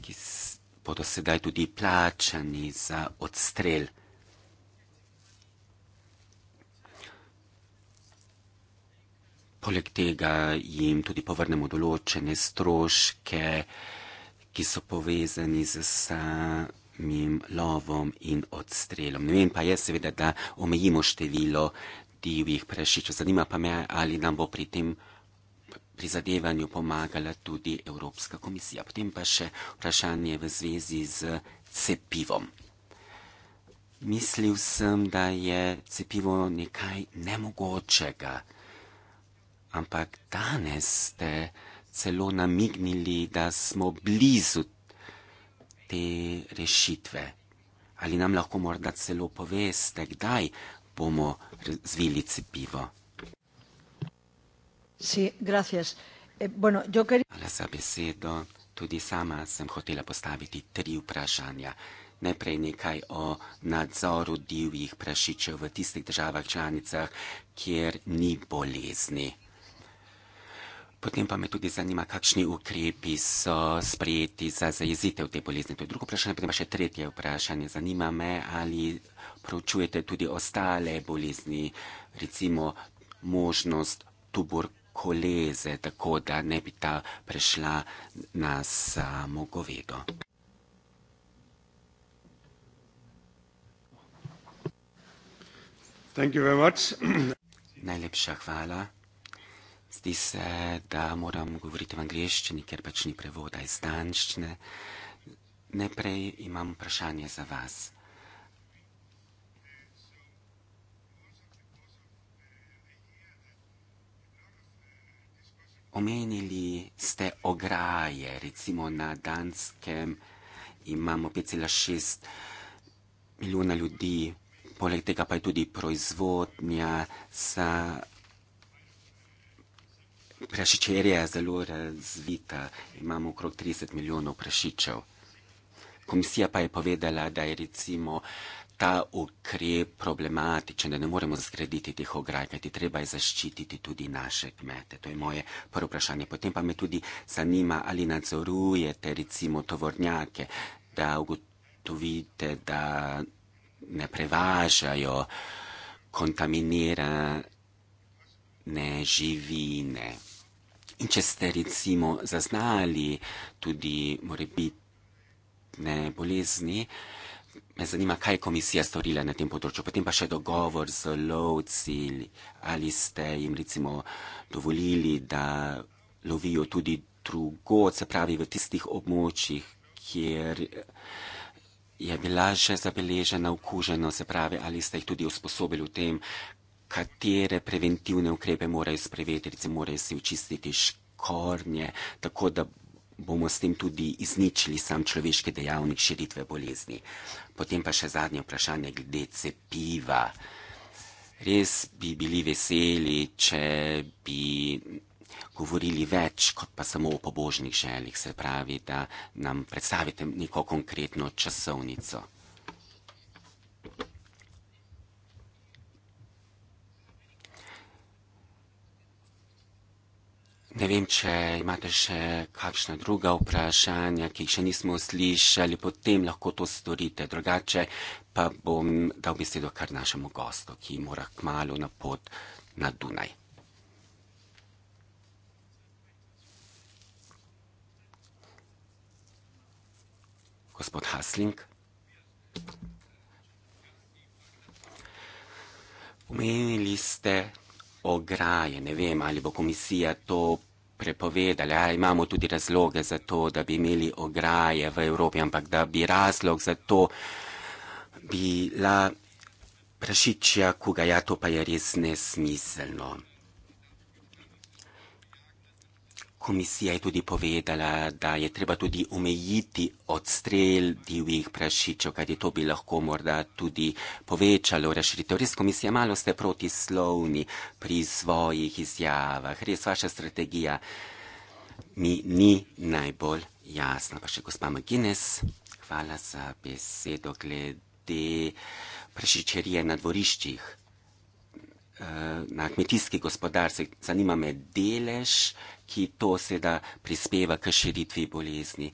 ki bodo sedaj tudi plačani za odstrel. Poleg tega jim tudi povrnemo določene stroške, ki so povezani z samim samim lovom in odstrelom. Ne vem pa jaz seveda, da omejimo število divjih prašičev. Zanima pa me, ali nam bo pri tem prizadevanju pomagala tudi Evropska komisija. Potem pa še vprašanje v zvezi z cepivom. Mislil sem, da je cepivo nekaj nemogočega, ampak danes ste celo namignili, da smo blizu te rešitve. Ali nam lahko morda celo poveste, kdaj bomo razvili cepivo? Sí, gracias. Eh, bueno, yo quer... Hvala za besedo. Tudi sama sem hotela postaviti tri vprašanja. Najprej nekaj o nadzoru divjih prašičev v tistih državah članicah, kjer ni bolezni potem pa me tudi zanima, kakšni ukrepi so sprejeti za zajezitev te bolezni. To je drugo vprašanje, potem pa še tretje vprašanje. Zanima me, ali pročujete tudi ostale bolezni, recimo možnost tuberkuleze, tako da ne bi ta prešla na samo govedo. Thank you very much. Najlepša hvala zdi se, da moram govoriti v angliščini, ker pač ni prevoda iz danščine. Najprej imam vprašanje za vas. Omenili ste ograje, recimo na danskem imamo 5,6 milijona ljudi, poleg tega pa je tudi proizvodnja za. Prašičerija je zelo razvita, imamo okrog 30 milijonov prašičev. Komisija pa je povedala, da je recimo ta ukrep problematičen, da ne moremo zgraditi teh ograj, kajti treba je zaščititi tudi naše kmete. To je moje prvo vprašanje. Potem pa me tudi zanima, ali nadzorujete recimo tovornjake, da ugotovite, da ne prevažajo kontaminirane živine. In če ste recimo zaznali tudi morebitne bolezni, me zanima, kaj je komisija storila na tem področju. Potem pa še dogovor z lovci, ali ste jim recimo dovolili, da lovijo tudi drugo, se pravi v tistih območjih, kjer je bila že zabeležena okužena, se pravi, ali ste jih tudi usposobili v tem, katere preventivne ukrepe morajo sprejeti, recimo morajo si očistiti škornje, tako da bomo s tem tudi izničili sam človeški dejavnik širitve bolezni. Potem pa še zadnje vprašanje glede cepiva. Res bi bili veseli, če bi govorili več kot pa samo o pobožnih željih, se pravi, da nam predstavite neko konkretno časovnico. Ne vem, če imate še kakšna druga vprašanja, ki jih še nismo slišali, potem lahko to storite. Drugače pa bom dal besedo kar našemu gostu, ki mora kmalo na pot na Dunaj. Gospod Hasling. Omenili ste ograje. Ne vem, ali bo komisija to prepovedala. Ja, imamo tudi razloge za to, da bi imeli ograje v Evropi, ampak da bi razlog za to bila prašičja kuga. Ja, to pa je res nesmiselno. komisija je tudi povedala, da je treba tudi omejiti odstrel divjih prašičev, kajti to bi lahko morda tudi povečalo razširitev. Res komisija malo ste protislovni pri svojih izjavah. Res vaša strategija mi ni najbolj jasna. Pa še gospa McGuinness, hvala za besedo glede prašičerije na dvoriščih. Eh, na kmetijskih gospodarstvih. Zanima me delež, ki to seveda prispeva k širitvi bolezni.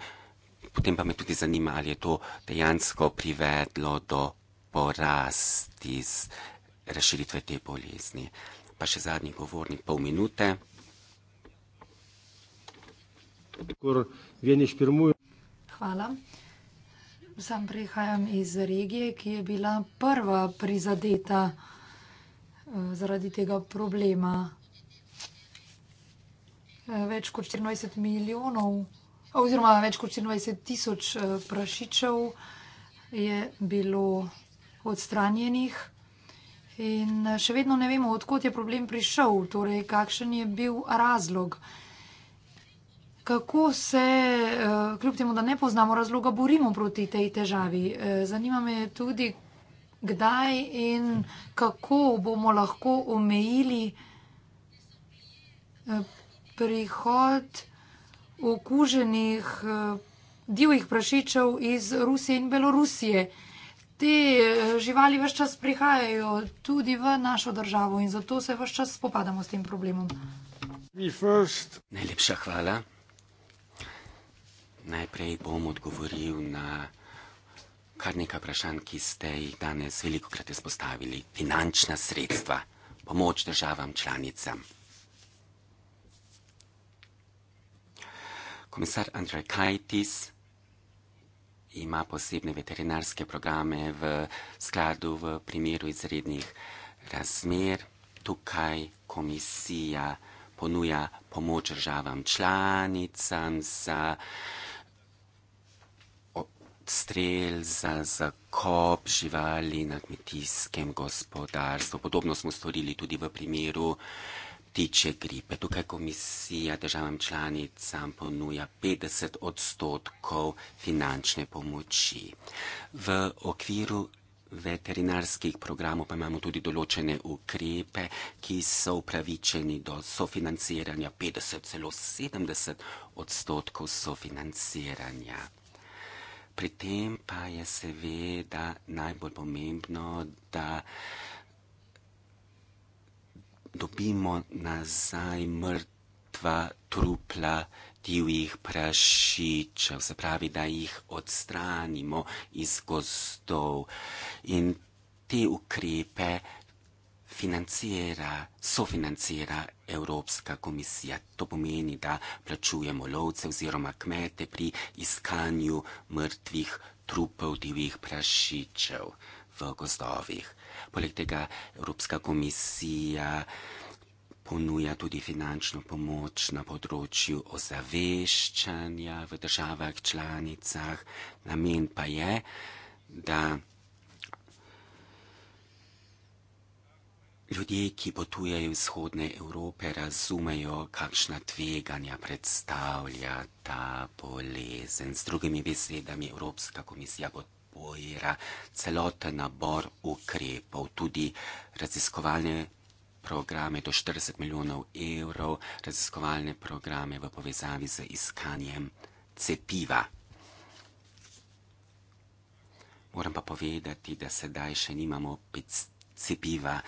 Potem pa me tudi zanima, ali je to dejansko privedlo do porasti z razširitve te bolezni. Pa še zadnji govornik, pol minute. Hvala. Sam prihajam iz regije, ki je bila prva prizadeta. Eh, zaradi tega problema. Eh, več kot 24 milijonov, oziroma več kot 24 tisoč eh, prašičev je bilo odstranjenih. In še vedno ne vemo, odkot je problem prišel, torej kakšen je bil razlog. Kako se, kljub temu, da ne poznamo razloga, borimo proti tej težavi? Zanima me tudi, kdaj in kako bomo lahko omejili eh, prihod okuženih eh, divjih prašičev iz Rusije in Belorusije. Te eh, živali vse čas prihajajo tudi v našo državo in zato se vse čas spopadamo s tem problemom. Najlepša hvala. Najprej bom odgovoril na kar nekaj vprašanj, ki ste jih danes veliko krat izpostavili. Finančna sredstva, pomoč državam članicam. Komisar Andrej Kajtis ima posebne veterinarske programe v skladu v primeru izrednih razmer. Tukaj komisija ponuja pomoč državam članicam za odstrel za zakop živali na kmetijskem gospodarstvu. Podobno smo storili tudi v primeru tiče gripe. Tukaj komisija državam članicam ponuja 50 odstotkov finančne pomoči. V okviru veterinarskih programov pa imamo tudi določene ukrepe, ki so upravičeni do sofinanciranja 50, celo 70 odstotkov sofinanciranja. Pri tem pa je seveda najbolj pomembno, da dobimo nazaj mrtva trupla divjih prašičev, se pravi, da jih odstranimo iz gozdov. In te ukrepe financira, sofinancira Evropska komisija. To pomeni, da plačujemo lovce oziroma kmete pri iskanju mrtvih trupov divjih prašičev v gozdovih. Poleg tega Evropska komisija ponuja tudi finančno pomoč na področju ozaveščanja v državah članicah. Namen pa je, da Ljudje, ki potujejo iz vzhodne Evrope, razumejo, kakšna tveganja predstavlja ta bolezen. Z drugimi besedami, Evropska komisija podpira celoten nabor ukrepov, tudi raziskovalne programe do 40 milijonov evrov, raziskovalne programe v povezavi z iskanjem cepiva. Moram pa povedati, da sedaj še nimamo cepiva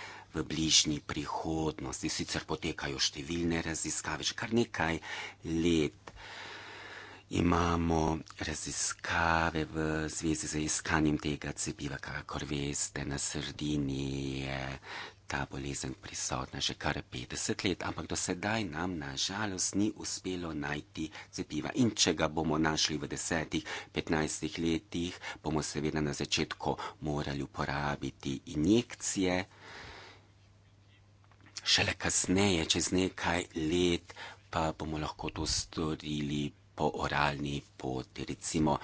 v bližnji prihodnosti. Sicer potekajo številne raziskave, že kar nekaj let imamo raziskave v zvezi z iskanjem tega cepiva, kakor veste, na sredini je ta bolezen prisotna že kar 50 let, ampak do sedaj nam na žalost ni uspelo najti cepiva. In če ga bomo našli v 10-15 letih, bomo seveda na začetku morali uporabiti injekcije šele kasneje, čez nekaj let, pa bomo lahko to storili po oralni poti. Recimo,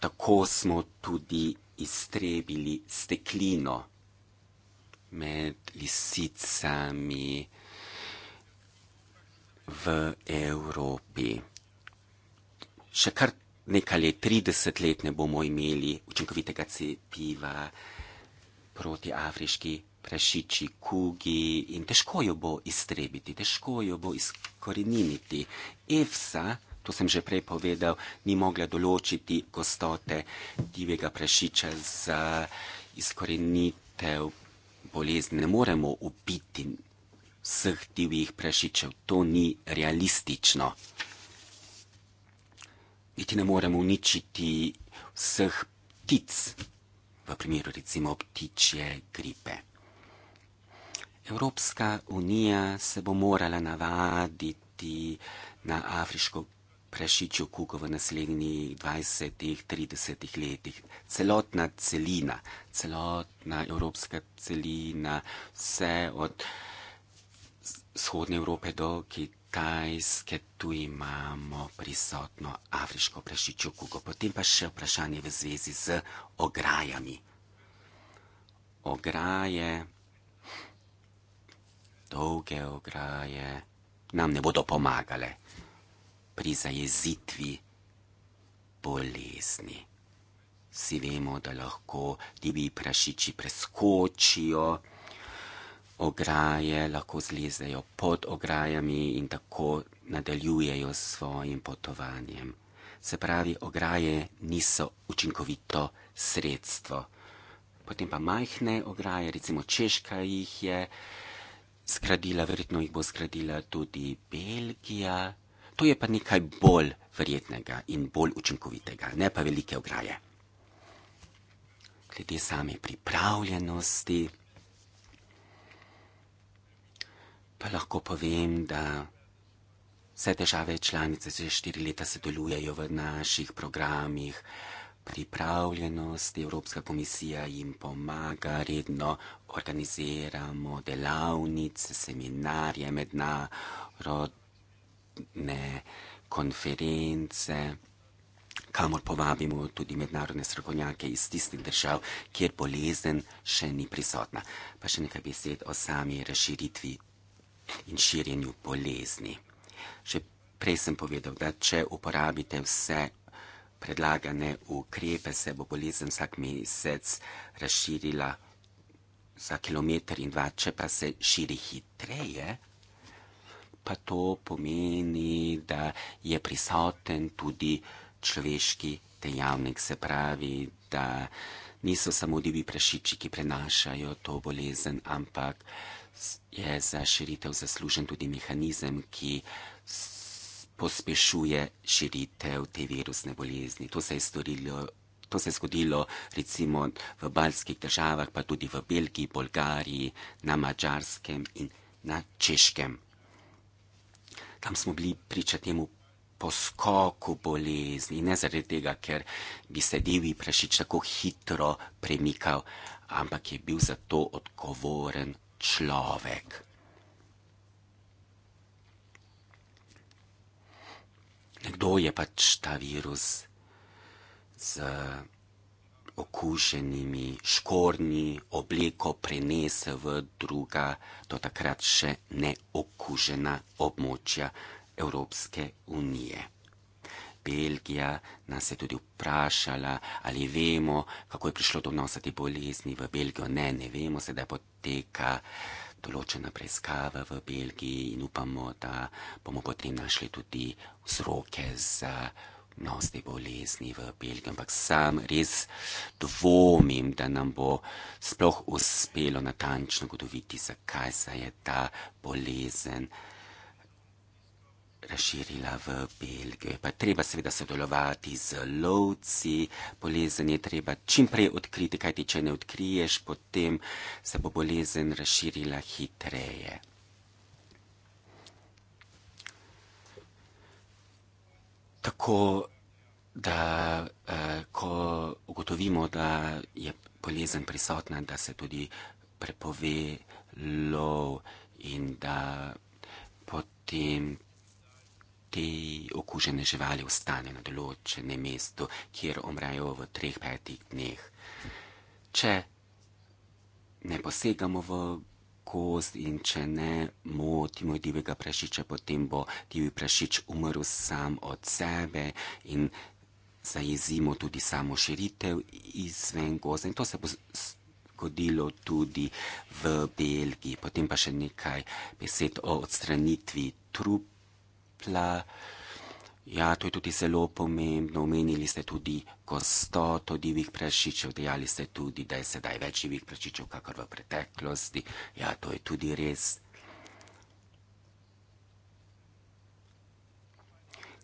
tako smo tudi iztrebili steklino med lisicami v Evropi. Še kar nekaj let, 30 let, ne bomo imeli učinkovitega cepiva proti afriški prašiči, kugi in težko jo bo iztrebiti, težko jo bo izkoreniniti. Evsa, to sem že prej povedal, ni mogla določiti gostote divjega prašiča za izkorenitev bolezni. Ne moremo ubiti vseh divjih prašičev, to ni realistično. Niti ne moremo uničiti vseh ptic, v primeru recimo ptičje gripe. Evropska unija se bo morala navaditi na afriško prašičjo kugo v naslednjih 20-30 letih. Celotna celina, celotna evropska celina, vse od vzhodne Evrope do Kitajske, tu imamo prisotno afriško prašičjo kugo. Potem pa še vprašanje v zvezi z ograjami. Ograje dolge ograje nam ne bodo pomagale pri zajezitvi bolezni. Vsi vemo, da lahko divji prašiči preskočijo ograje, lahko zlezejo pod ograjami in tako nadaljujejo s svojim potovanjem. Se pravi, ograje niso učinkovito sredstvo. Potem pa majhne ograje, recimo Češka jih je, zgradila, verjetno jih bo zgradila tudi Belgija. To je pa nekaj bolj verjetnega in bolj učinkovitega, ne pa velike ograje. Glede same pripravljenosti, pa lahko povem, da vse države članice že štiri leta sodelujejo v naših programih pripravljenost, Evropska komisija jim pomaga, redno organiziramo delavnice, seminarje, mednarodne konference, kamor povabimo tudi mednarodne strokovnjake iz tistih držav, kjer bolezen še ni prisotna. Pa še nekaj besed o sami razširitvi in širjenju bolezni. Že prej sem povedal, da če uporabite vse predlagane ukrepe, se bo bolezen vsak mesec razširila za kilometr in dva, če pa se širi hitreje, pa to pomeni, da je prisoten tudi človeški dejavnik, se pravi, da niso samo divi prašiči, ki prenašajo to bolezen, ampak je za širitev zaslužen tudi mehanizem, ki pospešuje širitev te virusne bolezni. To se je storilo. To se je zgodilo recimo v balskih državah, pa tudi v Belgiji, Bolgariji, na Mačarskem in na Češkem. Tam smo bili priča temu poskoku bolezni, ne zaradi tega, ker bi se divji prašič tako hitro premikal, ampak je bil za to odgovoren človek. kdo je pač ta virus z okuženimi škornji obliko prenese v druga, do takrat še neokužena območja Evropske unije. Belgija nas je tudi vprašala, ali vemo, kako je prišlo do vnosa te bolezni v Belgijo. Ne, ne vemo, sedaj poteka določena preiskava v Belgiji in upamo, da bomo potem našli tudi vzroke za mnoste bolezni v Belgiji. Ampak sam res dvomim, da nam bo sploh uspelo natančno gotoviti, zakaj se je ta bolezen. Razširila v Belgijo. Pa treba seveda sodelovati z lovci, bolezen je treba čimprej odkriti, kajti če ne odkriješ, potem se bo bolezen razširila hitreje. Tako da, eh, ko ugotovimo, da je bolezen prisotna, da se tudi prepove lov in da potem te okužene živali ostane na določenem mestu, kjer omrejo v treh petih dneh. Če ne posegamo v gozd in če ne motimo divjega prašiča, potem bo divji prašič umrl sam od sebe in zajezimo tudi samo širitev izven gozda. In to se bo zgodilo tudi v Belgiji. Potem pa še nekaj besed o odstranitvi trupa topla. Ja, to je tudi zelo pomembno. Omenili ste tudi gostoto divjih prašičev, dejali ste tudi, da je sedaj več divjih prašičev, kakor v preteklosti. Ja, to je tudi res.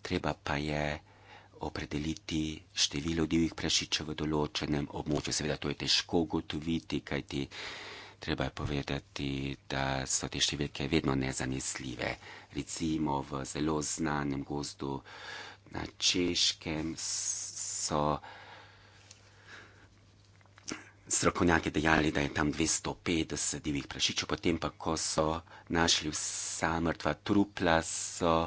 Treba pa je opredeliti število divjih prašičev v določenem območju. Seveda, to je težko ugotoviti, kajti. Uh, treba je povedati, da so te številke vedno nezanesljive. Recimo v zelo znanem gozdu na Češkem so strokovnjaki dejali, da je tam 250 divjih prašičev, potem pa, ko so našli vsa mrtva trupla, so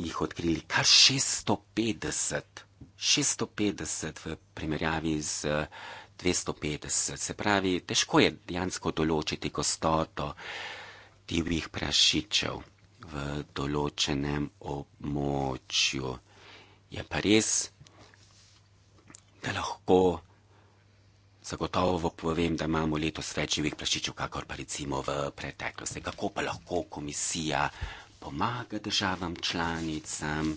jih odkrili kar 650. 650 v primerjavi z 250. Se pravi, težko je dejansko določiti gostoto divjih prašičev v določenem območju. Je pa res, da lahko zagotovo povem, da imamo letos več živih prašičev, kakor pa recimo v preteklosti. Kako pa lahko komisija pomaga državam članicam?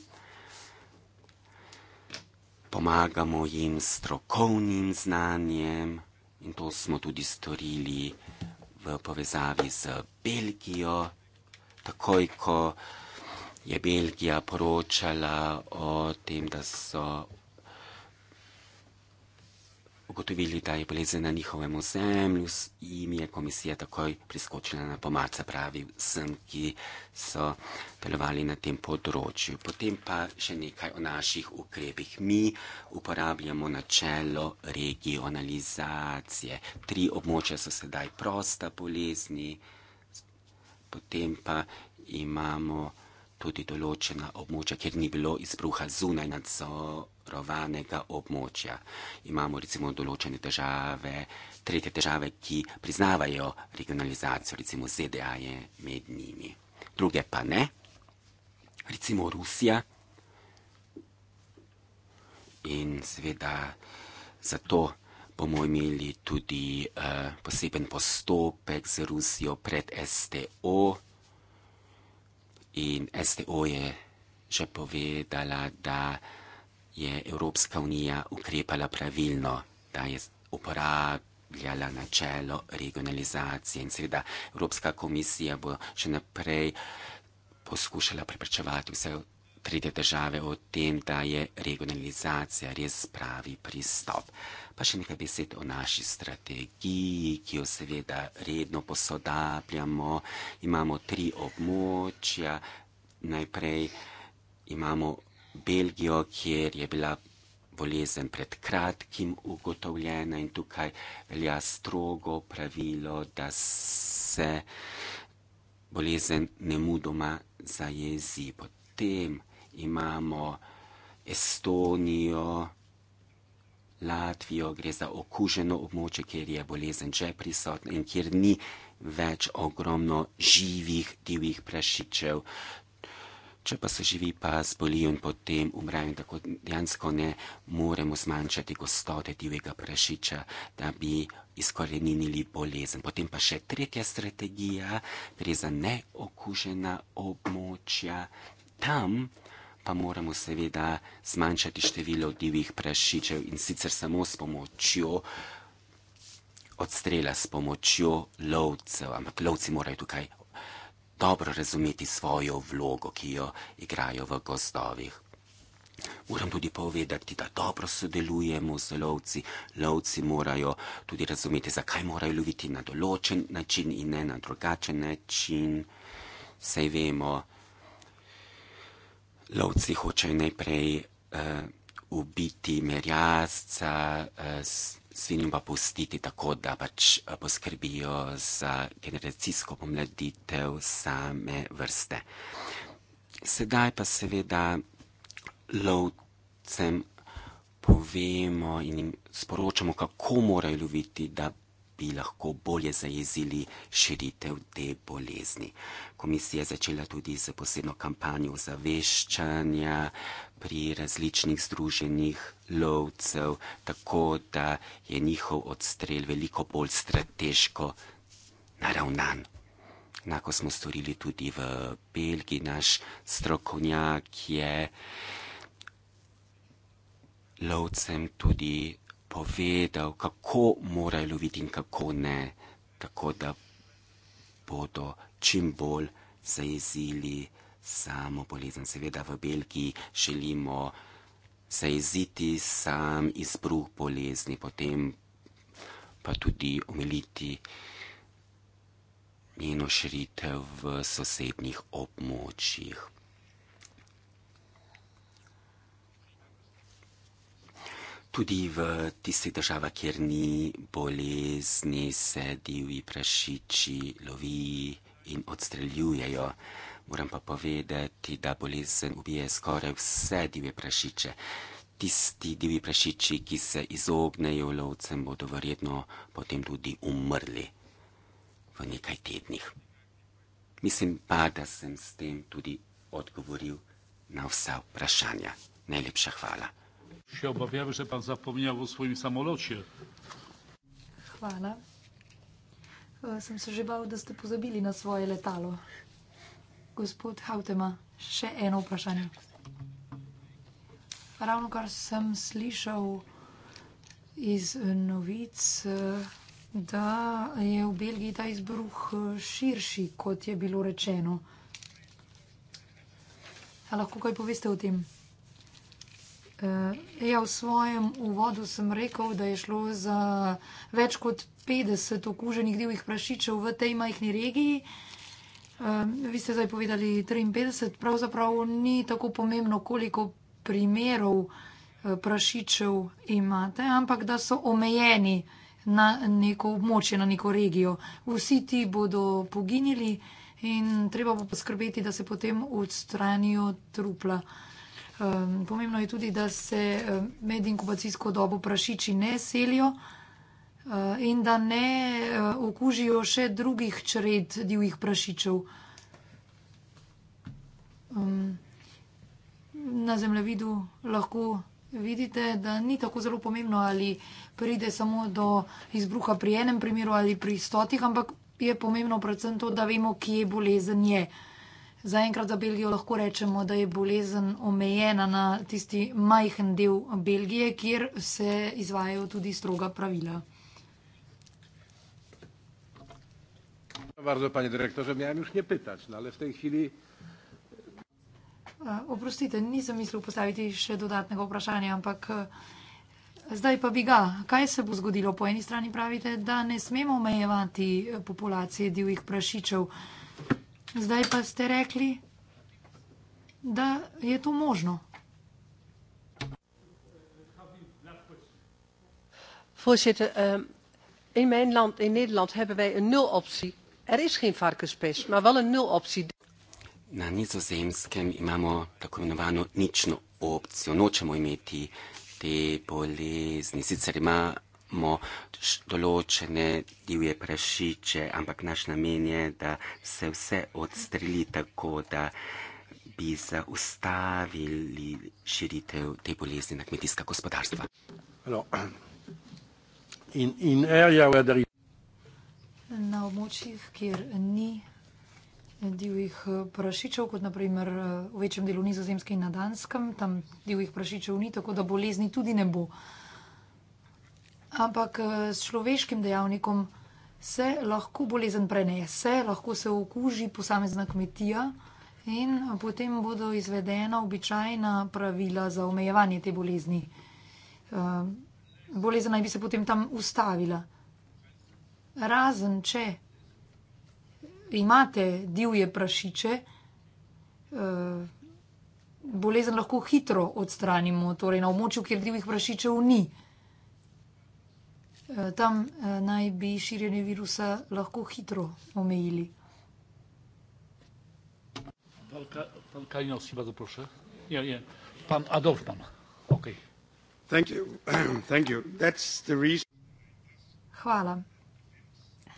pomagamo jim s strokovnim znanjem in to smo tudi storili v povezavi z Belgijo. Takoj, ko je Belgija poročala o tem, da so ugotovili, da je bolezen na njihovem ozemlju, jim je komisija takoj priskočila na pomoč, pravi vsem, ki so delovali na tem področju. Potem pa še nekaj o naših ukrepih. Mi uporabljamo načelo regionalizacije. Tri območja so sedaj prosta bolezni, potem pa imamo tudi določena območja, kjer ni bilo izbruha zunaj nadzorovanega območja. Imamo recimo določene države, tretje države, ki priznavajo regionalizacijo, recimo ZDA je med njimi. Druge pa ne, recimo Rusija. In seveda zato bomo imeli tudi uh, poseben postopek z Rusijo pred STO. In SDO je že povedala, da je Evropska unija ukrepala pravilno, da je uporabljala načelo regionalizacije in seveda Evropska komisija bo še naprej poskušala preprečevati vse tretje države o tem, da je regionalizacija res pravi pristop. Pa še nekaj besed o naši strategiji, ki jo seveda redno posodabljamo. Imamo tri območja. Najprej imamo Belgijo, kjer je bila bolezen pred kratkim ugotovljena in tukaj velja strogo pravilo, da se bolezen ne mudoma zajezi. Potem imamo Estonijo, Latvijo, gre za okuženo območje, kjer je bolezen že prisotna in kjer ni več ogromno živih divjih prašičev. Če pa se živi, pa zbolijo in potem umrejo, tako dejansko ne moremo zmanjšati gostote divjega prašiča, da bi izkorenili bolezen. Potem pa še tretja strategija, gre za neokužena območja. Tam pa moramo seveda zmanjšati število divjih prašičev in sicer samo s pomočjo odstrela, s pomočjo lovcev. Ampak lovci morajo tukaj dobro razumeti svojo vlogo, ki jo igrajo v gozdovih. Moram tudi povedati, da dobro sodelujemo z lovci. Lovci morajo tudi razumeti, zakaj morajo loviti na določen način in ne na drugačen način. Sej vemo, da lovci hočejo najprej uh, ubiti merjasca, uh, eh, svinjo pa pustiti tako, da pač eh, poskrbijo za generacijsko pomladitev same vrste. Sedaj pa seveda lovcem povemo in jim sporočamo, kako morajo loviti, da bi lahko bolje zajezili širitev te bolezni. Komisija je začela tudi z posebno kampanjo zaveščanja pri različnih združenih lovcev, tako da je njihov odstrel veliko bolj strateško naravnan. Enako smo storili tudi v Belgiji, naš strokovnjak je lovcem tudi povedal, kako morajo loviti in kako ne, tako da bodo čim bolj zaezili samo bolezen. Seveda v Belgiji želimo zaeziti sam izbruh bolezni, potem pa tudi omiliti njeno širitev v sosednjih območjih. tudi v tistih državah, kjer ni bolezni, se divji prašiči lovi in odstreljujejo. Moram pa povedati, da bolezen ubije skoraj vse divje prašiče. Tisti divji prašiči, ki se izognejo lovcem, bodo verjetno potem tudi umrli v nekaj tednih. Mislim pa, da sem s tem tudi odgovoril na vsa vprašanja. Najlepša hvala. Się obawiamy, że pan zapomniał o swoim samolocie. Hvala. Sem se že bal, da ste pozabili na svoje letalo. Gospod Hautema, še eno vprašanje. Ravno kar sem slišal iz eh, novic, eh, da je v Belgiji ta izbruh eh, širši, kot je bilo rečeno. A lahko kaj poveste o tem? Eh, ja, v svojem uvodu sem rekel, da je šlo za več kot 50 okuženih divjih prašičev v tej majhni regiji. Eh, vi ste zdaj povedali 53, pravzaprav ni tako pomembno, koliko primerov eh, prašičev imate, ampak da so omejeni na neko območje, na neko regijo. Vsi ti bodo poginili in treba bo poskrbeti, da se potem odstranijo trupla. Um, pomembno je tudi, da se med inkubacijsko dobo prašiči ne selijo uh, in da ne uh, okužijo še drugih čred divjih prašičev. Um, na zemljevidu lahko vidite, da ni tako zelo pomembno, ali pride samo do izbruha pri enem primeru ali pri stotih, ampak je pomembno predvsem to, da vemo, kje bolezen je bolezen. Zaenkrat za Belgijo lahko rečemo, da je bolezen omejena na tisti majhen del Belgije, kjer se izvajo tudi stroga pravila. Bardzo, panie dyrektorze, miałem już nie pytać, no ale w tej chwili. E, oprostite, nisem mislil postaviti še dodatnega vprašanja, ampak e, zdaj pa bi ga. Kaj se bo zgodilo? Po eni strani pravite, da ne smemo omejevati populacije divjih prašičev. Zdaj pa ste rekli, da je to možno. Voorzitter, ehm, in mijn land, in Nederland, hebben wij een nul-optie. Er is geen varkenspest, maar wel een nul-optie. Na Nizozemskem imamo tako imenovano nično opcijo. Nočemo imeti te bolezni. Sicer ima imamo določene divje prašiče, ampak naš namen je, da se vse odstreli tako, da bi zaustavili širitev te bolezni na kmetijska gospodarstva. No. In, in na območjih, kjer ni divjih eh, prašičev, kot naprimer eh, v večjem delu Nizozemske in na Danskem, tam divjih prašičev ni, tako da bolezni tudi ne bo. Uh, Ampak eh, s človeškim dejavnikom se lahko bolezen prenese, lahko se okuži posamezna kmetija in eh, potem bodo izvedena običajna pravila za omejevanje te bolezni. Eh, bolezen naj bi se potem tam ustavila. Razen, če imate divje prašiče, bolezen lahko hitro odstranimo, torej na območju, kjer divjih prašičev ni. Eh, tam eh, naj bi širjenje virusa lahko hitro omejili. Pan, Ka pan Kajnjov, si pa zaprošen. Ja, ja. Pan Adolf, pan. Ok. Thank you. Thank you. That's the reason. Hvala.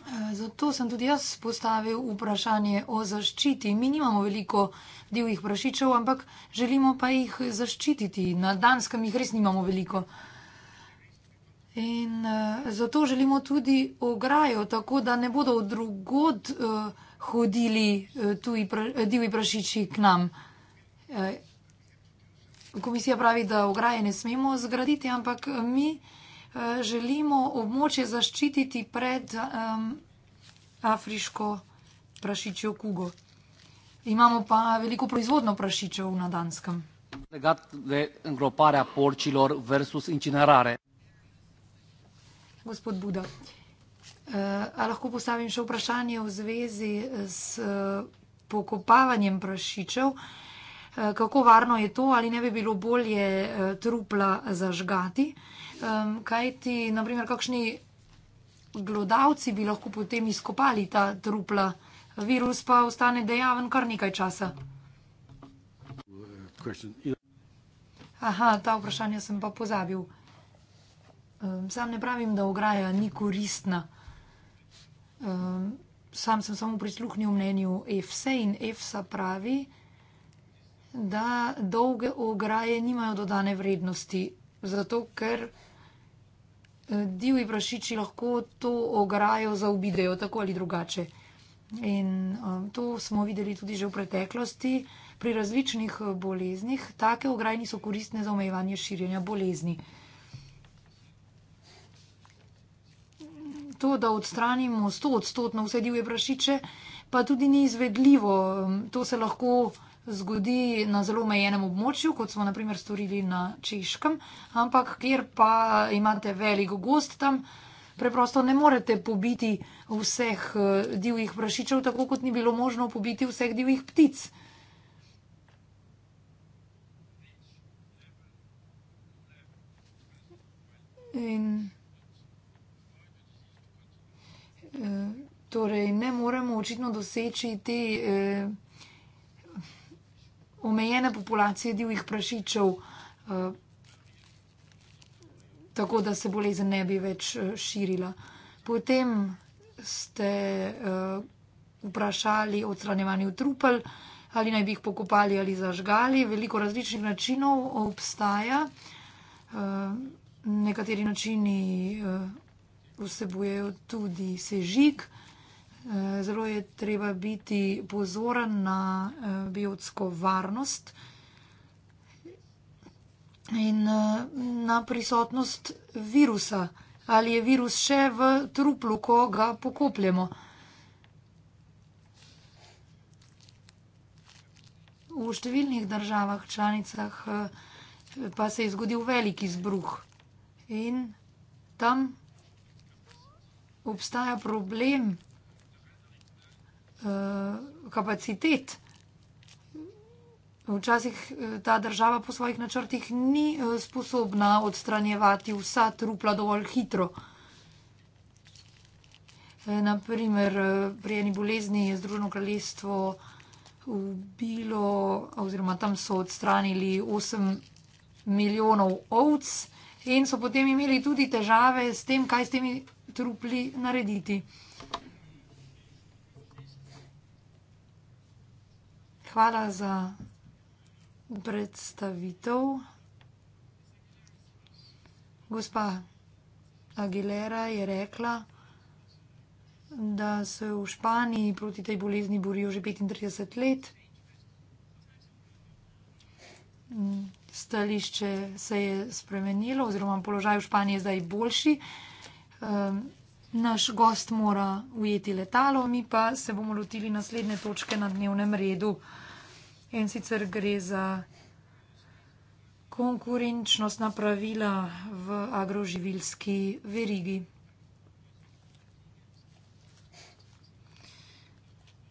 Eh, zato sem tudi jaz postavil vprašanje o zaščiti. Mi nimamo veliko divjih prašičev, ampak želimo pa jih zaščititi. Na Danskem jih res nimamo veliko. In uh, zato želimo tudi ograjo, tako da ne bodo od drugod uh, hodili uh, tuji pra, divji prašiči k nam. Uh, komisija pravi, da ograje ne smemo zgraditi, ampak mi uh, želimo območje zaščititi pred um, afriško prašičjo kugo. Imamo pa veliko proizvodno prašičev na Danskem. Gospod Buda, eh, a lahko postavim še vprašanje v zvezi s eh, pokopavanjem prašičev? Eh, kako varno je to, ali ne bi bilo bolje trupla zažgati? Ehm, Kaj ti, naprimer, kakšni glodavci bi lahko potem izkopali ta trupla, virus pa ostane dejaven kar nekaj časa? Uh, Aha, ta vprašanja sem pa pozabil. Um, sam ne pravim, da ograja ni koristna. Um, sam sem samo prisluhnil mnenju EFSA in EFSA pravi, da dolge ograje nimajo dodane vrednosti, zato ker e, divji prašiči lahko to ograjo zaobidejo tako ali drugače. In um, to smo videli tudi že v preteklosti. Pri različnih e, boleznih take ograje niso koristne za omejevanje širjenja bolezni. Uh, to, da odstranimo 100-odstotno vse divje prašiče, pa tudi ni izvedljivo. To se lahko zgodi na zelo omejenem območju, kot smo naprimer storili na Češkem, ampak kjer pa imate veliko gost tam, preprosto ne morete pobiti vseh eh, divjih prašičev, tako kot ni bilo možno pobiti vseh divjih ptic. In... Eh, torej ne moremo očitno doseči te eh, omejene populacije divjih prašičev, eh, tako da se bolezen ne bi več širila. Potem ste vprašali o odstranjevanju trupel, ali naj bi jih pokopali ali zažgali. Veliko različnih načinov obstaja. Nekateri načini vsebujejo tudi sežig. Eh, zelo je treba biti pozoren na eh, biotsko varnost in eh, na prisotnost virusa, ali je virus še v truplu, ko ga pokopljemo. V številnih državah članicah pa se je zgodil velik izbruh in tam obstaja problem eh, kapacitet. Včasih eh, ta država po svojih načrtih ni eh, sposobna odstranjevati vsa trupla dovolj hitro. Naprimer, pri eni bolezni je Združeno kraljestvo ubilo, oziroma tam so odstranili 8 milijonov ovc in so potem imeli tudi težave s tem, kaj s temi trupli narediti. Hvala za predstavitev. Gospa Aguilera je rekla, da se v Španiji proti tej bolezni borijo že 35 let. Stališče se je spremenilo, oziroma položaj v Španiji je zdaj boljši. Um, naš gost mora ujeti letalo, mi pa se bomo lotili naslednje točke na dnevnem redu. In sicer gre za konkurenčnost na pravila v agroživilski verigi.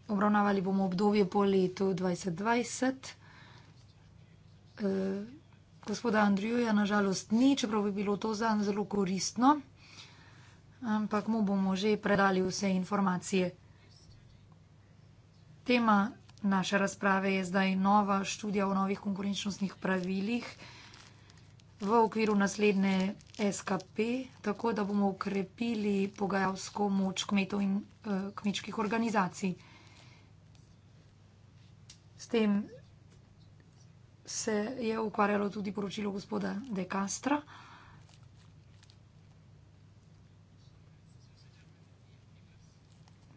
Obravnavali bomo obdobje po letu 2020. E, gospoda Andrjuja nažalost ni, čeprav bi bilo to zanj zelo koristno ampak mu bomo že predali vse informacije. Tema naše razprave je zdaj nova študija o novih konkurenčnostnih pravilih v okviru naslednje SKP, tako da bomo ukrepili pogajalsko moč kmetov in uh, kmečkih organizacij. S tem se je ukvarjalo tudi poročilo gospoda De Castra.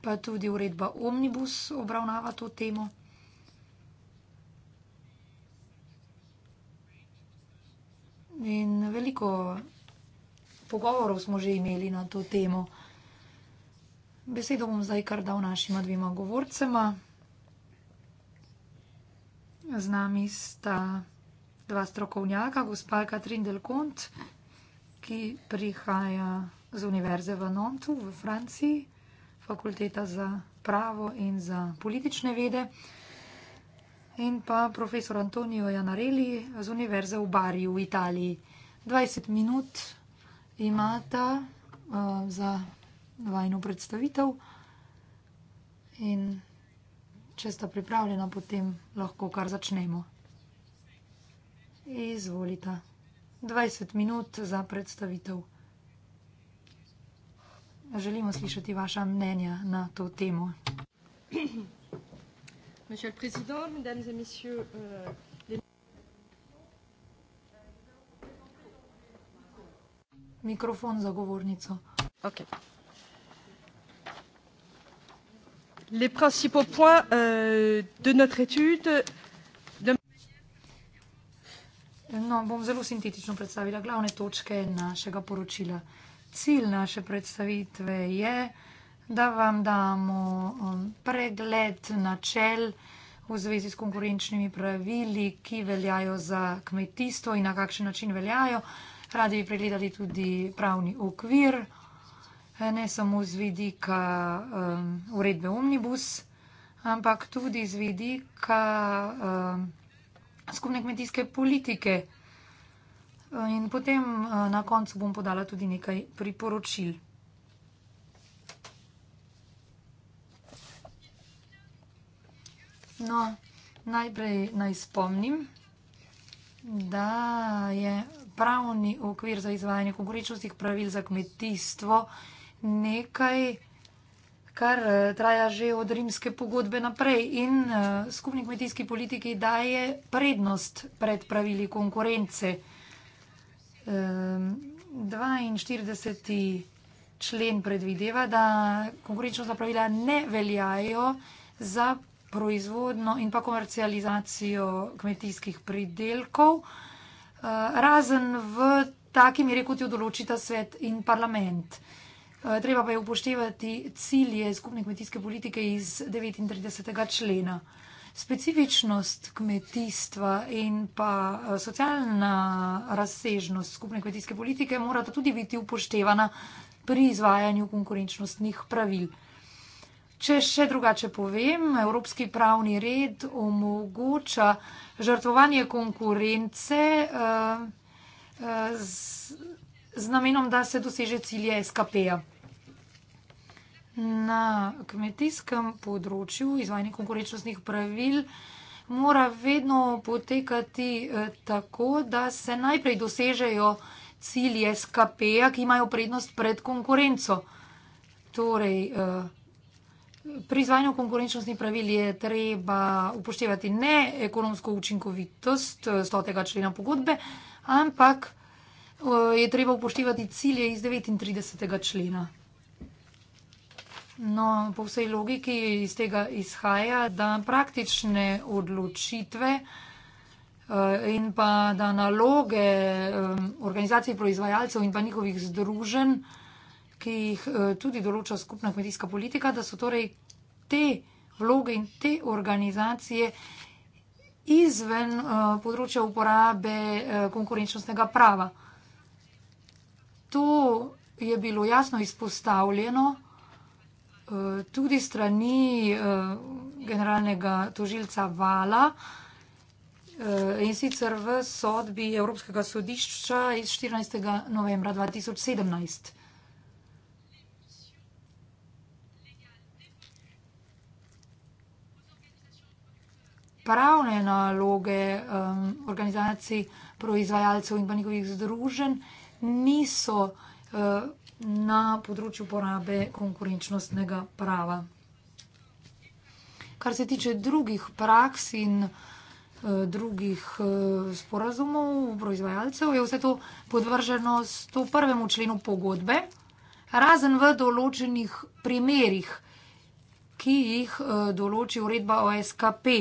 pa tudi uredba Omnibus obravnava to temo. In veliko pogovorov smo že imeli na to temo. Besedo bom zdaj kar dal našima dvema govorcema. Z nami sta dva strokovnjaka, gospa Katrin Delkont, ki prihaja z univerze v Nantu v Franciji fakulteta za pravo in za politične vede, in pa profesor Antonijo Janareli z Univerze v Bari v Italiji. 20 minut imata uh, za vajno predstavitev in če sta pripravljena, potem lahko kar začnemo. Izvolite. 20 minut za predstavitev. Želimo slišati vaša mnenja na to temo. Euh, Mikrofon za govornico. Ok. Les principaux points euh, de notre étude. De... No, bom zelo sintetično predstavila glavne točke našega poročila. Euh, cilj naše predstavitve je, da vam damo um, pregled načel v zvezi s konkurenčnimi pravili, ki veljajo za kmetijstvo in na kakšen način veljajo. Radi bi pregledali tudi pravni okvir, eh, ne samo z vidika um, uredbe omnibus, ampak tudi z vidika um, skupne kmetijske politike. In potem eh, na koncu bom podala tudi nekaj priporočil. No, najprej naj spomnim, da je pravni okvir za izvajanje konkurenčnostnih pravil za kmetijstvo nekaj, kar eh, traja že od rimske pogodbe naprej in eh, skupni kmetijski politiki daje prednost pred pravili konkurence. 42. Ehm, člen predvideva, da konkurenčnostna pravila ne veljajo za proizvodno in pa komercializacijo kmetijskih pridelkov, eh, razen v taki meri, kot jo določita svet in parlament. Eh, treba pa je upoštevati cilje skupne kmetijske politike iz 39. člena specifičnost kmetijstva in pa eh, socialna razsežnost skupne kmetijske politike morata tudi biti upoštevana pri izvajanju konkurenčnostnih pravil. Če še drugače povem, evropski pravni red omogoča žrtvovanje konkurence uh, uh, z, z namenom, da se doseže cilje SKP-ja na kmetijskem področju izvajanje konkurenčnostnih pravil mora vedno potekati eh, tako, da se najprej dosežejo cilje SKP-ja, ki imajo prednost pred konkurenco. Torej, eh, pri izvajanju konkurenčnostnih pravil je treba upoštevati ne ekonomsko učinkovitost 100. Eh, člena pogodbe, ampak je treba upoštevati cilje iz 39. člena No, po vsej logiki iz tega izhaja, da praktične odločitve eh, in pa da naloge eh, organizacij proizvajalcev in pa njihovih združen, ki jih eh, tudi določa skupna kmetijska politika, da so torej te vloge in te organizacije izven področja uporabe konkurenčnostnega prava. To je bilo jasno izpostavljeno tudi strani eh, generalnega tožilca Vala. Eh, in sicer v sodbi Evropskega sodišča iz 14. novembra 2017. Pravne naloge um, organizacij proizvajalcev in pa njihovih združenj niso uh, na področju uporabe konkurenčnostnega prava. Kar se tiče drugih praks in eh, drugih eh, sporazumov proizvajalcev, je vse to podvrženo 101. členu pogodbe, razen v določenih primerih, ki jih eh, določi uredba OSKP.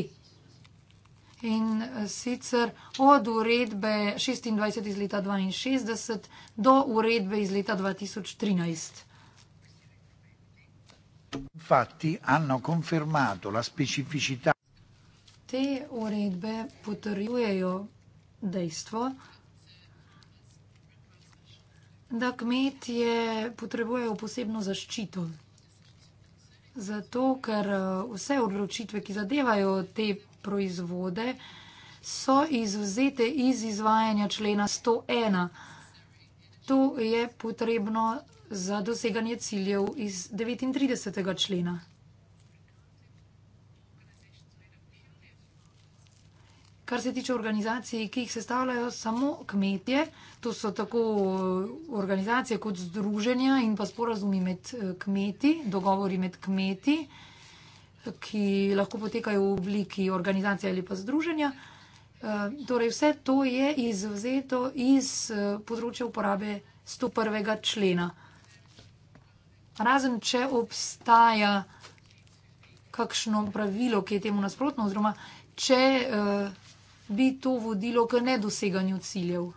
In eh, sicer od uredbe 26 iz leta 62 do uredbe iz leta 2013. Fatti hanno confermato la specificità. Te uredbe potrjujejo dejstvo, da kmetje potrebujejo posebno zaščito. Zato, ker eh, vse odločitve, ki zadevajo te proizvode, so izvzete iz izvajanja člena 101. To je potrebno za doseganje ciljev iz 39. člena. Kar se tiče organizacij, ki jih sestavljajo samo kmetje, to so tako uh, organizacije kot združenja in pa sporazumi med uh, kmeti, dogovori med kmeti, ki lahko potekajo v obliki organizacije ali pa združenja. Eh, torej, vse to je izvzeto iz eh, področja uporabe 101. člena. Razen, če obstaja kakšno pravilo, ki je temu nasprotno, oziroma če eh, bi to vodilo k nedoseganju ciljev.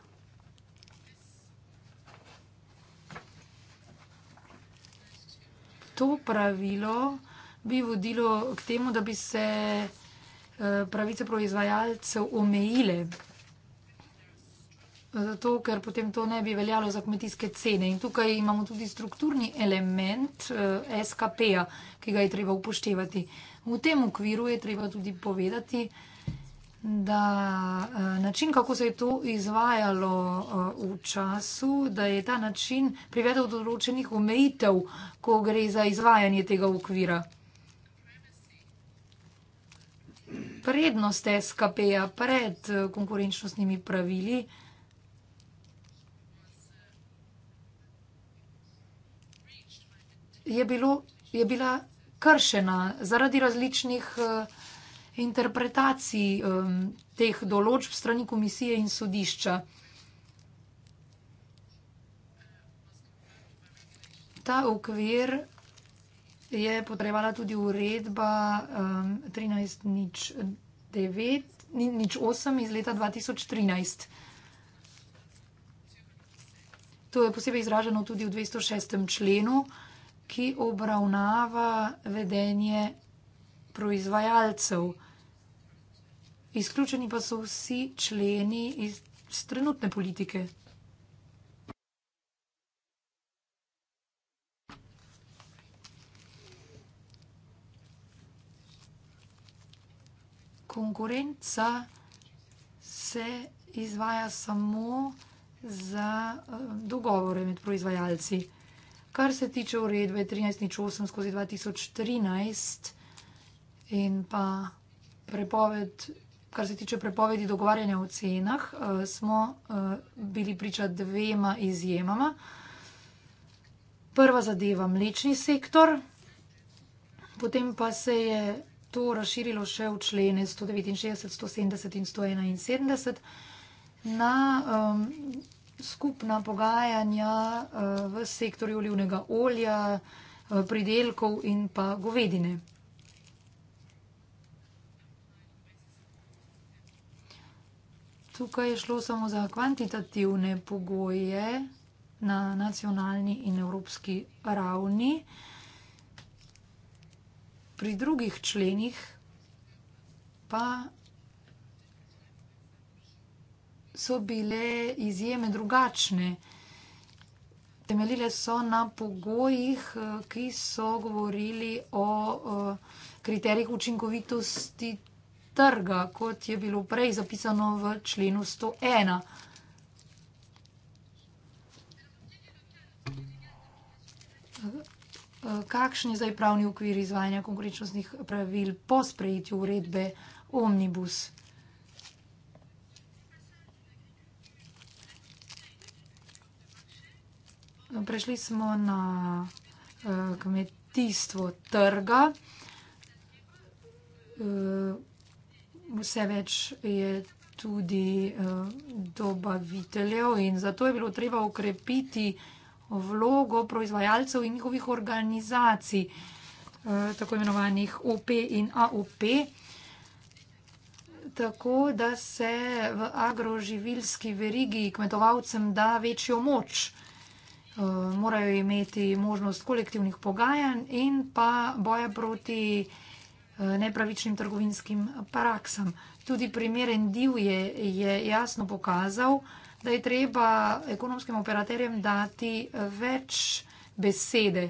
To pravilo bi vodilo k temu, da bi se eh, pravice proizvajalcev omejile. Zato, ker potem to ne bi veljalo za kmetijske cene. In tukaj imamo tudi strukturni element eh, SKP-ja, ki ga je treba upoštevati. V tem okviru je treba tudi povedati, da eh, način, kako se je to izvajalo v času, da je ta način privedel do določenih omejitev, ko gre za izvajanje tega okvira. prednost SKP-ja pred eh, konkurenčnostnimi pravili? Je, bilo, je bila kršena zaradi različnih uh, interpretacij um, teh določb strani komisije in sodišča. Ta okvir je potrebovala tudi uredba um, 13.09.08 iz leta 2013. To je posebej izraženo tudi v 206. členu, ki obravnava vedenje proizvajalcev. Izključeni pa so vsi členi iz trenutne politike. konkurenca se izvaja samo za eh, dogovore med proizvajalci. Kar se tiče uredbe 13.08 skozi 2013 in pa prepoved, kar se tiče prepovedi dogovarjanja o cenah, eh, smo eh, bili priča dvema izjemama. Prva zadeva mlečni sektor, potem pa se je to razširilo še v člene 169, 170 in 171 na. Um, Skupna pogajanja uh, v sektorju olivnega olja, uh, pridelkov in pa govedine. Tukaj je šlo samo za kvantitativne pogoje na nacionalni in evropski ravni pri drugih členih pa so bile izjeme drugačne. Temeljile so na pogojih, eh, ki so govorili o eh, kriterijih učinkovitosti trga, kot je bilo prej zapisano v členu 101. Hvala kakšni zdaj pravni okvir izvajanja konkurenčnostnih pravil po sprejetju uredbe Omnibus? Prešli smo na eh, kmetijstvo trga. Eh, vse več je tudi eh, dobaviteljev in zato je bilo treba okrepiti vlogo proizvajalcev in njihovih organizacij, eh, tako imenovanih OP in AOP, tako da se v agroživilski verigi kmetovalcem da večjo moč. Eh, morajo imeti možnost kolektivnih pogajanj in pa boja proti eh, nepravičnim trgovinskim praksam. Tudi primeren div je, je jasno pokazal, da je treba ekonomskim operaterjem dati eh, več besede.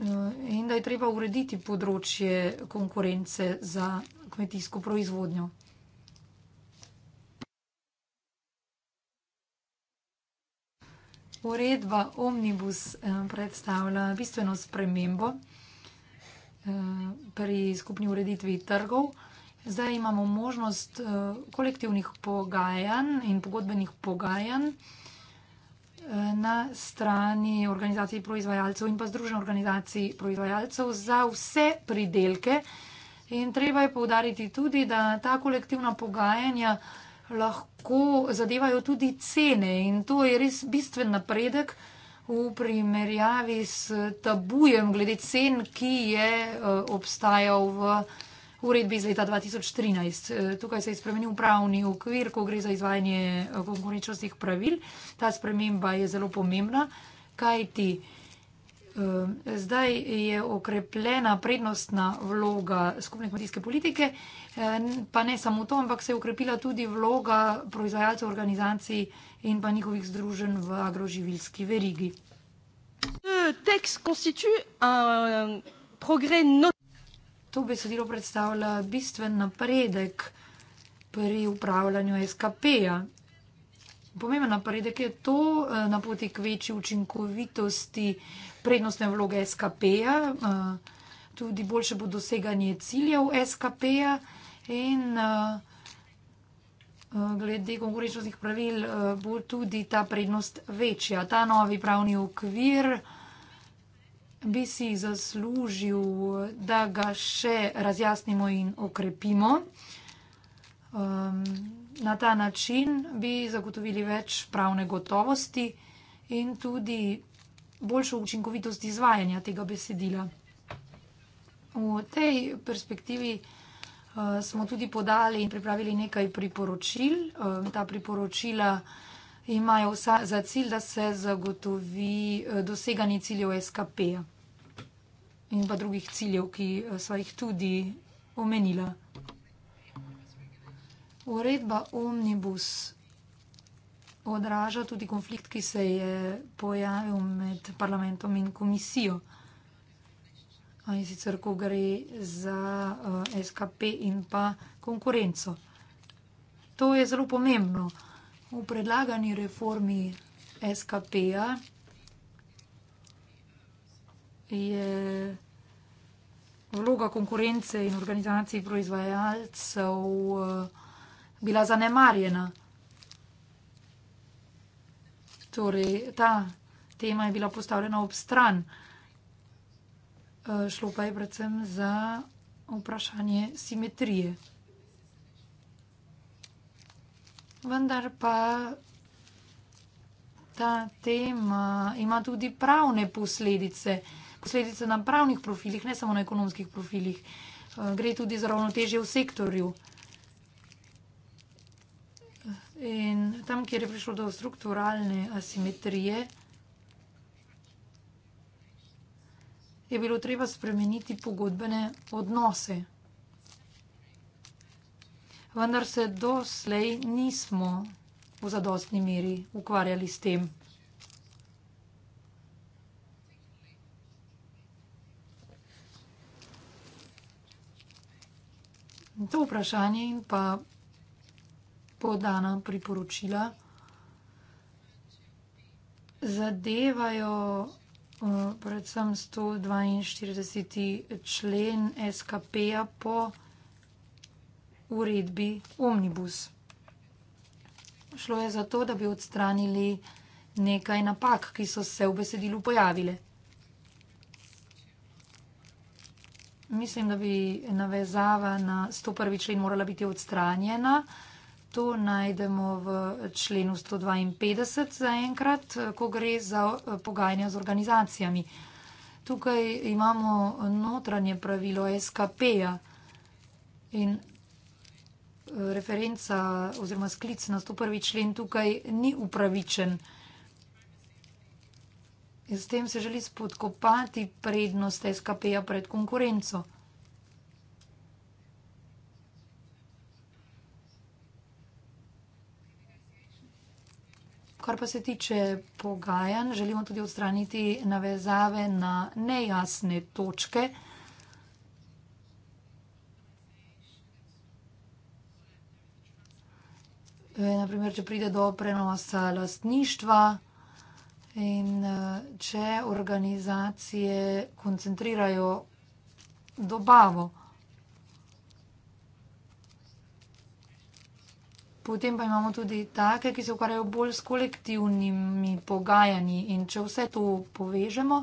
Eh, in da je treba urediti področje konkurence za kmetijsko proizvodnjo. Uredba Omnibus eh, predstavlja bistveno spremembo pri skupni ureditvi trgov. Zdaj imamo možnost eh, kolektivnih pogajanj in pogodbenih pogajanj eh, na strani organizacij proizvajalcev in pa združen organizacij proizvajalcev za vse pridelke. In treba je povdariti tudi, da ta kolektivna pogajanja lahko zadevajo tudi cene in to je res bistven napredek v primerjavi s tabujem glede cen, ki je eh, obstajal v uredbi iz leta 2013. E, tukaj se je spremenil pravni okvir, ko gre za izvajanje e, konkurenčnostnih pravil. Ta sprememba je zelo pomembna, kajti e, zdaj je okrepljena prednostna vloga skupne kmetijske politike, pa ne samo to, ampak se je okrepila tudi vloga proizvajalcev organizacij in pa njihovih združenj v agroživilski verigi. Le texte constitue un progrès notable to besedilo predstavlja bistven napredek pri upravljanju SKP-ja. Pomemben napredek je to eh, na poti k večji učinkovitosti prednostne vloge SKP-ja, eh, tudi boljše bo doseganje ciljev SKP-ja in eh, glede konkurenčnostnih pravil bo tudi ta prednost večja. Ta novi pravni okvir bi si zaslužil, da ga še razjasnimo in okrepimo. Na ta način bi zagotovili več pravne gotovosti in tudi boljšo učinkovitost izvajanja tega besedila. V tej perspektivi eh, smo tudi podali in pripravili nekaj priporočil. Ta priporočila imajo vsa za cilj, da se zagotovi eh, doseganje ciljev SKP -ja in pa drugih ciljev, ki eh, so jih tudi omenila. Uredba Omnibus odraža tudi konflikt, ki se je pojavil med parlamentom in komisijo. In sicer, ko gre za uh, eh, SKP in pa konkurenco. To je zelo pomembno. Uh, V predlagani reformi SKP-a je vloga konkurence in organizacij proizvajalcev eh, bila zanemarjena. Torej, ta tema je bila postavljena ob stran. Eh, šlo pa je predvsem za vprašanje simetrije. Vendar pa ta tema ima tudi pravne posledice, posledice na pravnih profilih, ne samo na ekonomskih profilih. Eh, gre tudi za ravnotežje v sektorju. In tam, kjer je prišlo do strukturalne asimetrije, je bilo treba spremeniti pogodbene odnose vendar se doslej nismo v zadostni meri ukvarjali s tem. To vprašanje in pa podana priporočila zadevajo eh, predvsem 142. člen SKP-ja po uredbi Omnibus. Šlo je za to, da bi odstranili nekaj napak, ki so se v besedilu pojavile. Mislim, da bi navezava na 101. člen morala biti odstranjena. To najdemo v členu 152 zaenkrat, ko gre za eh, pogajanja z organizacijami. Tukaj imamo notranje pravilo SKP-ja in referenca oziroma sklic na 101. člen tukaj ni upravičen. S tem se želi spodkopati prednost SKP-ja pred konkurenco. Kar pa se tiče pogajanj, želimo tudi odstraniti navezave na nejasne točke. Naprimer, če pride do prenosa lastništva in eh, če organizacije koncentrirajo dobavo. Potem pa imamo tudi take, ki se ukvarjajo bolj s kolektivnimi pogajanji in če vse to povežemo,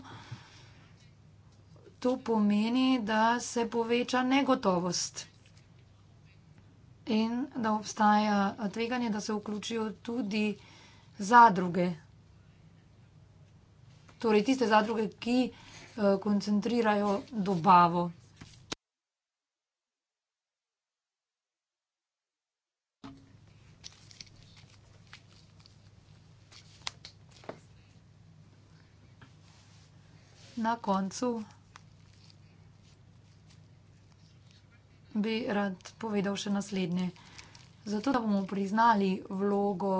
to pomeni, da se poveča negotovost in da obstaja tveganje, da se vključijo tudi zadruge. Torej, tiste zadruge, ki eh, koncentrirajo dobavo. Na koncu. bi rad povedal še naslednje. Zato, da bomo priznali vlogo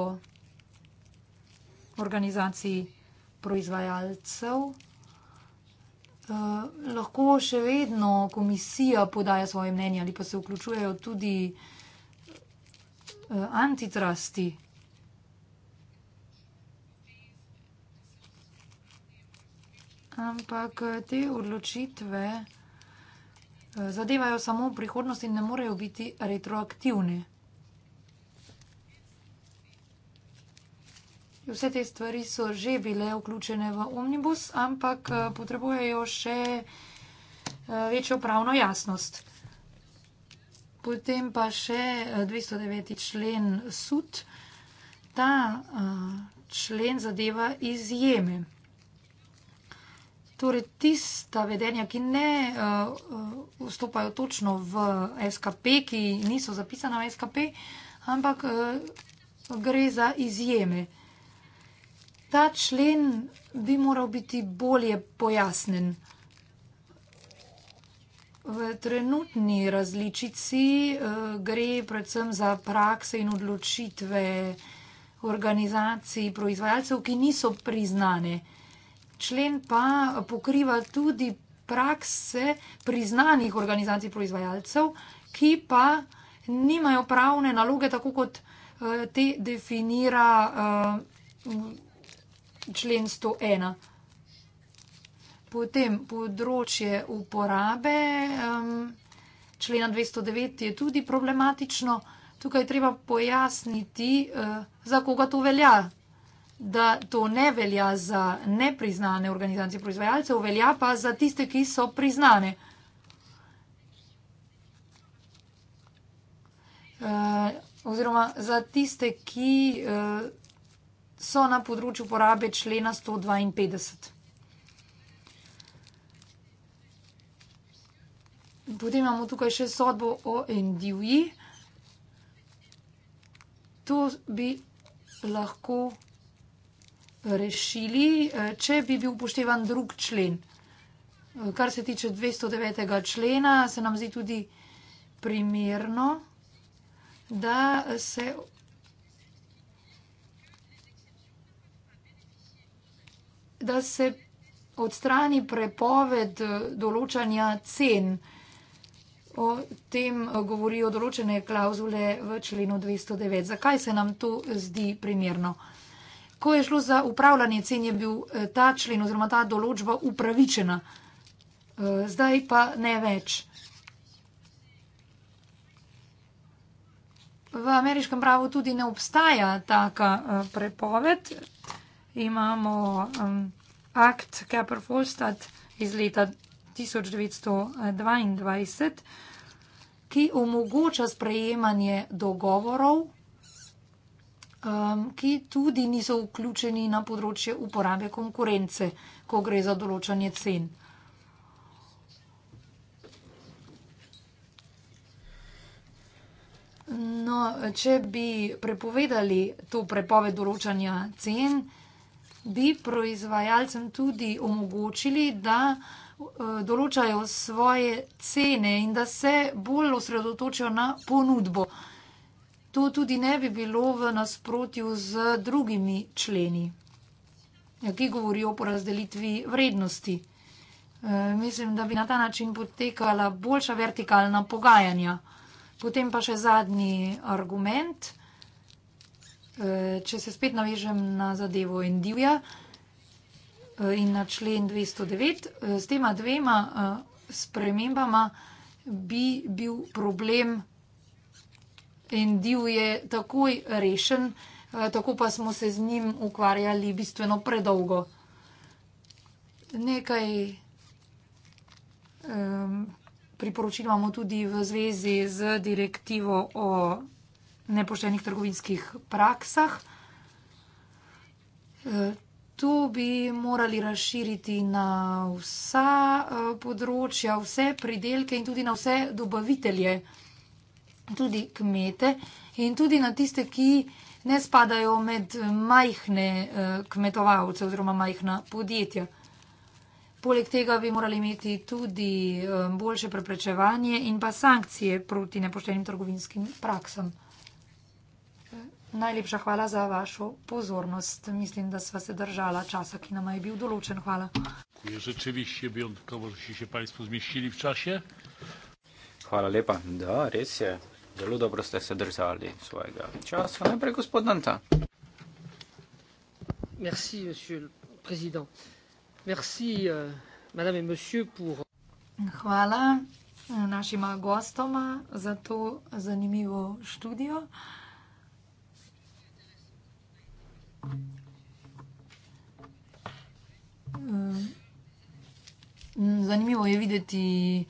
organizacij proizvajalcev, eh, lahko še vedno komisija podaja svoje mnenje ali pa se vključujejo tudi eh, antitrusti. Ampak eh, te odločitve zadevajo samo v prihodnost in ne morejo biti retroaktivne. Vse te stvari so že bile vključene v omnibus, ampak eh, potrebujejo še eh, večjo pravno jasnost. Potem pa še 209. Eh, člen sud. Ta člen zadeva izjeme. Torej, tista vedenja, ki ne uh, uh, vstopajo točno v SKP, ki niso zapisana v SKP, ampak uh, gre za izjeme. Ta člen bi moral biti bolje pojasnen. V trenutni različici uh, gre predvsem za prakse in odločitve organizacij proizvajalcev, ki niso priznane. Uh, člen pa pokriva tudi prakse priznanih organizacij proizvajalcev, ki pa nimajo pravne naloge, tako kot eh, te definira eh, člen 101. Potem področje uporabe člena 209 je tudi problematično. Tukaj treba pojasniti, eh, za koga to velja, da to ne velja za nepriznane organizacije proizvajalcev, velja pa za tiste, ki so priznane. Uh, oziroma za tiste, ki uh, so na področju porabe člena 152. Potem imamo tukaj še sodbo o NDVI. To bi lahko rešili, eh, če bi bil upoštevan drug člen. Eh, kar se tiče 209. člena, se nam zdi tudi primerno, da se. da se odstrani prepoved eh, določanja cen. O tem govorijo določene klauzule v členu 209. Zakaj se nam to zdi primerno? Ko je šlo za upravljanje cen, je bil eh, ta člen oziroma ta določba upravičena, eh, zdaj pa ne več. V ameriškem pravu tudi ne obstaja taka eh, prepoved. Imamo akt Kaperfolstad iz leta 1922, ki omogoča sprejemanje dogovorov um, ki tudi niso vključeni na področje uporabe konkurence, ko gre za določanje cen. No, če bi prepovedali to prepoved določanja cen, bi proizvajalcem tudi omogočili, da uh, določajo svoje cene in da se bolj osredotočijo na ponudbo to tudi ne bi bilo v nasprotju z drugimi členi, ki govorijo o porazdelitvi vrednosti. E, mislim, da bi na ta način potekala boljša vertikalna pogajanja. Potem pa še zadnji argument, e, če se spet navežem na zadevo Endivja e, in na člen 209. S tema dvema spremembama bi bil problem in div je takoj rešen, eh, tako pa smo se z njim ukvarjali bistveno predolgo. Nekaj um, priporočil imamo tudi v zvezi z direktivo o nepoštenih trgovinskih praksah. Eh, tu bi morali razširiti na vsa eh, področja, vse pridelke in tudi na vse dobavitelje tudi kmete in tudi na tiste, ki ne spadajo med majhne eh, kmetovalce oziroma majhna podjetja. Poleg tega bi morali imeti tudi eh, boljše preprečevanje in pa sankcije proti nepoštenim trgovinskim praksam. Najlepša hvala za vašo pozornost. Mislim, da sva se držala časa, ki nam je bil določen. Hvala. Hvala lepa. Da, res je. Zelo dobro ste se držali svojega časa. Najprej gospod Danta. Merci, monsieur le président. Merci, uh, madame et monsieur, pour. Hvala eh, našima gostoma za to zanimivo študijo. Eh, mm, zanimivo je videti eh,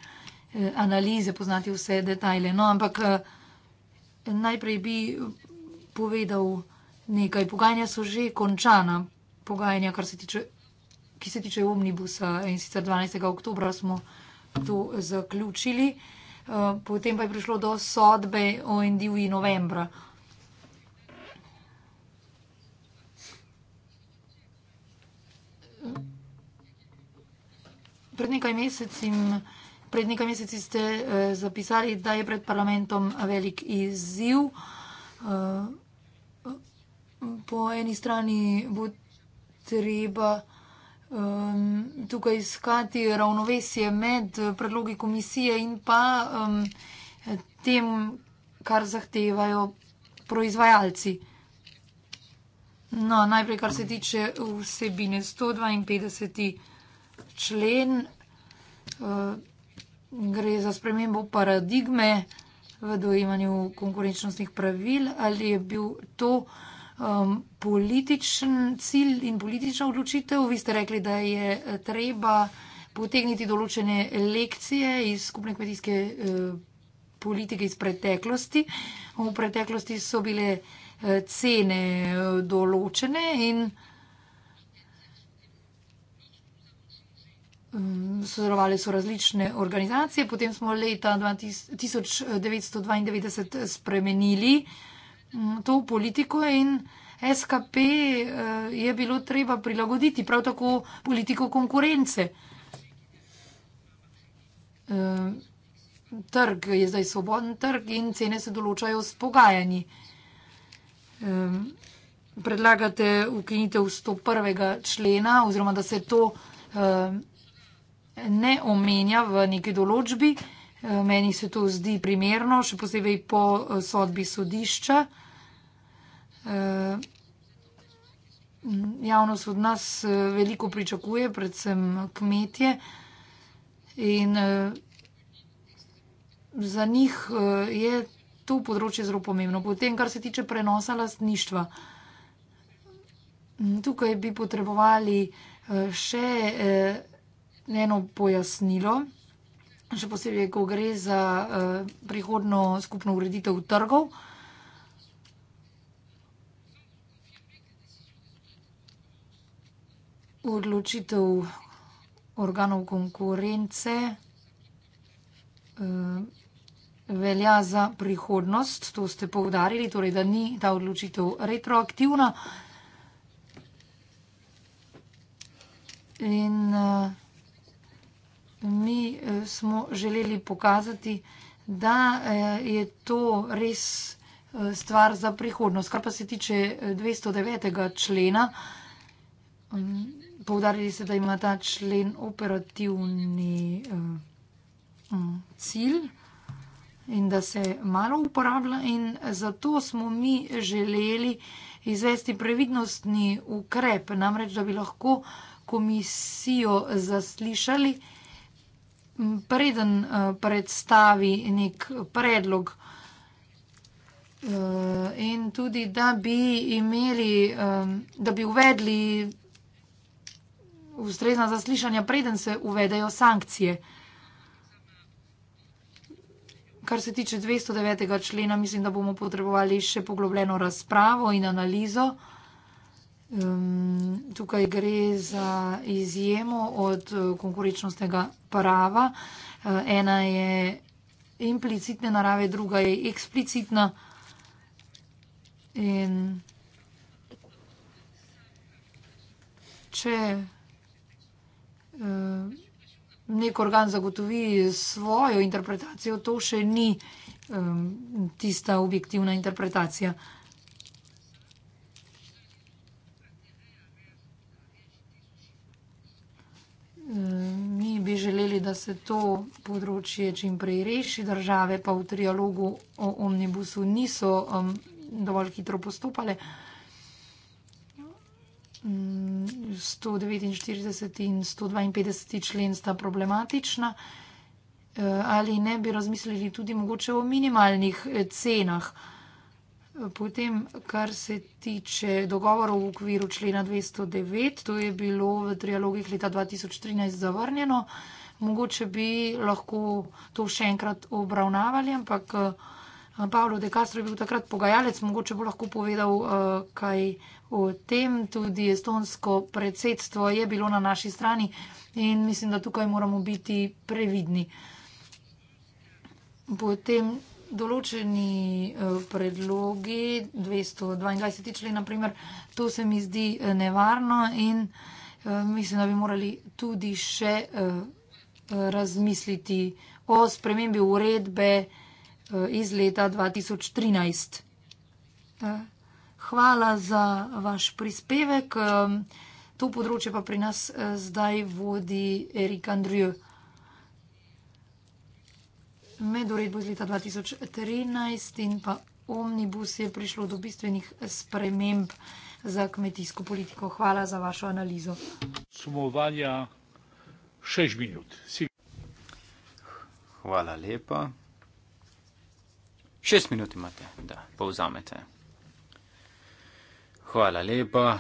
analize, poznati vse detajle. No, ampak. Uh, najprej bi povedal nekaj. Pogajanja so že končana, pogajanja, kar se tiče. Ki se tiče omnibusa in sicer 12. oktober smo to zaključili, eh, potem pa je prišlo do sodbe o NDV-ju novembra. Pred nekaj mesecem. Pred nekaj meseci ste eh, zapisali, da je pred parlamentom velik izziv. Eh, po eni strani bo treba eh, tukaj iskati ravnovesje med predlogi komisije in pa eh, tem, kar zahtevajo proizvajalci. No, najprej, kar se tiče vsebine 152. člen. Eh, gre za spremembo paradigme v dojemanju konkurenčnostnih pravil, ali je bil to um, političen cilj in politična odločitev. Vi ste rekli, da je eh, treba potegniti določene lekcije iz skupne kmetijske eh, politike iz preteklosti. V preteklosti so bile eh, cene eh, določene in eh, Mm, sodelovali so različne organizacije, potem smo leta 1992 eh, eh, spremenili mm, to politiko in SKP eh, je bilo treba prilagoditi, prav tako politiko konkurence. Trg je zdaj svoboden trg in cene se določajo s pogajanji. Predlagate ukinitev 101. člena oziroma, da se to ne omenja v neki določbi. Eh, meni se to zdi primerno, še posebej po eh, sodbi sodišča. Eh, javnost od nas veliko pričakuje, predvsem kmetje. In za njih je to področje zelo pomembno. Potem, kar se tiče prenosa lastništva, mm, tukaj bi potrebovali še eno pojasnilo, še posebej, ko gre za uh, prihodno skupno ureditev trgov. Odločitev organov konkurence uh, velja za prihodnost, to ste povdarili, torej da ni ta odločitev retroaktivna. In uh, mi eh, smo želeli pokazati, da eh, je to res eh, stvar za prihodnost. Kar pa se tiče 209. člena, mm, povdarili ste, da ima ta člen operativni mm, cilj in da se malo uporablja in zato smo mi želeli izvesti previdnostni ukrep, namreč da bi lahko komisijo zaslišali preden uh, predstavi nek predlog uh, in tudi, da bi imeli, um, da bi uvedli ustrezna zaslišanja, preden se uvedejo sankcije. Kar se tiče 209. člena, mislim, da bomo potrebovali še poglobljeno razpravo in analizo. Um, tukaj gre za izjemo od eh, konkurenčnostnega prava. Uh, ena je implicitne narave, druga je eksplicitna. In če um, nek organ zagotovi svojo interpretacijo, to še ni um, tista objektivna interpretacija. mi bi želeli, da se to področje čim prej reši, države pa v trialogu o omnibusu niso um, dovolj hitro postopale. 149 mm, in 152 člen sta problematična. Eh, ali ne bi razmislili tudi mogoče o minimalnih eh, cenah? Potem, kar se tiče dogovorov v okviru člena 209, to je bilo v trialogih leta 2013 zavrnjeno. Mogoče bi lahko to še enkrat obravnavali, ampak eh, Pavlo De Castro je bil takrat pogajalec, mogoče bo lahko povedal eh, kaj o tem. Tudi estonsko predsedstvo je bilo na naši strani in mislim, da tukaj moramo biti previdni. Potem določeni eh, predlogi, 222 člen, naprimer, to se mi zdi eh, nevarno in eh, mislim, da bi morali tudi še razmisliti o spremembi uredbe iz leta 2013. Hvala za vaš prispevek. To področje pa pri nas zdaj vodi Erik Andrjev med uredbo iz leta 2013 in pa omnibus je prišlo do bistvenih sprememb za kmetijsko politiko. Hvala za vašo analizo. Sumovanja 6 minut. Si... Hvala lepa. 6 minut imate, da povzamete. Hvala lepa.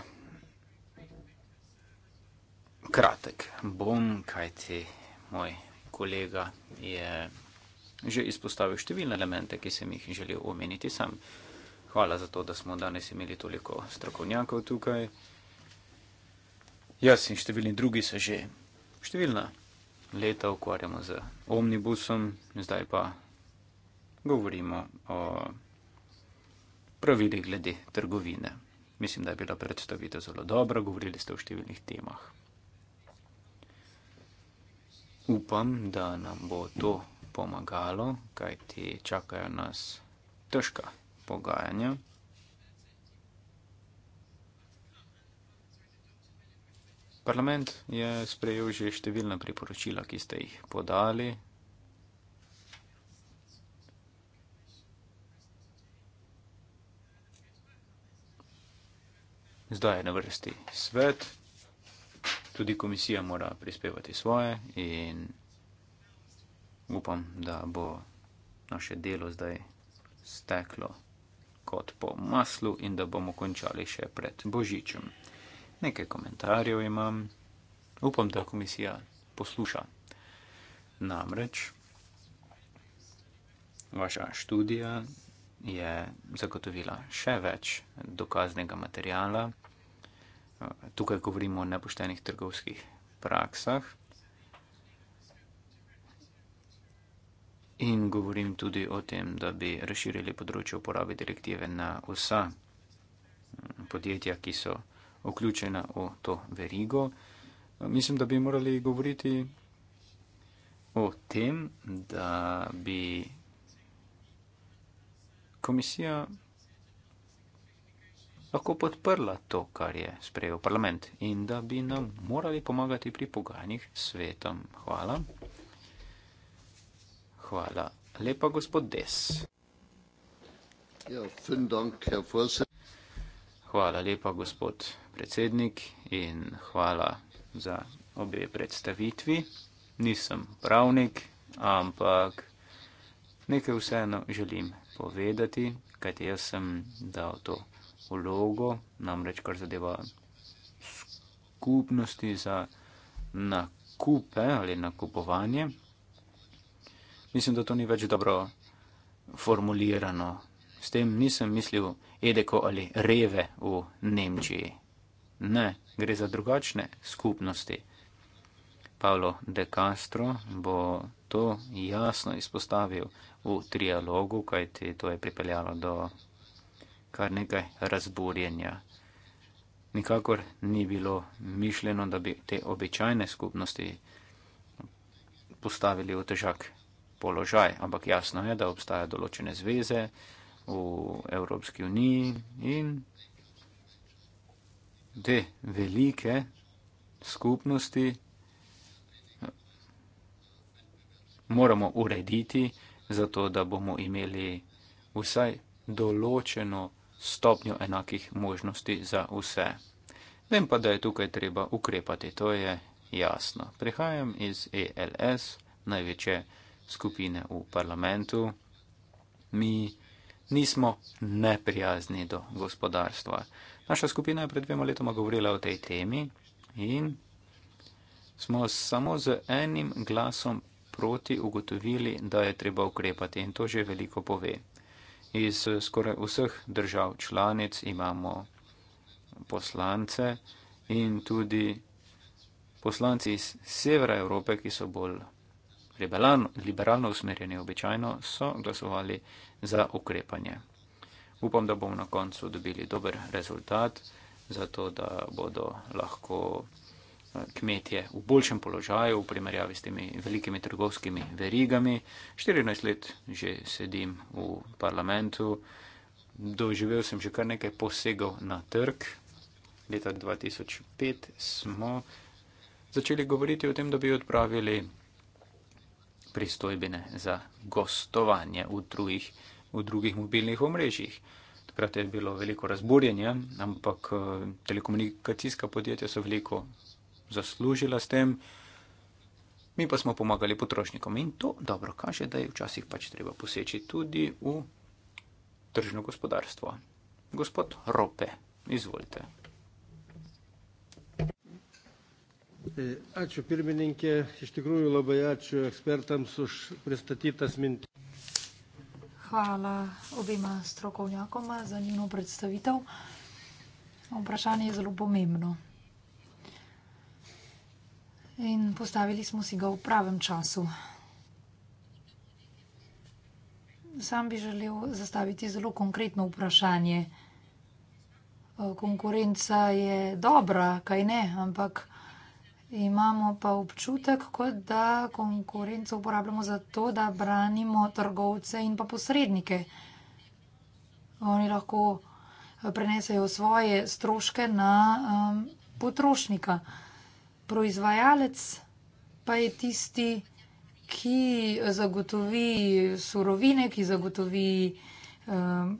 Kratek bom, kajti moj kolega je že izpostavil številne elemente, ki sem jih želel omeniti sam. Hvala za to, da smo danes imeli toliko strokovnjakov tukaj. Jaz in številni drugi se že številna leta ukvarjamo z omnibusom, zdaj pa govorimo o pravilih glede trgovine. Mislim, da je bila predstavitev zelo dobra, govorili ste o številnih temah. Upam, da nam bo to pomagalo, kaj ti čakajo nas težka pogajanja. Parlament je sprejel že številna priporočila, ki ste jih podali. Zdaj je na vrsti svet, tudi komisija mora prispevati svoje in upam, da bo naše delo zdaj steklo kot po maslu in da bomo končali še pred božičem. Nekaj komentarjev imam, upam, da komisija posluša. Namreč, vaša študija je zagotovila še več dokaznega materijala. Tukaj govorimo o nepoštenih trgovskih praksah, in govorim tudi o tem, da bi razširili področje uporabe direktive na vsa mm, podjetja, ki so vključena v to verigo. Mislim, da bi morali govoriti o tem, da bi komisija lahko podprla to, kar je sprejel parlament in da bi nam morali pomagati pri pogajanjih svetom. Hvala. Hvala. Lepa gospod Des. Ja, dank, hvala lepa gospod predsednik in hvala za obe predstavitvi. Nisem pravnik, ampak nekaj vseeno želim povedati, kajte jaz sem dal to vlogo, namreč kar zadeva skupnosti za nakupe ali nakupovanje mislim, da to ni več dobro formulirano. S tem nisem mislil edeko ali reve v Nemčiji. Ne, gre za drugačne skupnosti. Pavlo De Castro bo to jasno izpostavil v trialogu, kajti to je pripeljalo do kar nekaj razburjenja. Nikakor ni bilo mišljeno, da bi te običajne skupnosti postavili v težak položaj. Ampak jasno je, da obstajajo določene zveze v Evropski uniji in te velike skupnosti moramo urediti, zato da bomo imeli vsaj določeno stopnjo enakih možnosti za vse. Vem pa, da je tukaj treba ukrepati, to je jasno. Prihajam iz ELS, največje skupine v parlamentu, mi nismo neprijazni do gospodarstva. Naša skupina je pred dvema letoma govorila o tej temi in smo samo z enim glasom proti ugotovili, da je treba ukrepati in to že veliko pove. Iz skoraj vseh držav članic imamo poslance in tudi poslanci iz severa Evrope, ki so bolj liberalno usmerjeni običajno so glasovali za ukrepanje. Upam, da bomo na koncu dobili dober rezultat, zato da bodo lahko eh, kmetje v boljšem položaju v primerjavi s temi velikimi trgovskimi verigami. 14 let že sedim v parlamentu, doživel sem že kar nekaj posegov na trg. Leta 2005 smo začeli govoriti o tem, da bi odpravili pristojbine za gostovanje v drugih, v drugih mobilnih omrežjih. Takrat je bilo veliko razburjenja, ampak eh, telekomunikacijska podjetja so veliko zaslužila s tem, mi pa smo pomagali potrošnikom in to dobro kaže, da je včasih pač treba poseči tudi v tržno gospodarstvo. Gospod Rope, izvolite. Ačiū pirmininkė, iš tikrųjų labai ačiū ekspertams už pristatytas mintis. Hvala obima strokovnjakoma za njeno predstavitev. Vprašanje je zelo pomembno. In postavili smo si ga v pravem času. Sam bi želel zastaviti zelo konkretno vprašanje. Konkurenca je dobra, kaj ne, ampak imamo pa občutek, kot da konkurenco uporabljamo za to, da branimo trgovce in pa posrednike. Oni lahko eh, prenesejo svoje stroške na um, potrošnika. Proizvajalec pa je tisti, ki zagotovi surovine, ki zagotovi um,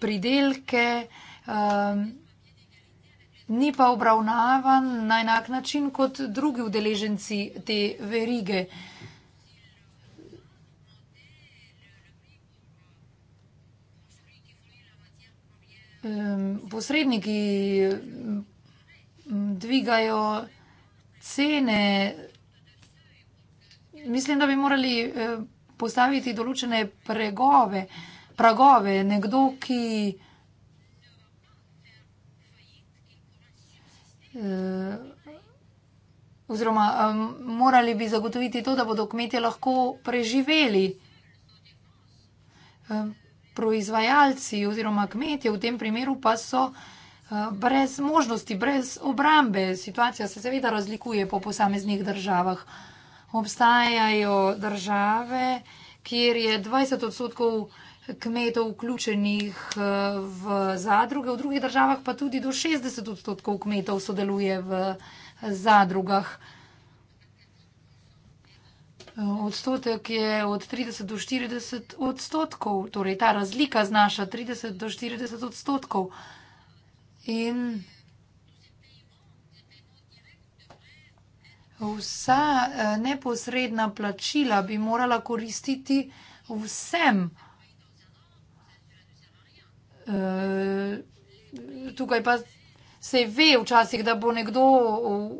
pridelke. Um, ni pa obravnavan na enak način kot drugi udeleženci te verige. Posredniki dvigajo cene. Mislim, da bi morali e, postaviti določene pregove, pragove. Nekdo, ki Eh, oziroma um, morali bi zagotoviti to, da bodo kmetje lahko preživeli. Um, proizvajalci oziroma kmetje v tem primeru pa so um, brez možnosti, brez obrambe. Situacija se seveda razlikuje po posameznih državah. Obstajajo države, kjer je 20 odstotkov kmetov vključenih eh, v zadruge, v drugih državah pa tudi do 60 odstotkov kmetov sodeluje v eh, zadrugah. Odstotek je od 30 do 40 odstotkov, torej ta razlika znaša 30 do 40 odstotkov. In vsa eh, neposredna plačila bi morala koristiti vsem. Eh, tukaj pa se ve včasih, da bo nekdo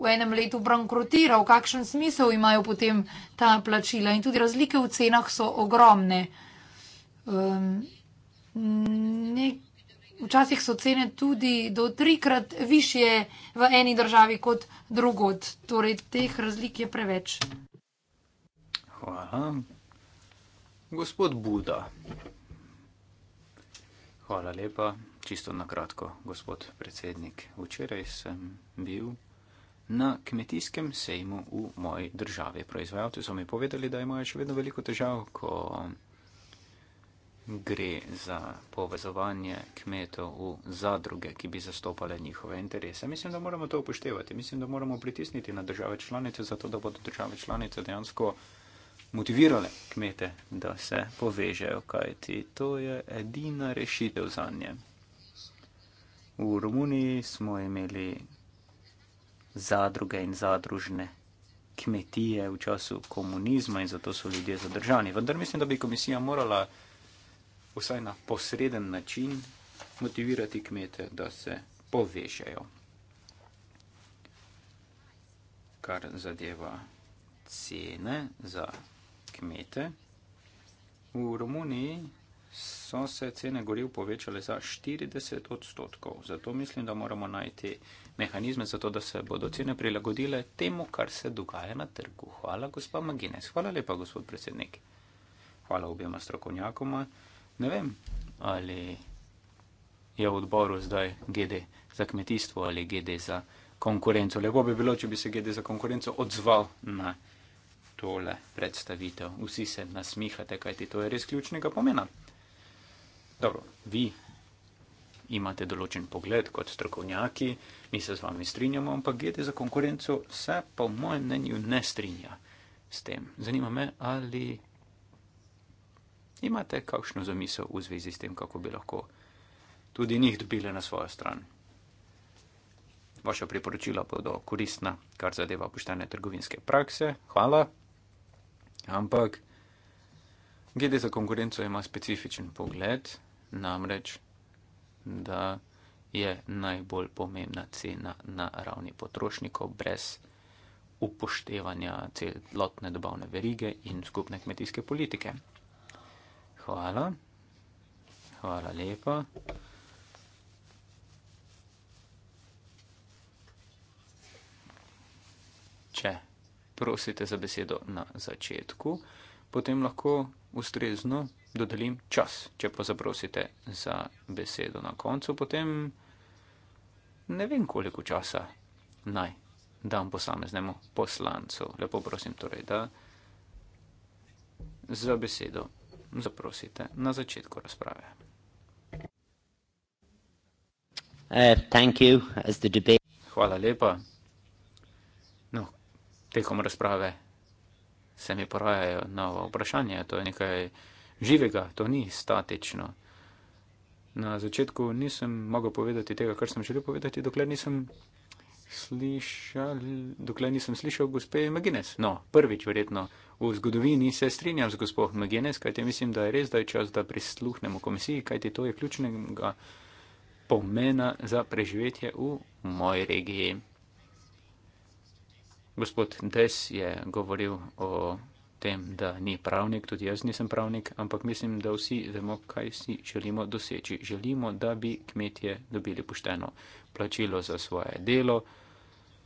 v enem letu bankrotiral, kakšen smisel imajo potem ta plačila. In tudi razlike v cenah so ogromne. Ehm, Nek Včasih so cene tudi do trikrat više v eni državi kot drugod. Torej, teh razlik je preveč. Hvala. Gospod Buda, Hvala lepa. Čisto na kratko, gospod predsednik. Včeraj sem bil na kmetijskem sejmu v moji državi. Proizvajalci so mi povedali, da imajo še vedno veliko težav, ko gre za povezovanje kmetov v zadruge, ki bi zastopale njihove interese. Mislim, da moramo to upoštevati. Mislim, da moramo pritisniti na države članice, zato da bodo države članice dejansko motivirale kmete, da se povežejo, kajti to je edina rešitev za nje. V Romuniji smo imeli zadruge in zadružne kmetije v času komunizma in zato so ljudje zadržani. Vendar mislim, da bi komisija morala vsaj na posreden način motivirati kmete, da se povežejo. Kar zadeva cene za kmete. V Romuniji so se cene goril povečale za 40 odstotkov. Zato mislim, da moramo najti mehanizme za to, da se bodo cene prilagodile temu, kar se dogaja na trgu. Hvala, gospod Magines. Hvala lepa, gospod predsednik. Hvala objema strokovnjakoma. Ne vem, ali je v odboru zdaj GD za kmetijstvo ali GD za konkurenco. Lepo bi bilo, če bi se GD za konkurenco odzval na kmetijstvo tole predstavitev. Vsi se nasmihate, kajti to je res ključnega pomena. Dobro, vi imate določen pogled kot strokovnjaki, mi se z vami strinjamo, ampak GT za konkurenco se po mojem mnenju ne strinja s tem. Zanima me, ali imate kakšno zamisel v zvezi s tem, kako bi lahko tudi njih dobili na svojo stran. Vaša priporočila bodo koristna, kar zadeva poštene trgovinske prakse. Hvala. Ampak GD za konkurenco ima specifičen pogled, namreč, da je najbolj pomembna cena na ravni potrošnikov brez upoštevanja celotne dobavne verige in skupne kmetijske politike. Hvala. Hvala lepa. Če prosite za besedo na začetku, potem lahko ustrezno dodelim čas. Če pa zaprosite za besedo na koncu, potem ne vem, koliko časa naj dam posameznemu poslancu. Lepo prosim torej, da za besedo zaprosite na začetku razprave. Uh, you, Hvala lepa tekom razprave se mi porajajo nova vprašanja, to je nekaj živega, to ni statično. Na začetku nisem mogel povedati tega, kar sem želel povedati, dokler nisem slišal, dokler nisem slišal gospe Magines. No, prvič verjetno v zgodovini se strinjam z gospo Magines, kajti mislim, da je res, da je čas, da prisluhnemo komisiji, kajti to je ključnega pomena za preživetje v moji regiji. Gospod Des je govoril o tem, da ni pravnik, tudi jaz nisem pravnik, ampak mislim, da vsi vemo, kaj si želimo doseči. Želimo, da bi kmetje dobili pošteno plačilo za svoje delo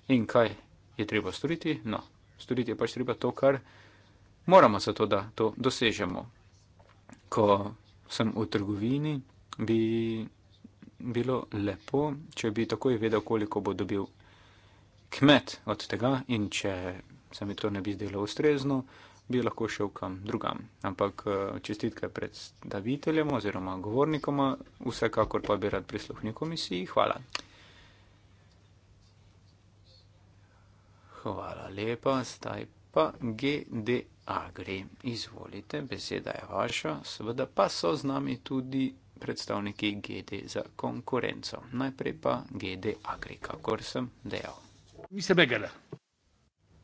in kaj je treba storiti. No, storiti je pač treba to, kar moramo za to, da to dosežemo. Ko sem v trgovini, bi bilo lepo, če bi takoj vedel, koliko bo dobil kmet od tega in če se mi to ne bi zdelo ustrezno, bi lahko šel kam drugam. Ampak eh, čestitke predstaviteljem oziroma govornikom, vsekakor pa bi rad prisluhnil komisiji. Hvala. Hvala lepa, zdaj pa GD Agri. Izvolite, beseda je vaša, seveda pa so z nami tudi predstavniki GD za konkurenco. Najprej pa GD Agri, kakor sem dejal. Mister Begele.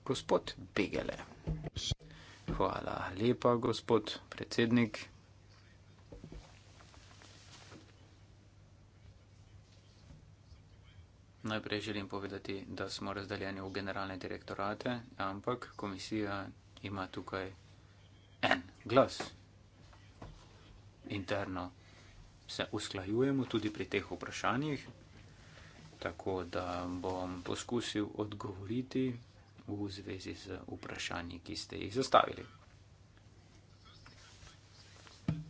Gospod Begele. Hvala lepa, gospod predsednik. Najprej želim povedati, da smo razdaljeni v generalne direktorate, ampak komisija ima tukaj en glas. Interno se usklajujemo tudi pri teh vprašanjih, tako da bom poskusil odgovoriti v zvezi z vprašanji, ki ste jih zastavili.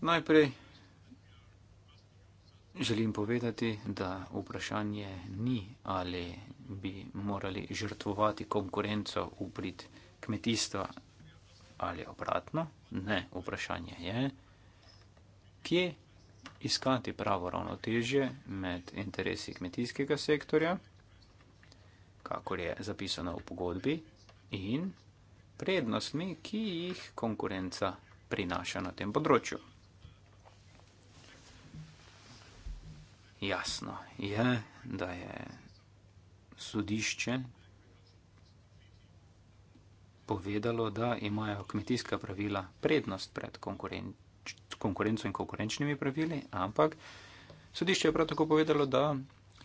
Najprej želim povedati, da vprašanje ni, ali bi morali žrtvovati konkurenco v prid kmetijstva ali obratno. Ne, vprašanje je, kje iskati pravo ravnotežje med interesi kmetijskega sektorja, kakor je zapisano v pogodbi, in prednostmi, ki jih konkurenca prinaša na tem področju. Jasno je, da je sodišče povedalo, da imajo kmetijska pravila prednost pred konkurenci konkurenco in konkurenčnimi pravili, ampak sodišče je prav tako povedalo, da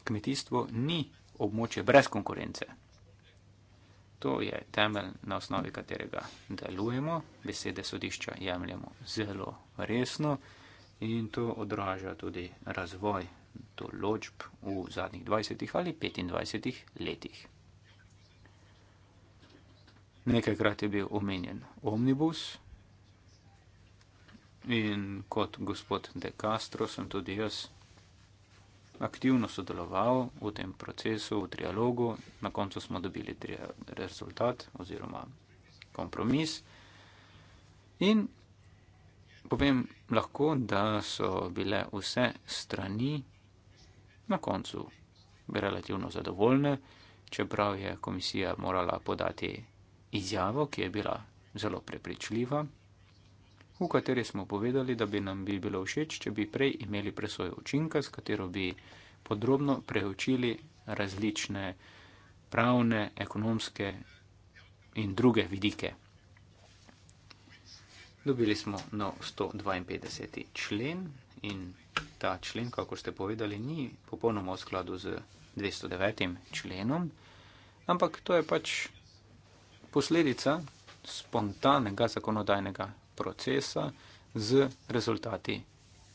kmetijstvo ni območje brez konkurence. To je temelj, na osnovi katerega delujemo. Besede sodišča jemljemo zelo resno in to odraža tudi razvoj določb v zadnjih 20 ali 25 letih. Nekajkrat je bil omenjen omnibus, In kot gospod De Castro sem tudi jaz aktivno sodeloval v tem procesu, v trialogu. Na koncu smo dobili rezultat oziroma kompromis. In povem lahko, da so bile vse strani na koncu relativno zadovoljne, čeprav je komisija morala podati izjavo, ki je bila zelo prepričljiva v kateri smo povedali, da bi nam bi bilo všeč, če bi prej imeli presojo učinka, s katero bi podrobno preučili različne pravne, ekonomske in druge vidike. Dobili smo no, 152. člen in ta člen, kako ste povedali, ni popolnoma v skladu z 209. členom, ampak to je pač posledica spontanega zakonodajnega procesa z rezultati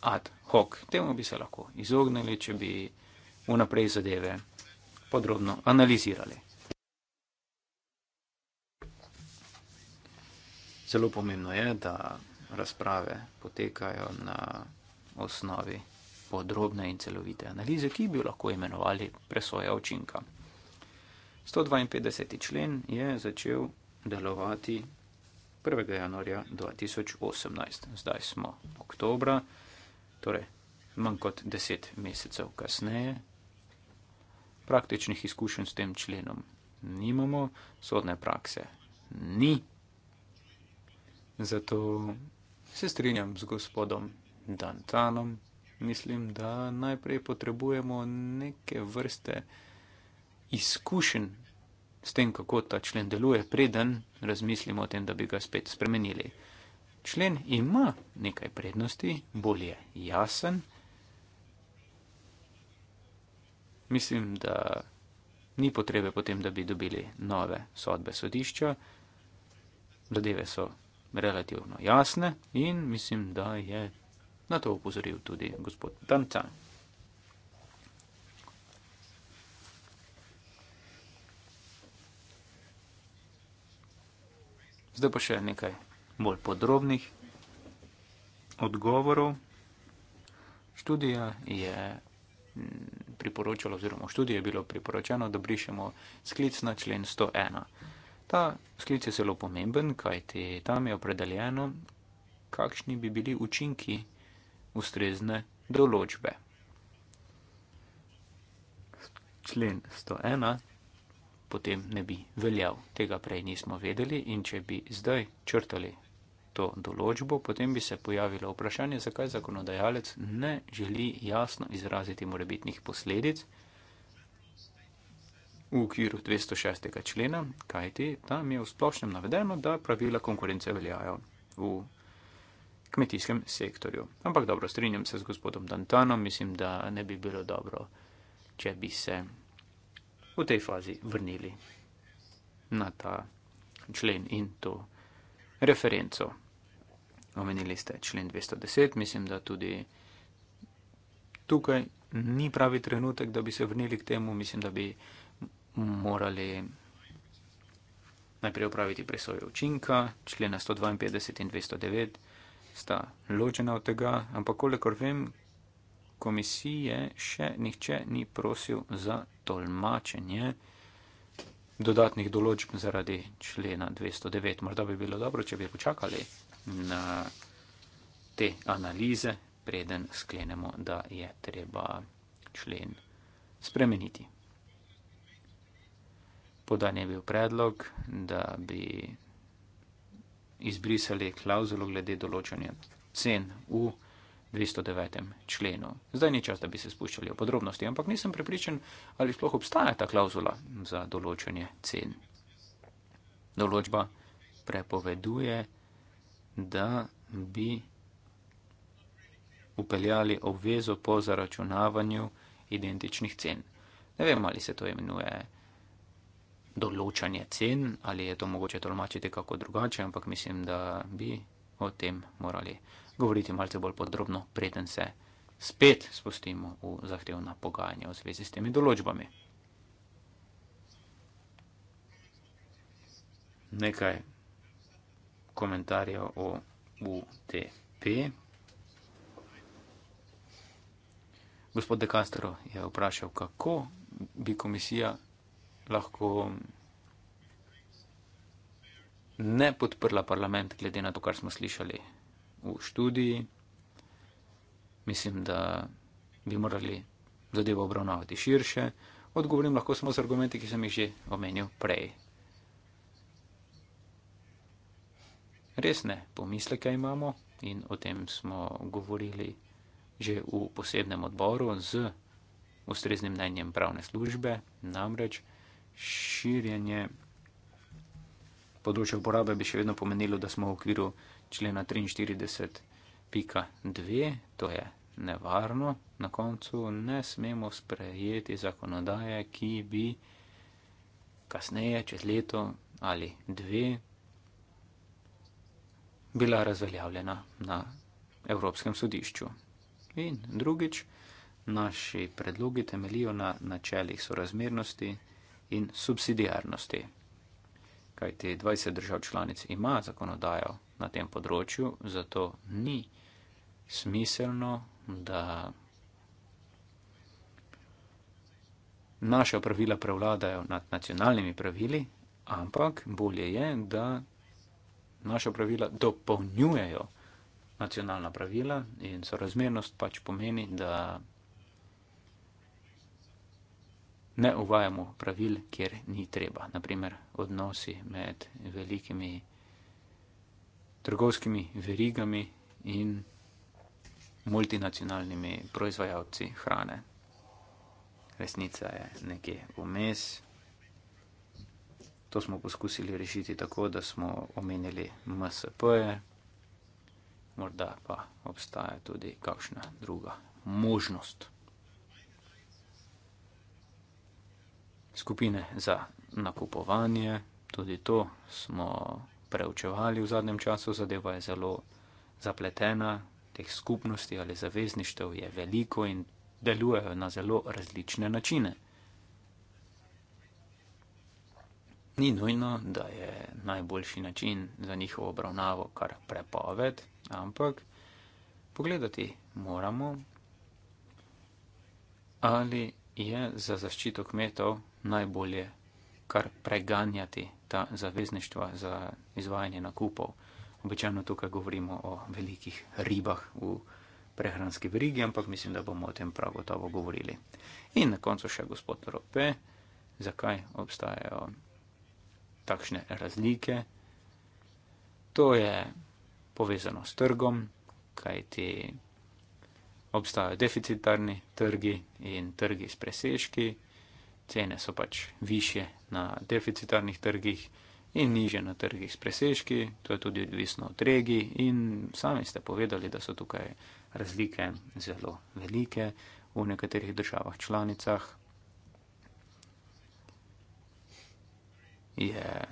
ad hoc. Temu bi se lahko izognili, če bi vnaprej zadeve podrobno analizirali. Zelo pomembno je, da razprave potekajo na osnovi podrobne in celovite analize, ki bi jo lahko imenovali presoja učinka. 152. člen je začel delovati 1. januarja 2018. Zdaj smo oktobra, torej manj kot deset mesecev kasneje. Praktičnih izkušenj s tem členom nimamo, sodne prakse ni. Zato se strinjam z gospodom Dantanom. Mislim, da najprej potrebujemo neke vrste izkušenj s tem, kako ta člen deluje, preden razmislimo o tem, da bi ga spet spremenili. Člen ima nekaj prednosti, bolj je jasen. Mislim, da ni potrebe potem, da bi dobili nove sodbe sodišča. Zadeve so relativno jasne in mislim, da je na to upozoril tudi gospod Tancan. Zdaj pa še nekaj bolj podrobnih odgovorov. Študija je mm, priporočala, oziroma v študiji je bilo priporočeno, da brišemo sklic na člen 101. Ta sklic je zelo pomemben, kajti tam je opredeljeno, kakšni bi bili učinki ustrezne določbe. Člen 101 potem ne bi veljal. Tega prej nismo vedeli in če bi zdaj črtali to določbo, potem bi se pojavilo vprašanje, zakaj zakonodajalec ne želi jasno izraziti morebitnih posledic v okviru 206. člena, kajti tam je v splošnem navedeno, da pravila konkurence veljajo v kmetijskem sektorju. Ampak dobro, strinjam se z gospodom Dantanom, mislim, da ne bi bilo dobro, če bi se v tej fazi vrnili na ta člen in to referenco. Omenili ste člen 210, mislim, da tudi tukaj ni pravi trenutek, da bi se vrnili k temu, mislim, da bi morali najprej upraviti presojo učinka, člena 152 in 209 sta ločena od tega, ampak kolikor vem, komisije še nihče ni prosil za tolmačenje dodatnih določb zaradi člena 209. Morda bi bilo dobro, če bi počakali na te analize, preden sklenemo, da je treba člen spremeniti. Podan je bil predlog, da bi izbrisali klauzulo glede določanja cen v 209. členu. Zdaj ni čas, da bi se spuščali v podrobnosti, ampak nisem prepričan, ali sploh obstaja ta klauzula za določanje cen. Določba prepoveduje, da bi upeljali obvezo po zaračunavanju identičnih cen. Ne vem, ali se to imenuje določanje cen, ali je to mogoče tolmačiti kako drugače, ampak mislim, da bi o tem morali govoriti malce bolj podrobno, preden se spet spustimo v zahtevna pogajanja v zvezi s temi določbami. Nekaj komentarjev o UTP. Gospod De Castro je vprašal, kako bi komisija lahko ne podprla parlament, glede na to, kar smo slišali v študiji, mislim, da bi morali zadevo obravnavati širše. Odgovorim lahko samo z argumenti, ki sem jih že omenil prej. Resne pomisleke imamo in o tem smo govorili že v posebnem odboru z ustreznim mnenjem pravne službe, namreč širjenje področja uporabe bi še vedno pomenilo, da smo v okviru člena 43.2, to je nevarno, na koncu ne smemo sprejeti zakonodaje, ki bi kasneje, čez leto ali dve, bila razveljavljena na Evropskem sodišču. In drugič, naši predlogi temelijo na načelih sorazmernosti in subsidijarnosti kajti 20 držav članic ima zakonodajo na tem področju, zato ni smiselno, da naše pravila prevladajo nad nacionalnimi pravili, ampak bolje je, da naše pravila dopolnjujejo nacionalna pravila in sorazmernost pač pomeni, da ne uvajamo pravil, kjer ni treba. Naprimer, odnosi med velikimi trgovskimi verigami in multinacionalnimi proizvajalci hrane. Resnica je nekje vmes. To smo poskusili rešiti tako, da smo omenili MSP-je, morda pa obstaja tudi kakšna druga možnost. skupine za nakupovanje, tudi to smo preučevali v zadnjem času, zadeva je zelo zapletena, teh skupnosti ali zavezništev je veliko in delujejo na zelo različne načine. Ni nujno, da je najboljši način za njihovo obravnavo kar prepoved, ampak pogledati moramo, ali je za zaščito kmetov najbolje kar preganjati ta zavezništva za izvajanje nakupov. Običajno tukaj govorimo o velikih ribah v prehranski verigi, ampak mislim, da bomo o tem prav gotovo govorili. In na koncu še gospod Rope, zakaj obstajajo takšne razlike. To je povezano s trgom, kajti obstajajo deficitarni trgi in trgi s preseški cene so pač više na deficitarnih trgih in niže na trgih s presežki, to je tudi odvisno od regij in sami ste povedali, da so tukaj razlike zelo velike v nekaterih državah članicah. Je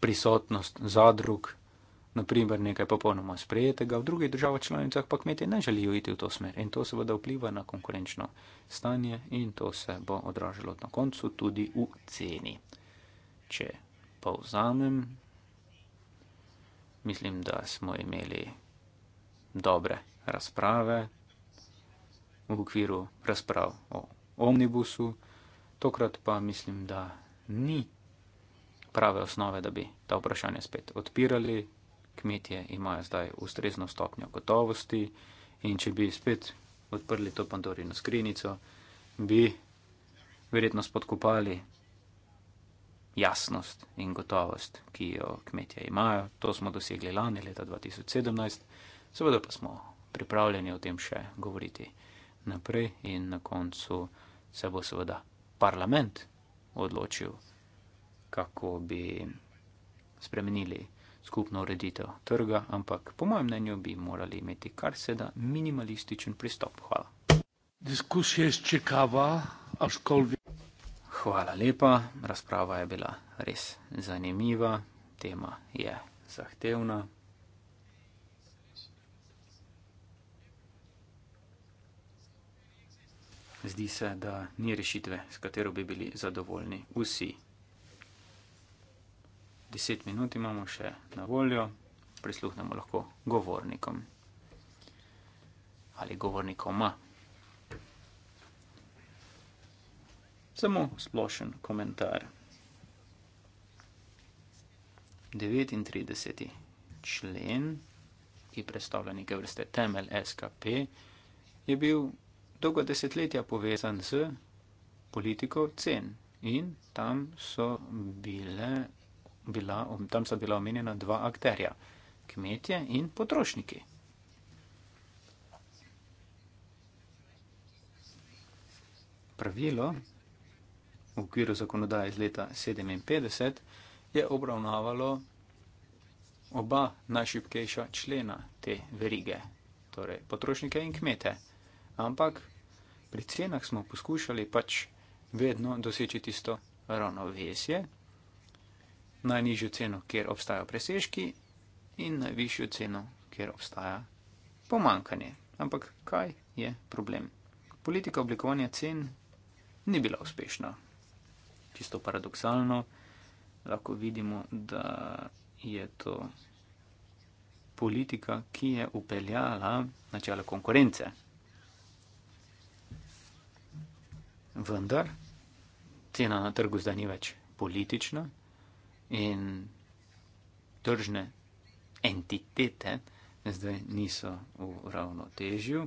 prisotnost zadrug naprimer nekaj popolnoma sprejetega, v drugih državah članicah pa kmetje ne želijo iti v to smer in to seveda vpliva na konkurenčno stanje in to se bo odražalo na koncu tudi v ceni. Če povzamem, mislim, da smo imeli dobre razprave v okviru razprav o omnibusu, tokrat pa mislim, da ni prave osnove, da bi ta vprašanja spet odpirali, kmetje imajo zdaj ustrezno stopnjo gotovosti in če bi spet odprli to pandorino skrinico, bi verjetno spodkopali jasnost in gotovost, ki jo kmetje imajo. To smo dosegli lani leta 2017, seveda pa smo pripravljeni o tem še govoriti naprej in na koncu se bo seveda parlament odločil, kako bi spremenili skupno ureditev trga, ampak po mojem mnenju bi morali imeti kar se da minimalističen pristop. Hvala. Diskusija je čekava, a školi. Hvala lepa, razprava je bila res zanimiva, tema je zahtevna. Zdi se, da ni rešitve, s katero bi bili zadovoljni vsi. 10 minut imamo še na voljo, prisluhnemo lahko govornikom ali govornikoma. Samo splošen komentar. 39. člen, ki predstavlja neke vrste temelj SKP, je bil dolgo desetletja povezan z politiko cen. In tam so bile bila, tam sta bila omenjena dva akterja: kmetje in potrošniki. Pravilo v okviru zakonodaje iz leta 1957 je obravnavalo oba najšipkejša člena te verige, torej potrošnike in kmete. Ampak pri cenah smo poskušali pač vedno doseči tisto ravnovesje, najnižjo ceno, kjer obstajajo presežki, in najvišjo ceno, kjer obstaja pomankanje. Ampak kaj je problem? Politika oblikovanja cen ni bila uspešna. Čisto paradoksalno lahko vidimo, da je to politika, ki je upeljala načelo konkurence. Vendar cena na trgu zdaj ni več politična, in tržne entitete zdaj niso v ravnotežju.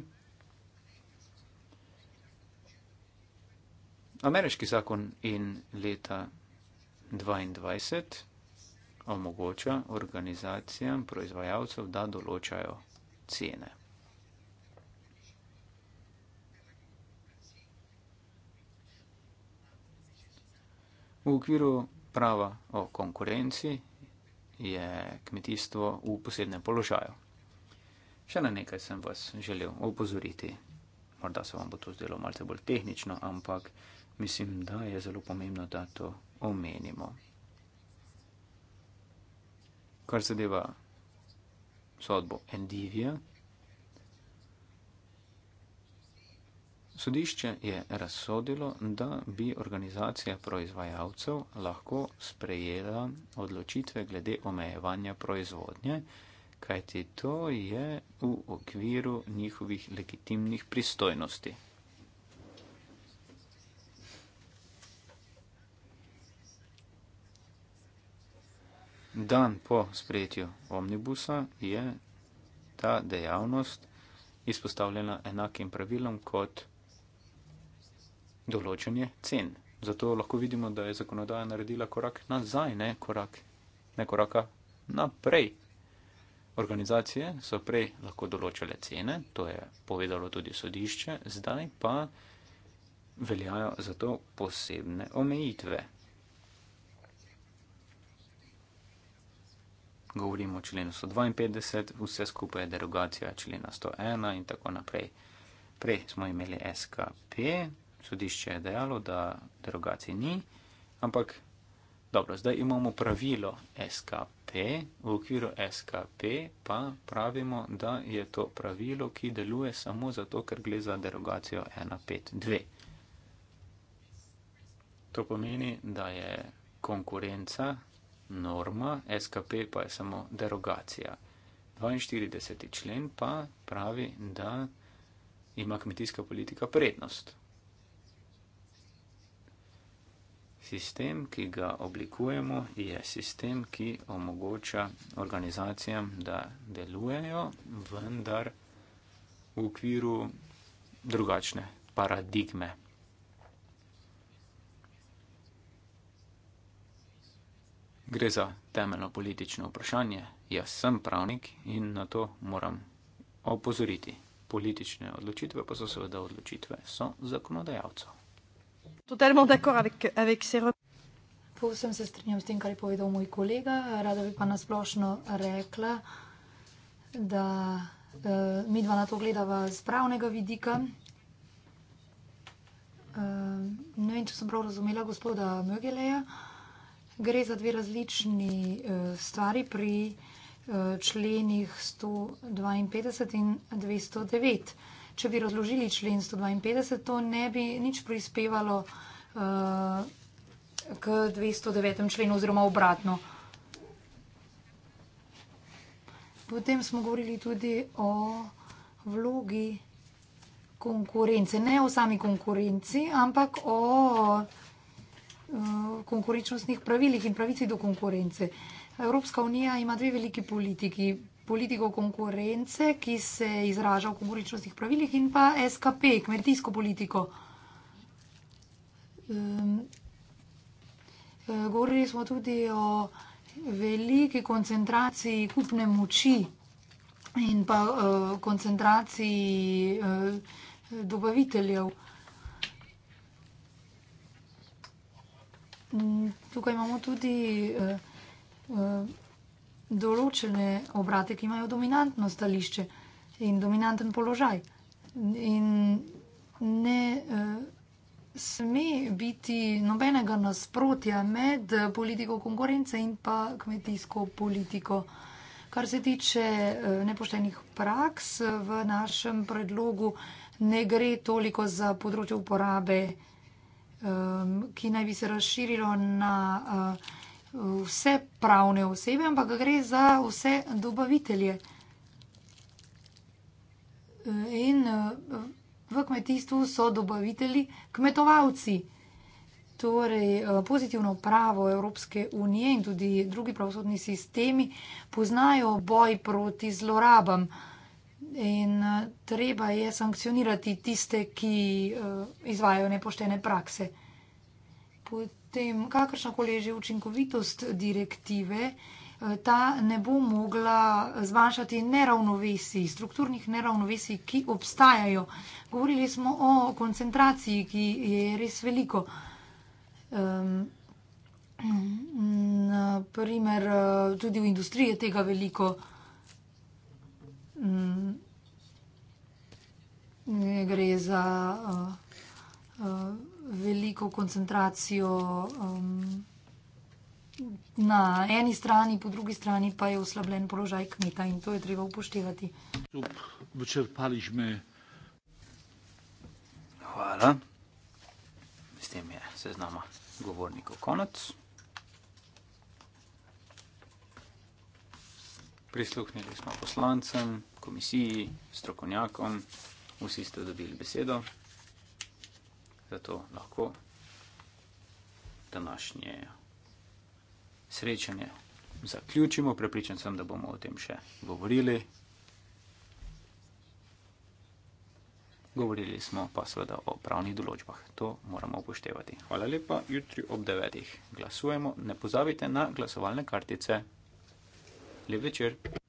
Ameriški zakon in leta 2022 omogoča organizacijam, proizvajalcev, da določajo cene. V okviru razprava o konkurenci je kmetijstvo v posebnem položaju. Še na nekaj sem vas želel opozoriti. Morda se vam bo to zdelo malce bolj tehnično, ampak mislim, da je zelo pomembno, da to omenimo. Kar zadeva sodbo Endivija, Sodišče je razsodilo, da bi organizacija proizvajalcev lahko sprejela odločitve glede omejevanja proizvodnje, kajti to je v okviru njihovih legitimnih pristojnosti. Dan po sprejetju omnibusa je ta dejavnost izpostavljena enakim pravilom kot določanje cen. Zato lahko vidimo, da je zakonodaja naredila korak nazaj, ne korak, ne koraka naprej. Organizacije so prej lahko določale cene, to je povedalo tudi sodišče, zdaj pa veljajo za to posebne omejitve. Govorimo o členu 152, vse skupaj je derogacija člena 101 in tako naprej. Prej smo imeli SKP, sodišče je dejalo, da derogacije ni, ampak dobro, zdaj imamo pravilo SKP, v okviru SKP pa pravimo, da je to pravilo, ki deluje samo zato, ker gre za derogacijo 1.5.2. To pomeni, da je konkurenca norma, SKP pa je samo derogacija. 42. člen pa pravi, da ima kmetijska politika prednost. Sistem, ki ga oblikujemo, je sistem, ki omogoča organizacijam, da delujejo, vendar v okviru drugačne paradigme. Gre za temeljno politično vprašanje. Jaz sem pravnik in na to moram opozoriti. Politične odločitve pa so seveda odločitve, so zakonodajalcev totalement d'accord avec, avec ces remarques. Povsem se strinjam s tem, kar je povedal moj kolega. Rada bi pa nasplošno rekla, da uh, eh, mi dva na to gledava z pravnega vidika. Uh, ne vem, če sem prav razumela gospoda Mögeleja. Gre za dve različni uh, stvari pri uh, členih 152 in 209 če bi razložili člen 152, to ne bi nič prispevalo uh, k 209. členu oziroma obratno. Potem smo govorili tudi o vlogi konkurence, ne o sami konkurenci, ampak o eh, konkurenčnostnih pravilih in pravici do konkurence. Evropska unija ima dve veliki politiki, politiko konkurence, ki se izraža v konkurenčnostnih pravilih, in pa SKP, kmetijsko politiko. Um, govorili smo tudi o veliki koncentraciji kupne moči in pa uh, koncentraciji uh, dobaviteljev. Tukaj imamo tudi uh, uh, določene obrate, ki imajo dominantno stališče in dominanten položaj. In ne uh, sme biti nobenega nasprotja med politiko konkurence in pa kmetijsko politiko. Kar se tiče eh, nepoštenih praks v našem predlogu, ne gre toliko za področje uporabe, eh, ki naj bi se razširilo na vse pravne osebe, ampak gre za vse dobavitelje. In v kmetijstvu so dobavitelji kmetovalci. Torej, pozitivno pravo Evropske unije in tudi drugi pravosodni sistemi poznajo boj proti zlorabam. In treba je sankcionirati tiste, ki izvajo nepoštene prakse potem kakršna koli že učinkovitost direktive, eh, ta ne bo mogla zmanjšati neravnovesij, strukturnih neravnovesij, ki obstajajo. Govorili smo o koncentraciji, ki je res veliko. Um, ehm, naprimer, eh, tudi v industriji je tega veliko. Um, Gre za uh, uh, veliko koncentracijo um, na eni strani, po drugi strani pa je oslabljen položaj kmeta in to je treba upoštevati. Hvala. S tem je seznama govornikov konec. Prisluhnili smo poslancem, komisiji, strokovnjakom, vsi ste dobili besedo. Zato lahko današnje srečanje zaključimo. Prepričan sem, da bomo o tem še govorili. Govorili smo pa seveda o pravnih določbah. To moramo upoštevati. Hvala lepa. Jutri ob devetih glasujemo. Ne pozabite na glasovalne kartice. Lep večer.